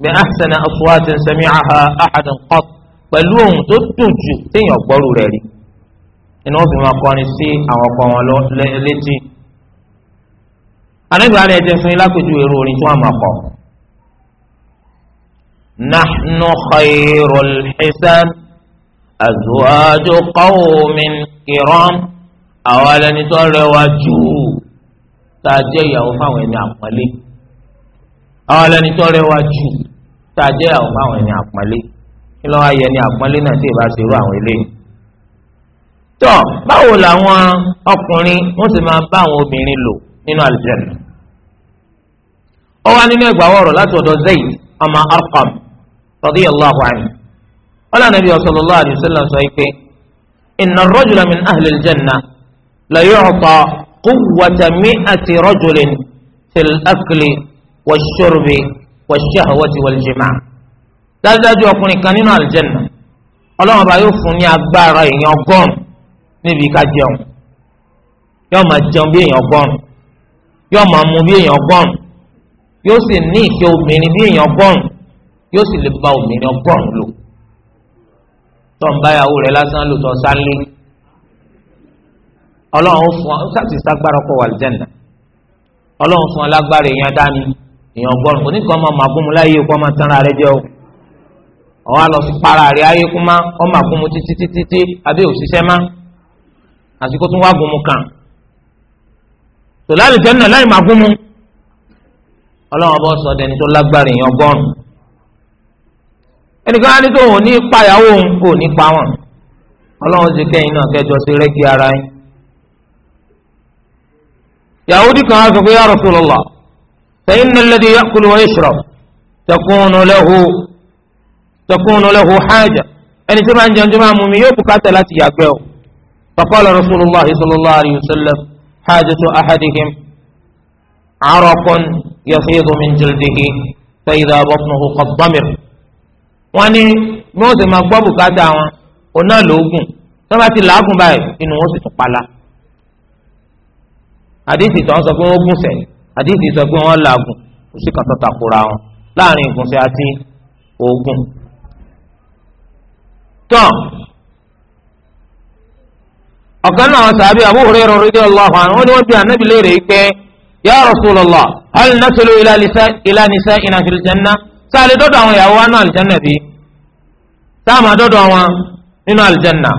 bi ahsana aswatin sami'aha ahadun qat pẹ̀lú ohun tó dùn jù téèyàn gbọ́rù rẹ̀ rí inú wọn fi máa kọrin sí àwọn ọkọ wọn létí àlejò alẹ́ ẹ̀jẹ̀ fún yín lápẹ̀jù èrò orin tí wọ́n máa kọ. nahnu khayrul hisan azwaju qawmin kiram àwọn alẹ́ni tó rẹwà tá a jẹ́ ìyàwó fáwọn ẹni àpọ́nlé àwọn ẹlẹ́ni tó rẹwà jù tá a jẹ́ àwọn àwọn ẹni àpọ́nlé kí lọ́wọ́ ayẹ ni àpọ́nlé náà sì bá ṣerú àwọn eléyìí. tọ́ báwo làwọn ọkùnrin wọ́n sì máa bá àwọn obìnrin lò nínú àlùjànnà. ó wá nínú ẹgbàá ọ̀rọ̀ láti ọ̀dọ̀ Zayd ọmọ Arqam radiyallahu anhu. ọlọ́run Nabi sallallahu alaihi wasallam sọ pé inna ar-rajula min ahli al-janna la yu'ta quwwata mi'ati rajulin wàṣọrùbì wàṣọhàwàtì wàlìjìmà dájúdájú ọkùnrin kan nínú àlìjẹnà ọlọ́run bá yóò fún ní agbára èèyàn ọgọ́rùn níbi ká jẹun yóò máa jẹun bí èèyàn ọgọ́rùn yóò máa mu bí èèyàn ọgọ́rùn yóò sì ní ìfẹ́ obìnrin bí èèyàn ọgọ́rùn yóò sì lè ba obìnrin ọgọ́rùn lò tọ́n báyàwó rẹ̀ lásán lò tọ́ sálé ọlọ́run fún ọ sáti sagbára ọkọ̀ wàlìjẹnà ọlọ́run fún ọ lágbára èèyàn dání èèyàn ọgọ́rùn kò ní kàn máa màgúnmu láyé kó máa tán ara rẹ jẹ o ọwọ́ àlọ́ sí para rẹ ayé kó má ọ màgúnmu títí títí tí abẹ́ òṣìṣẹ́ má àsìkò tó wá gúnmu kàn tò láti tẹ́ nà láì màgúnmu ọlọ́wọ́n bọ́ sọ dẹni tó lágbára èèyàn ọgọ́rùn ẹnìkan á ní tó òun ní payàwó òun kò ní pa wọn ọlọ́wọ́n ti kẹ́yìn náà kẹjọ sí rẹ́gí ara yín Yahudi kan á sọ pé ya Rasulullah فإن الذي يأكل ويشرب تكون له تكون له حاجة ẹni tí máa ń jẹun tí máa mú mi yóò bùkátà láti yàgbẹ́ o فقال رسول الله صلى الله عليه وسلم حاجة أحدهم عرق يفيض من جلده فإذا بطنه قد ضمر wọ́n ní bí wọ́n sì máa gbọ́ bùkátà wọn òun náà lóògùn tó bá ti làágùn báyìí inú wọn sì tún pala àdìsí tó ń sọ pé wọ́n gùn sẹ́yìn àdìsí sọ pé wọ́n làágùn kò sí kan tó takora wọn láàrin ìgúnṣẹ́ àti oògùn. tán ọ̀kan náà sàbí Abu Hurairah radiyallahu anhu wọ́n ní wọ́n bí anábì léèrè pé ya Rasulullah hal nasilu ila nisa'ina fil janna sáàlì dọ́dọ̀ àwọn ìyàwó wa náà àlìjánná bí sáàmà dọ́dọ̀ wọn nínú àlìjánná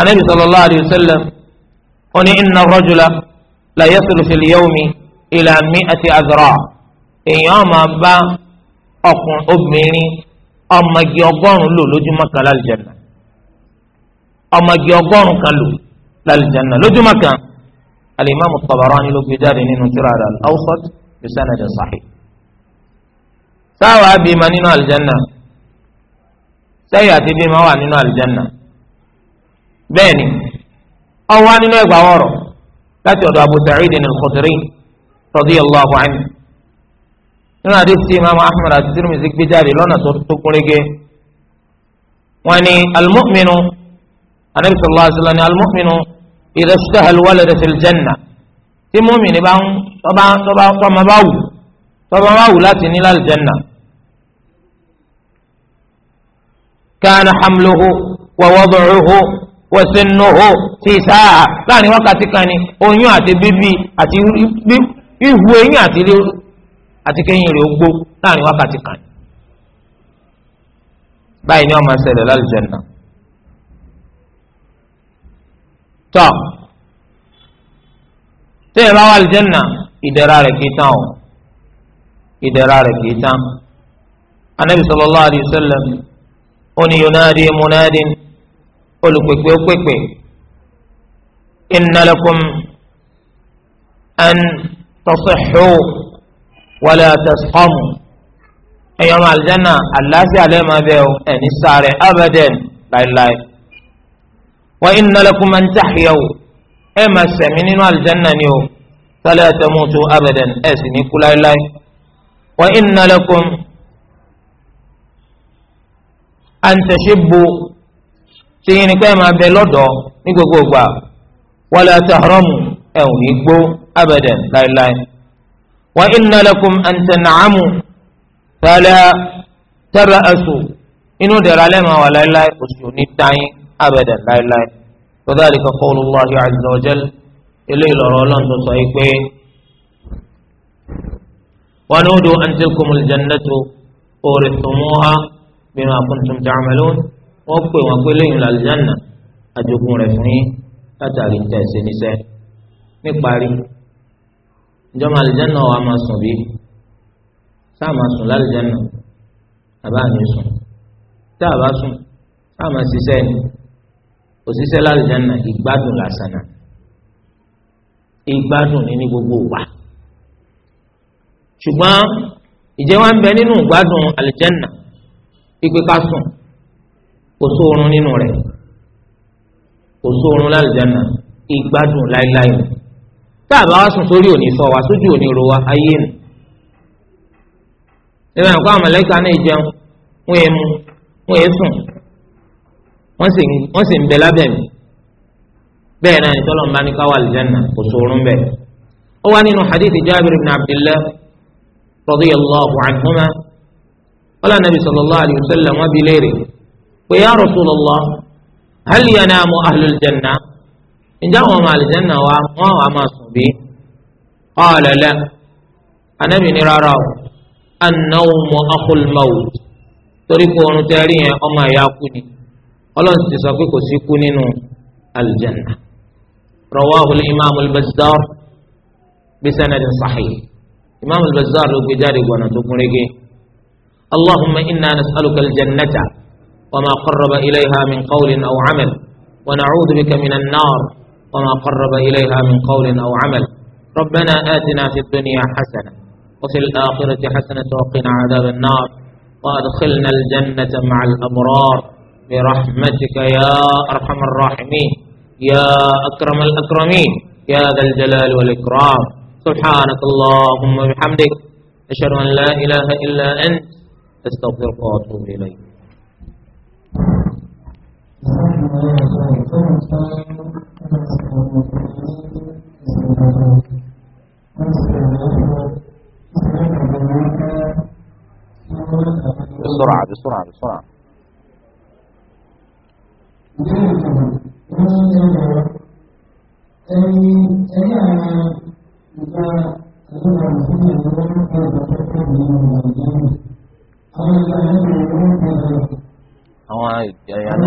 anábì sallallahu alayhi wa sallam wọ́n inna ar la yaslu fil ila mi'ati azra èèyàn máa bá ọkùn obìnrin ọmọge ọgọ́rùn lò lójúmọ́ kan lálùjánnà ọmọge ọgọ́rùn kan lò lálùjánnà lójúmọ́ kan alimami Tabarani ló gbé jáde nínú tírà al-Awsat bi sanadin sahih sáwà bímọ nínú àlùjánnà sẹ́yìn àti bímọ wà nínú àlùjánnà bẹ́ẹ̀ ni nínú ẹgbàá wọ̀rọ̀ láti ọ̀dọ̀ Abu Sa'id al-Khudri radiyallahu anhu nínú àdéhùn tí imaamu ahmed àti tirmidhi gbé jáde lọ́nà tó kúnrégé wọ́n ní almu'minu anabi sallallahu alayhi wa sallam ní almu'minu idha ishtaha alwalada fil janna tí mu'mini bá ń tọ́ba tọ́ba tọ́ma bá wù tọ́ba bá wù láti ní lal janna kana hamluhu wa wad'uhu wa sinnuhu fi sa'a láàrin wákàtí kan ni oyún àti bíbí àti ihu eyín àti rí àti kẹ́yìn rẹ̀ ó láàrin wákàtí kan báyìí ni wọ́n máa ń ṣẹlẹ̀ lálùjànnà tọ́ tẹ́yẹ̀ bá wà lùjànnà ìdẹ̀ra rẹ̀ kì í tán o ìdẹ̀ra rẹ̀ kì í tán anabi sallallahu alayhi wa sallam oni yunadi munadi olùpèpè ó pèpè innalakum an. تصحوا ولا تسقموا ẹ̀yọ́ máa aljanna aláṣẹ alẹ́ máa bẹ̀ ọ́ ẹ̀ní sáré abadan láéláé wa inna lakum an tahyaw ẹ̀ máa sẹ̀mí nínú aljanna ni o sálẹ̀ tamutu abadan ẹ̀ sì ní kú láéláé wa inna lakum an tashibbu tí yín ni pé ẹ̀ máa bẹ lọ́dọ̀ ní gbogbo gbà wala tahramu ẹ̀ ò ní gbó abadan láéláé wa inna lakum an tan'amu fala tara'asu inú dẹ̀rọ alẹ́ máa wà láéláé oṣù ní táyín abadan láéláé wa dhalika qawlullahi azza wa jalla ilé ìlọrọ ọlọ́run tó sọ yìí pé wa nudu an tilkumul jannatu urithumuha bima kuntum ta'malun wọ́n pè wọ́n pé lẹ́yìn làlùjáná àjogún rẹ̀ fún yín látàrí tẹ̀sí níṣẹ́ ìjọba àlìjẹ́nà wa máa sùn bí sáà máa sùn lálìjẹ́nà àbá mi sùn tá a bá sùn sáà máa ṣiṣẹ́ òṣìṣẹ́ lálìjẹ́nà ìgbádùn lásán náà ìgbádùn ní ní gbogbo wa ṣùgbọ́n ìjẹ́ wa ń bẹ nínú ìgbádùn àlìjẹ́nà pípé ká sùn kò sóorun nínú rẹ̀ kò sóorun lálìjẹ́nà ìgbádùn láéláé ni tá a bá wá sùn sórí òní fọ wá sójú òní ro wa ayé nù ìrìn àkọ́ àmọ̀lẹ́ka náà jẹun wọ́n èmu wọ́n èsùn wọ́n sì ń bẹ lábẹ́ mi bẹ́ẹ̀ náà ìtọ́lọ̀ ń bá ní káwá lìjánà kò sóorun bẹ́ẹ̀. ó wá nínú hadith Jabir ibn Abdillah radiyallahu anhuma qala nabi sallallahu alayhi wa sallam wọ́n bi léèrè pé ya Rasulullah hal yanamu ahlul janna ǹjẹ́ àwọn ọmọ àlìjẹ́nà wa wọ́n wàá máa sùn bí? ọ̀lẹ́lẹ́ anábì ní rárá o anáwó akhul maut torí pé oorun tẹ́ rí yẹn ọmọ ẹ̀yà kú ni ọlọ́run ti sọ pé kò sí kú nínú àlìjẹ́nà rawahu al-imam al-bazzar bi sanadin sahih imam al ló gbé jáde gbọ̀nà tó kún régé allahumma inna nas'aluka al wa ma qarraba ilayha min qawlin aw amal wa na'udhu bika min an-nar. وما قرب إليها من قول أو عمل ربنا آتنا في الدنيا حسنة وفي الآخرة حسنة وقنا عذاب النار وأدخلنا الجنة مع الأبرار برحمتك يا أرحم الراحمين يا أكرم الأكرمين يا ذا الجلال والإكرام سبحانك اللهم وبحمدك أشهد أن لا إله إلا أنت أستغفرك وأتوب إليك بسرعة بسرعة بسرعة هو يعني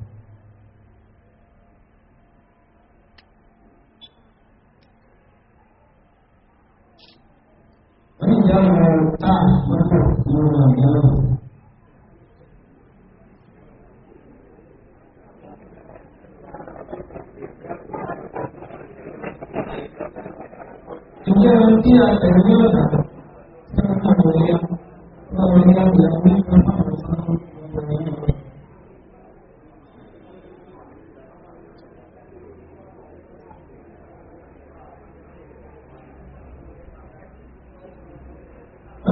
Kemudian dia terlibat sama kemudian kemudian dia minta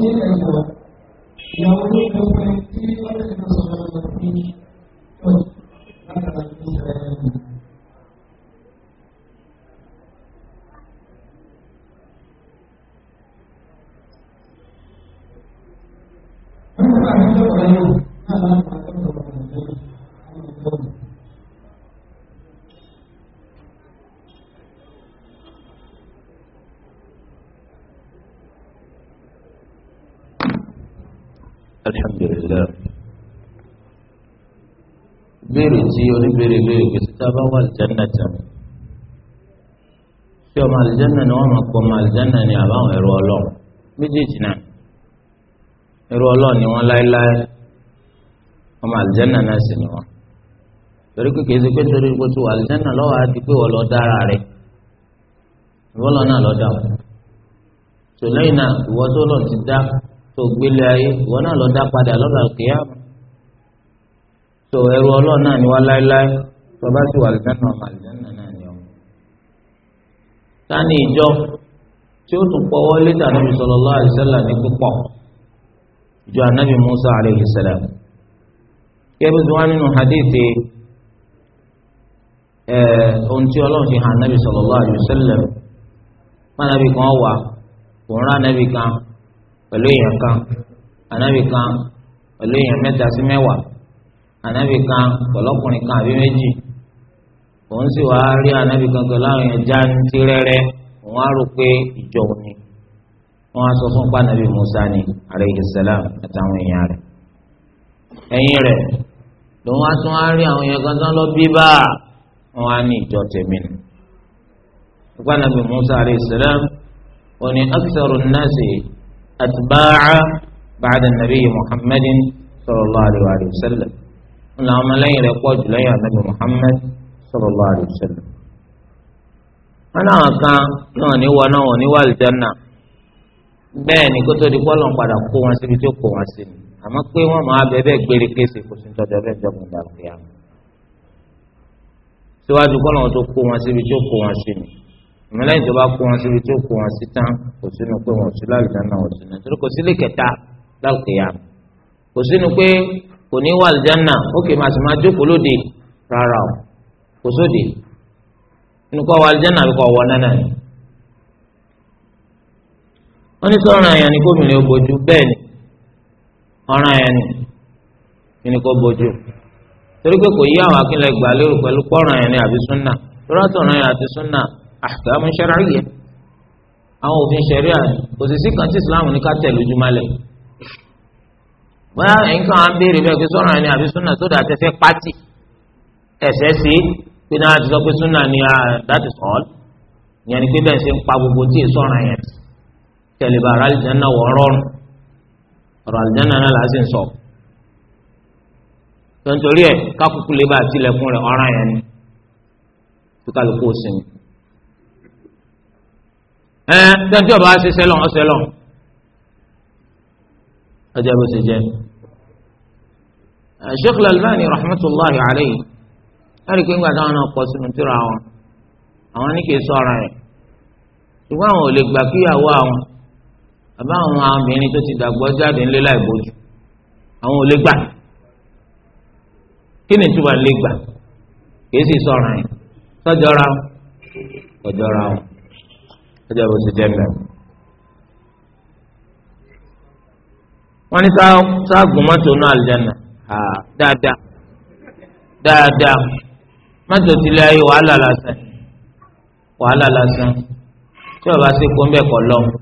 ní ẹ̀wọ̀ ìyàwó ló kọ pé tí wọ́n lè lọ sọ̀rọ̀ lọ sí ọjọ́ látara ní ìṣẹ̀lẹ̀ Thank you. الحمد لله. tí oníbèrè béèrè gbèsè tá a bá wà aljanna tán tí ọmọ aljanna ni wọn máa pọ ọmọ aljanna ni àbáwọn ẹrú Ọlọ́run méjèèjì náà ẹrú Ọlọ́run ni wọn láéláé ọmọ aljanna náà sì ni wọn torí pé kìí pé torí pé tó aljanna lọ́wọ́ á di pé wọ́n dára rẹ̀ ìwọ́n náà lọ dà wọ́n tòlẹ́yìn náà ìwọ́n tó lọ ti dá tó gbélé ayé ìwọ náà lọ dá padà lọ́la òkèèyà tó ẹrù ọlọ́run náà ni wá láéláé tó bá sì wà lẹ́nu ọmọ àlùjáná náà ni ọmọ. sani ìjọ tí ó tún pọwọ́ létà níbi sallallahu alaihi wasallam ní púpọ̀ ìjọ anábì Musa alaihi salam kébí tí wọ́n nínú hadithi ẹ̀ ohun tí ọlọ́run fi hàn nábì sallallahu alaihi wasallam fún anábì kan wà kò ń rán anábì kan pẹ̀lú èèyàn kan ànábì kan pẹ̀lú èèyàn mẹ́ta sí mẹ́wàá ànábì kan pẹ̀lọ́kùnrin kan àbí méjì òun sì wá rí ànábì kan pẹ̀lú àwọn èèyàn já ti rẹ́rẹ́ òun á rò pé ìjọ òní wọn á sọ fún pa ànábì Musa ni aleyhi salam àtàwọn èèyàn rẹ̀ ẹ̀yìn rẹ̀ lòun á tún á rí àwọn èèyàn kan tán lọ bí bá wọn á ní ìjọ tèmi nù ìpànàbì Musa aleyhi salam òní akitọrọ náà sì. أتباع بعد النبي محمد صلى الله عليه وسلم ńlá ọmọ lẹ́yìn rẹ̀ النبي محمد صلى الله عليه وسلم أنا wa sallam. wọn náà kan náà ní wọn náà wọn ní wà lìjánná bẹ́ẹ̀ ni kótó di pọlọ ń padà kó wọn síbi tó kó wọn sí ni àmọ́ pé wọn máa bẹ gbére kése kó sì tọjọ bẹ́ẹ̀ jọgbọn dàrú yàrá síwájú kọlọ tó kó wọn síbi tó kó wọn sí ni ìmọ̀ lẹ́yìn tó bá kó wọn síbi tó kó wọn sí tán kò sínú pé wọn ò sí lálùjá náà wọn ò sí náà torí kò sí lè kẹta lálùkìyà kò sínú pé kò ní wà àlùjánnà ó kì í máa sì máa jókòó lóde rárá o kò sóde inú kọ́ wà àlùjánnà àbíkọ́ wọ nánà ni. wọ́n ní sọ́ràn àyàn ní gómìnà ó bẹ́ẹ̀ ni ọ̀ràn àyàn ni ní kò bójú torí pé kò yí àwọn akínlẹ̀ gbà lérò pẹ̀lú pọ́ràn àyàn ni àbí súnà tó rà ahkam shar'iyya àwọn òfin ṣẹ̀ríà òṣìṣẹ́ kan tí islam ní ká tẹ̀ lójúmọ́lẹ̀ bóyá nǹkan à ń béèrè bẹ́ẹ̀ pé sọ́nà ni àbí súnà sódà àtẹ́fẹ́ pátì ẹ̀sẹ̀ sí pé náà ti sọ pé súnà ni ah, that is all ìyẹn ni pé bẹ́ẹ̀ ṣe ń pa gbogbo tí èso ọ̀ràn yẹn ti tẹ̀lébà ara àlìjáná wọ̀ ọ̀rọ̀rùn ọ̀rọ̀ àlìjáná náà là á sì ń sọ. tontorí ẹ̀ kákùkù lè bá àtìlẹ̀kùn rẹ̀ ọ̀ràn yẹn ni tó kálukú sinmi ẹ tẹ́ntì ọba ṣe sẹ́lọ̀ ọ̀sẹ̀lọ̀ ọjà bó ṣe jẹ́. Sheikh Al-Albani rahmatulahi alayhi láti pé ńgbà táwọn náà pọ̀ sínú tíra wọn àwọn ní kì í sọ̀rọ̀ rẹ̀ ṣùgbọ́n àwọn ò lè gbà kíyàwó àwọn àbá àwọn obìnrin tó ti dàgbọ́ jáde ńlẹ́ láì bójú àwọn ò lè gbà kí ni túbọ̀ lè gbà kì í sì sọ̀rọ̀ rẹ̀ sọ́jọ́ra ọ̀jọ́ra wọn ọjọ́ bó ṣe jẹ́ mẹ́rin. wọ́n ní sáàgùn mọ́tò náà àlùjáná dáadáa dáadáa mọ́tò tilẹ̀ ayé wàhálà lásán wàhálà lásán tí ọba sì kó ń bẹ̀ kọ́ lọ́wọ́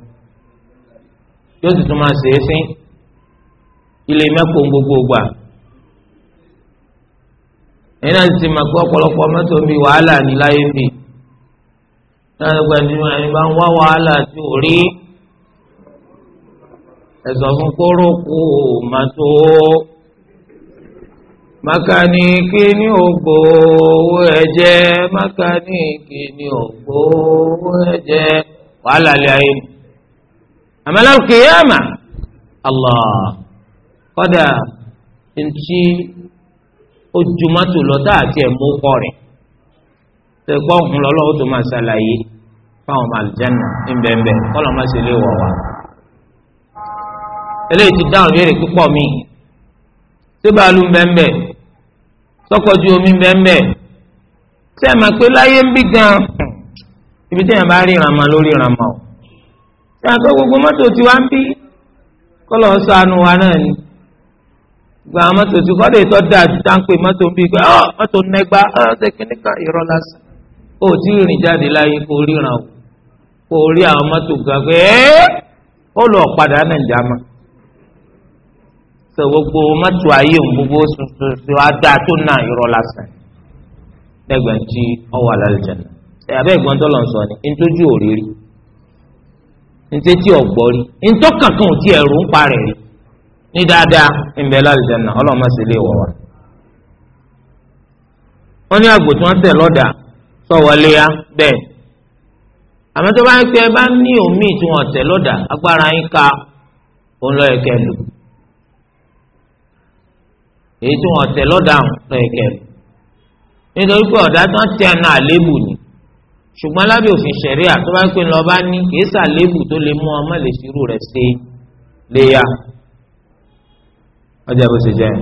yóò sì tún máa ṣe é sí ilé mẹ́kọ̀ọ́ gbogbo gbà ẹ̀yin náà sì ti máa kó ọ̀pọ̀lọpọ̀ mọ́tò ń wàhálà ní láyé ń na ẹni ẹni bá ń wá wàhálà tí ò rí ẹ̀sọ̀ fún kóró kù má tó makaniki ni ògbó owó makaniki ni ògbó owó ẹ̀jẹ̀ wàhálà lè ayé mi àmàlà kìyàmà allah kọ́dà ntí ojúmọ́tò lọ́tà àti ẹ̀mú kọrin. ṣe gbọ́ òun lọ́lọ́ ó tó máa ṣàlàyé fáwọn ọmọ àlùjáná ńbẹ̀ńbẹ̀ kọ́lọ́ má ṣe lè wọ̀ wá. eléyìí ti dáhùn léèrè púpọ̀ mi ṣé bàálù ńbẹ̀ńbẹ̀ sọ́kọ̀jú omi ńbẹ̀ńbẹ̀ ṣé ẹ̀ máa pé láyé ń bí gan ibi tí èèyàn bá rí ìrànmọ́ lórí ìrànmọ́ o ṣé àgbẹ̀ gbogbo mọ́tò tí wá ń bí kọ́lọ́ sọ àánú wa náà ni gba mọ́tò tí kọ́lé tó dáa ju táǹpé mọ́tò ń bí pé ọ́ mọ́tò nẹgbà ọ́ ṣe kíníkà ìrọ́ lásán ó ti rìn jáde láyé kó ríran o kó rí àwọn mọ́tò gan pé ẹ́ ó lọ padà nàìjà sọ gbogbo mọ́tò ayé òun gbogbo tuntun tí wàá dá tó nà irọ́ lásán lẹ́gbẹ̀ẹ́ tí ọ wà lálẹ́jẹ̀nà ẹ̀ abẹ́ ìgbọ́n tó lọ sọ ni ntójú òrírí ntétí ọ̀gbọ́rí ntọ́kànkàn tí ẹ̀rù ń parẹ̀ rí ní dáadáa ìbẹ̀ lálẹ́jẹ̀nà ọlọ́mọ sì wọ̀ wá. wọ́n ní àgbò tí wọ́n tẹ̀ sọ̀wọ́lé ya bẹ́ẹ̀ àmọ́ tó bá ń pẹ́ bá ní omi tí wọ́n tẹ̀ lọ́dà agbára yín ka òun lọ́ọ́ ẹ̀kẹ́ lò èyí tí wọ́n tẹ̀ lọ́dà òun lọ́ọ́ lò nítorí pé ọ̀dà tán tẹ ẹnu àléébù ni ṣùgbọ́n lábẹ́ òfin ṣẹ̀ríà tó bá ń pè lọ́ọ́ bá ní kìí sàléébù tó lè mú ọmọ lè ṣírù rẹ̀ ṣe léya ọjà bó ṣe jẹ́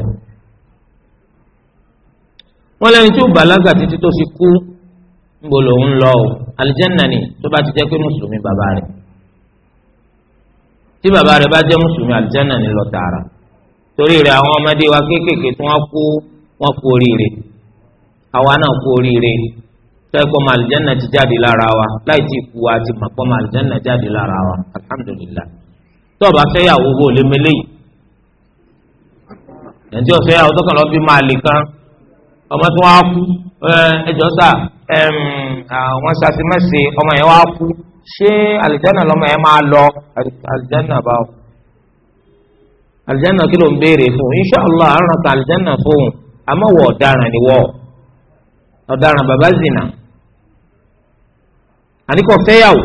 wọ́n lẹ́ni tí ó bàlágà títí tó fi kú níbo lòun lọ o alijanna ni tó bá ti jẹ́ pé mùsùlùmí bàbá rẹ̀ tí bàbá rẹ̀ bá jẹ́ mùsùlùmí alijanna ni lọ tààrà torí rẹ̀ àwọn ọmọdé wa kéékèèké tí wọ́n kú wọ́n kú oríire àwa náà kú oríire tẹ́kọ̀ mọ alijanna ti jáde lára wa láì tí kú wa ti mọ̀ pọ̀ mọ alijanna jáde lára wa alhamdulilah tó o bá fẹ́ yàwó wo lé mele yìí ẹ̀ńtí ọ̀fẹ́ tó kàn lọ́ bí máa lè kán ọmọ tí wọ́n á kú ẹjọ́ sà wọ́n ṣàtìmẹ́sì ọmọ yẹn wá kú ṣé àlìjáná lọ́mọ yẹn máa lọ àlìjáná bá wọ. àlìjáná kí ló ń béèrè fún inṣàlá àrùn kan àlìjáná fún àmọ́ wọ ọ̀daràn ni wọ́ ọ̀daràn bàbá zina àníkọ fẹ́yàwó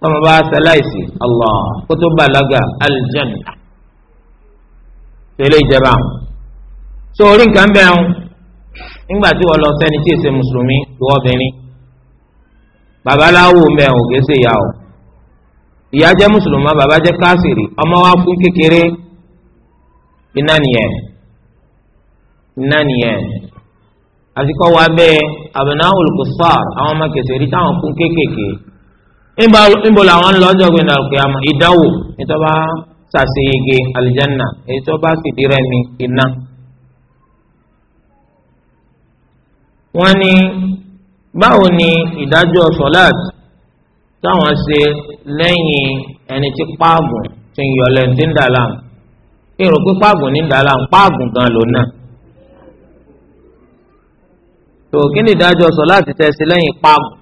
tọmọ bá sẹláìsì Allah kótó balaga àlìjáná tẹ́lẹ̀ ìjẹba so nǹkan bẹ́ẹ̀ nígbà tí wọ́n lọ sẹ́ni tí èsè mùsùlùmí ìwọ obìnrin babaláwo mẹ́ ò gé ṣe ìyá o ìyá jẹ́ mùsùlùmá bàbá jẹ́ káàsìrì ọmọ wa fún kékeré iná nìyẹn iná nìyẹn àtikọ́ wa bẹ́ẹ̀ abna'ul kuffar àwọn ọmọ kẹsìrì táwọn fún kékèké níbo làwọn lọ ọjọ́ gbẹ̀dẹ̀ àlùkìyàmọ̀ ìdánwò ètò bá ṣàṣeyege àlìjánà ètò bá fìdí rẹ̀ ní iná. wọ́n ní báwo ni ìdájọ́ sọ́láàt táwọn ṣe lẹ́yìn ẹni tí páàgùn ti ń yọlẹ̀ ti ń dàlá èrò pé páàgùn ní dàlá páàgùn gan ló náà tó kí ni ìdájọ́ sọ́láàt tẹ́ ṣe lẹ́yìn páàgùn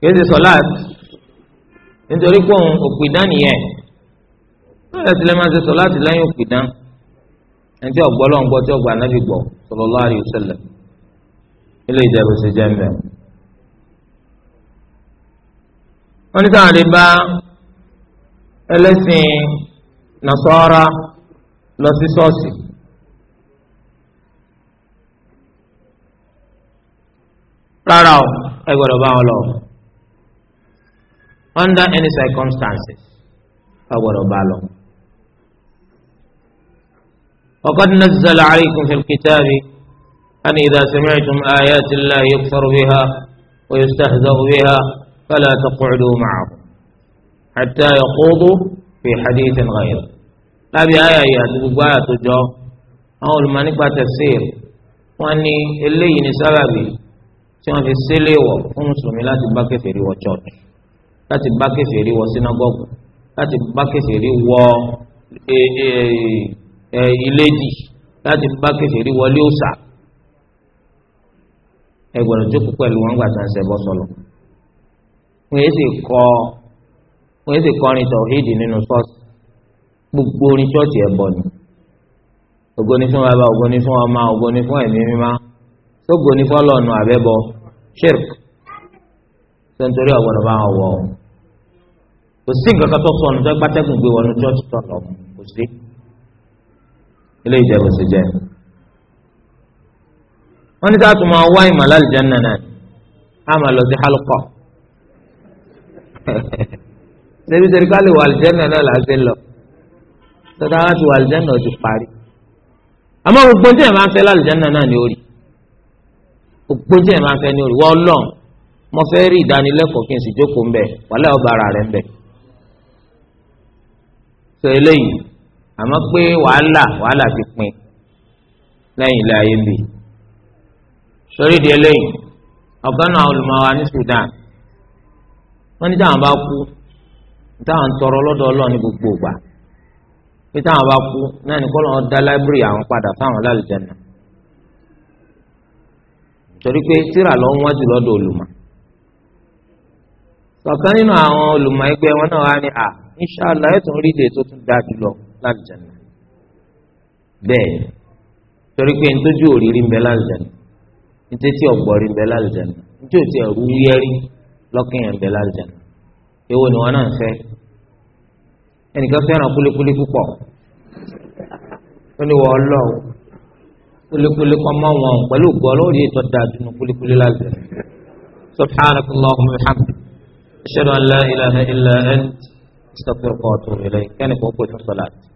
kì í nítorí pé òun òpìdán nìyẹn báyọ̀ tilẹ̀ máa ṣe sọ́láàt lẹ́yìn òpìdán ẹni tí ọgbọ́ lọ́n gbọ́ tí ọgbà anábì gbọ́ sallallahu alaihi wasallam ilé ìdẹ́rù ṣe jẹ́ mbẹ́. wọ́n ní sáà lè bá ẹlẹ́sìn nasọ́ra lọ sí ṣọ́ọ̀ṣì. rárá o ẹ gbọ́dọ̀ bá wọn lọ under any circumstances ẹ gbọ́dọ̀ bá lọ. وقد نزل عليكم في الكتاب أن إذا سمعتم آيات الله يكفر بها ويستهزأ بها فلا تقعدوا معهم حتى يخوضوا في حديث غيره lábẹ́ àyà yìí àti gbogbo àyà tó jọ àwọn olùmọ̀ nípa tafsir wọ́n ní eléyìí ní sábàbí tí wọ́n fi sílẹ̀ wọ̀ fún mùsùlùmí láti bá kèfèrí wọ church láti bá kèfèrí wọ synagogue láti bá kèfèrí wọ ìlédì láti bá kèfèrí wọlé òòṣà ẹ gbọ́dọ̀ jókòó pẹ̀lú wọn gbà tó ń ṣẹbọ sọlọ wọn yéé sì kọ wọn yéé sì kọrin tọhídì nínú ṣọ́ọ̀ṣì gbogbo orin ṣọ́ọ̀ṣì ẹbọ ni ògo ni fún bàbá ògo ni fún ọmọ ògo ni fún ẹ̀mí mímá sógo ni fún ọlọ́ọ̀nù àbẹ́bọ shirk tó ń torí ọ̀gbọ́dọ̀ bá wọn wọ̀ ọ́ kò sí nǹkan kan tó sọnù tó gbátẹ́gùn gbé wọnú ṣọ́ọ̀ṣì tọ̀ lọ kò sí ilé ìjẹ̀bù sì jẹ́ wọ́n ní sáà tún máa wá ìmọ̀lá àlùjánnà náà á máa lọ sí hálùkọ́ débi sẹ́ni ká lè wà àlùjánnà náà là á ṣe lọ tọ́ta wá ti wà àlùjánnà ó ti parí àmọ́ gbogbo tí ẹ̀ máa ń fẹ́ lálùjánnà náà ni ó rí gbogbo tí ẹ̀ máa ń fẹ́ ni ó wọ́n lọ́n mo fẹ́ rí ìdánilẹ́kọ̀ọ́ kí n sì jókòó ń bẹ̀ wàlẹ́ ọba ara rẹ̀ ń bẹ̀ sọ eléyìí àmọ́ pé wàhálà wàhálà ti pin lẹ́yìn ilé ayé bì sórí di eléyìí ọ̀gá náà olùmọ̀wá ní Sudan wọ́n ní táwọn bá kú táwọn tọrọ lọ́dọ̀ Ọlọ́run ní gbogbo ìgbà pé táwọn bá kú náà ní kọ́lọ́ da láìbírì àwọn padà fáwọn lálùjẹ́nà torí pé síra lọ wọ́n jù lọ́dọ̀ olùmọ̀ ọ̀kan nínú àwọn olùmọ̀ ẹgbẹ́ wọn náà wá ní à inṣàlá ẹ̀ tún rí ìdè tó tún dáa jùlọ lájẹ̀nà bẹ́ẹ̀ torí pé ntójú òrìrì ń bẹ lájẹ̀nà ntétí ọ̀gbọ̀rì ń bẹ lájẹ̀nà ntí òtí ẹ̀rú yẹ́rí lọ́kìnyẹn ń bẹ lájẹ̀nà èwo ni wọn náà fẹ́ ẹnìkan fẹ́ràn kúlíkúlí púpọ̀ ó ní wọ́n lọ kulikuli kọmọ wọn pẹ̀lú gbọlọ yìí tó da dunu kulikuli la zẹ subhanak allahumma wa bihamdik ashhadu an la ilaha illa ant astaghfiruka wa atubu ilayk kẹni kò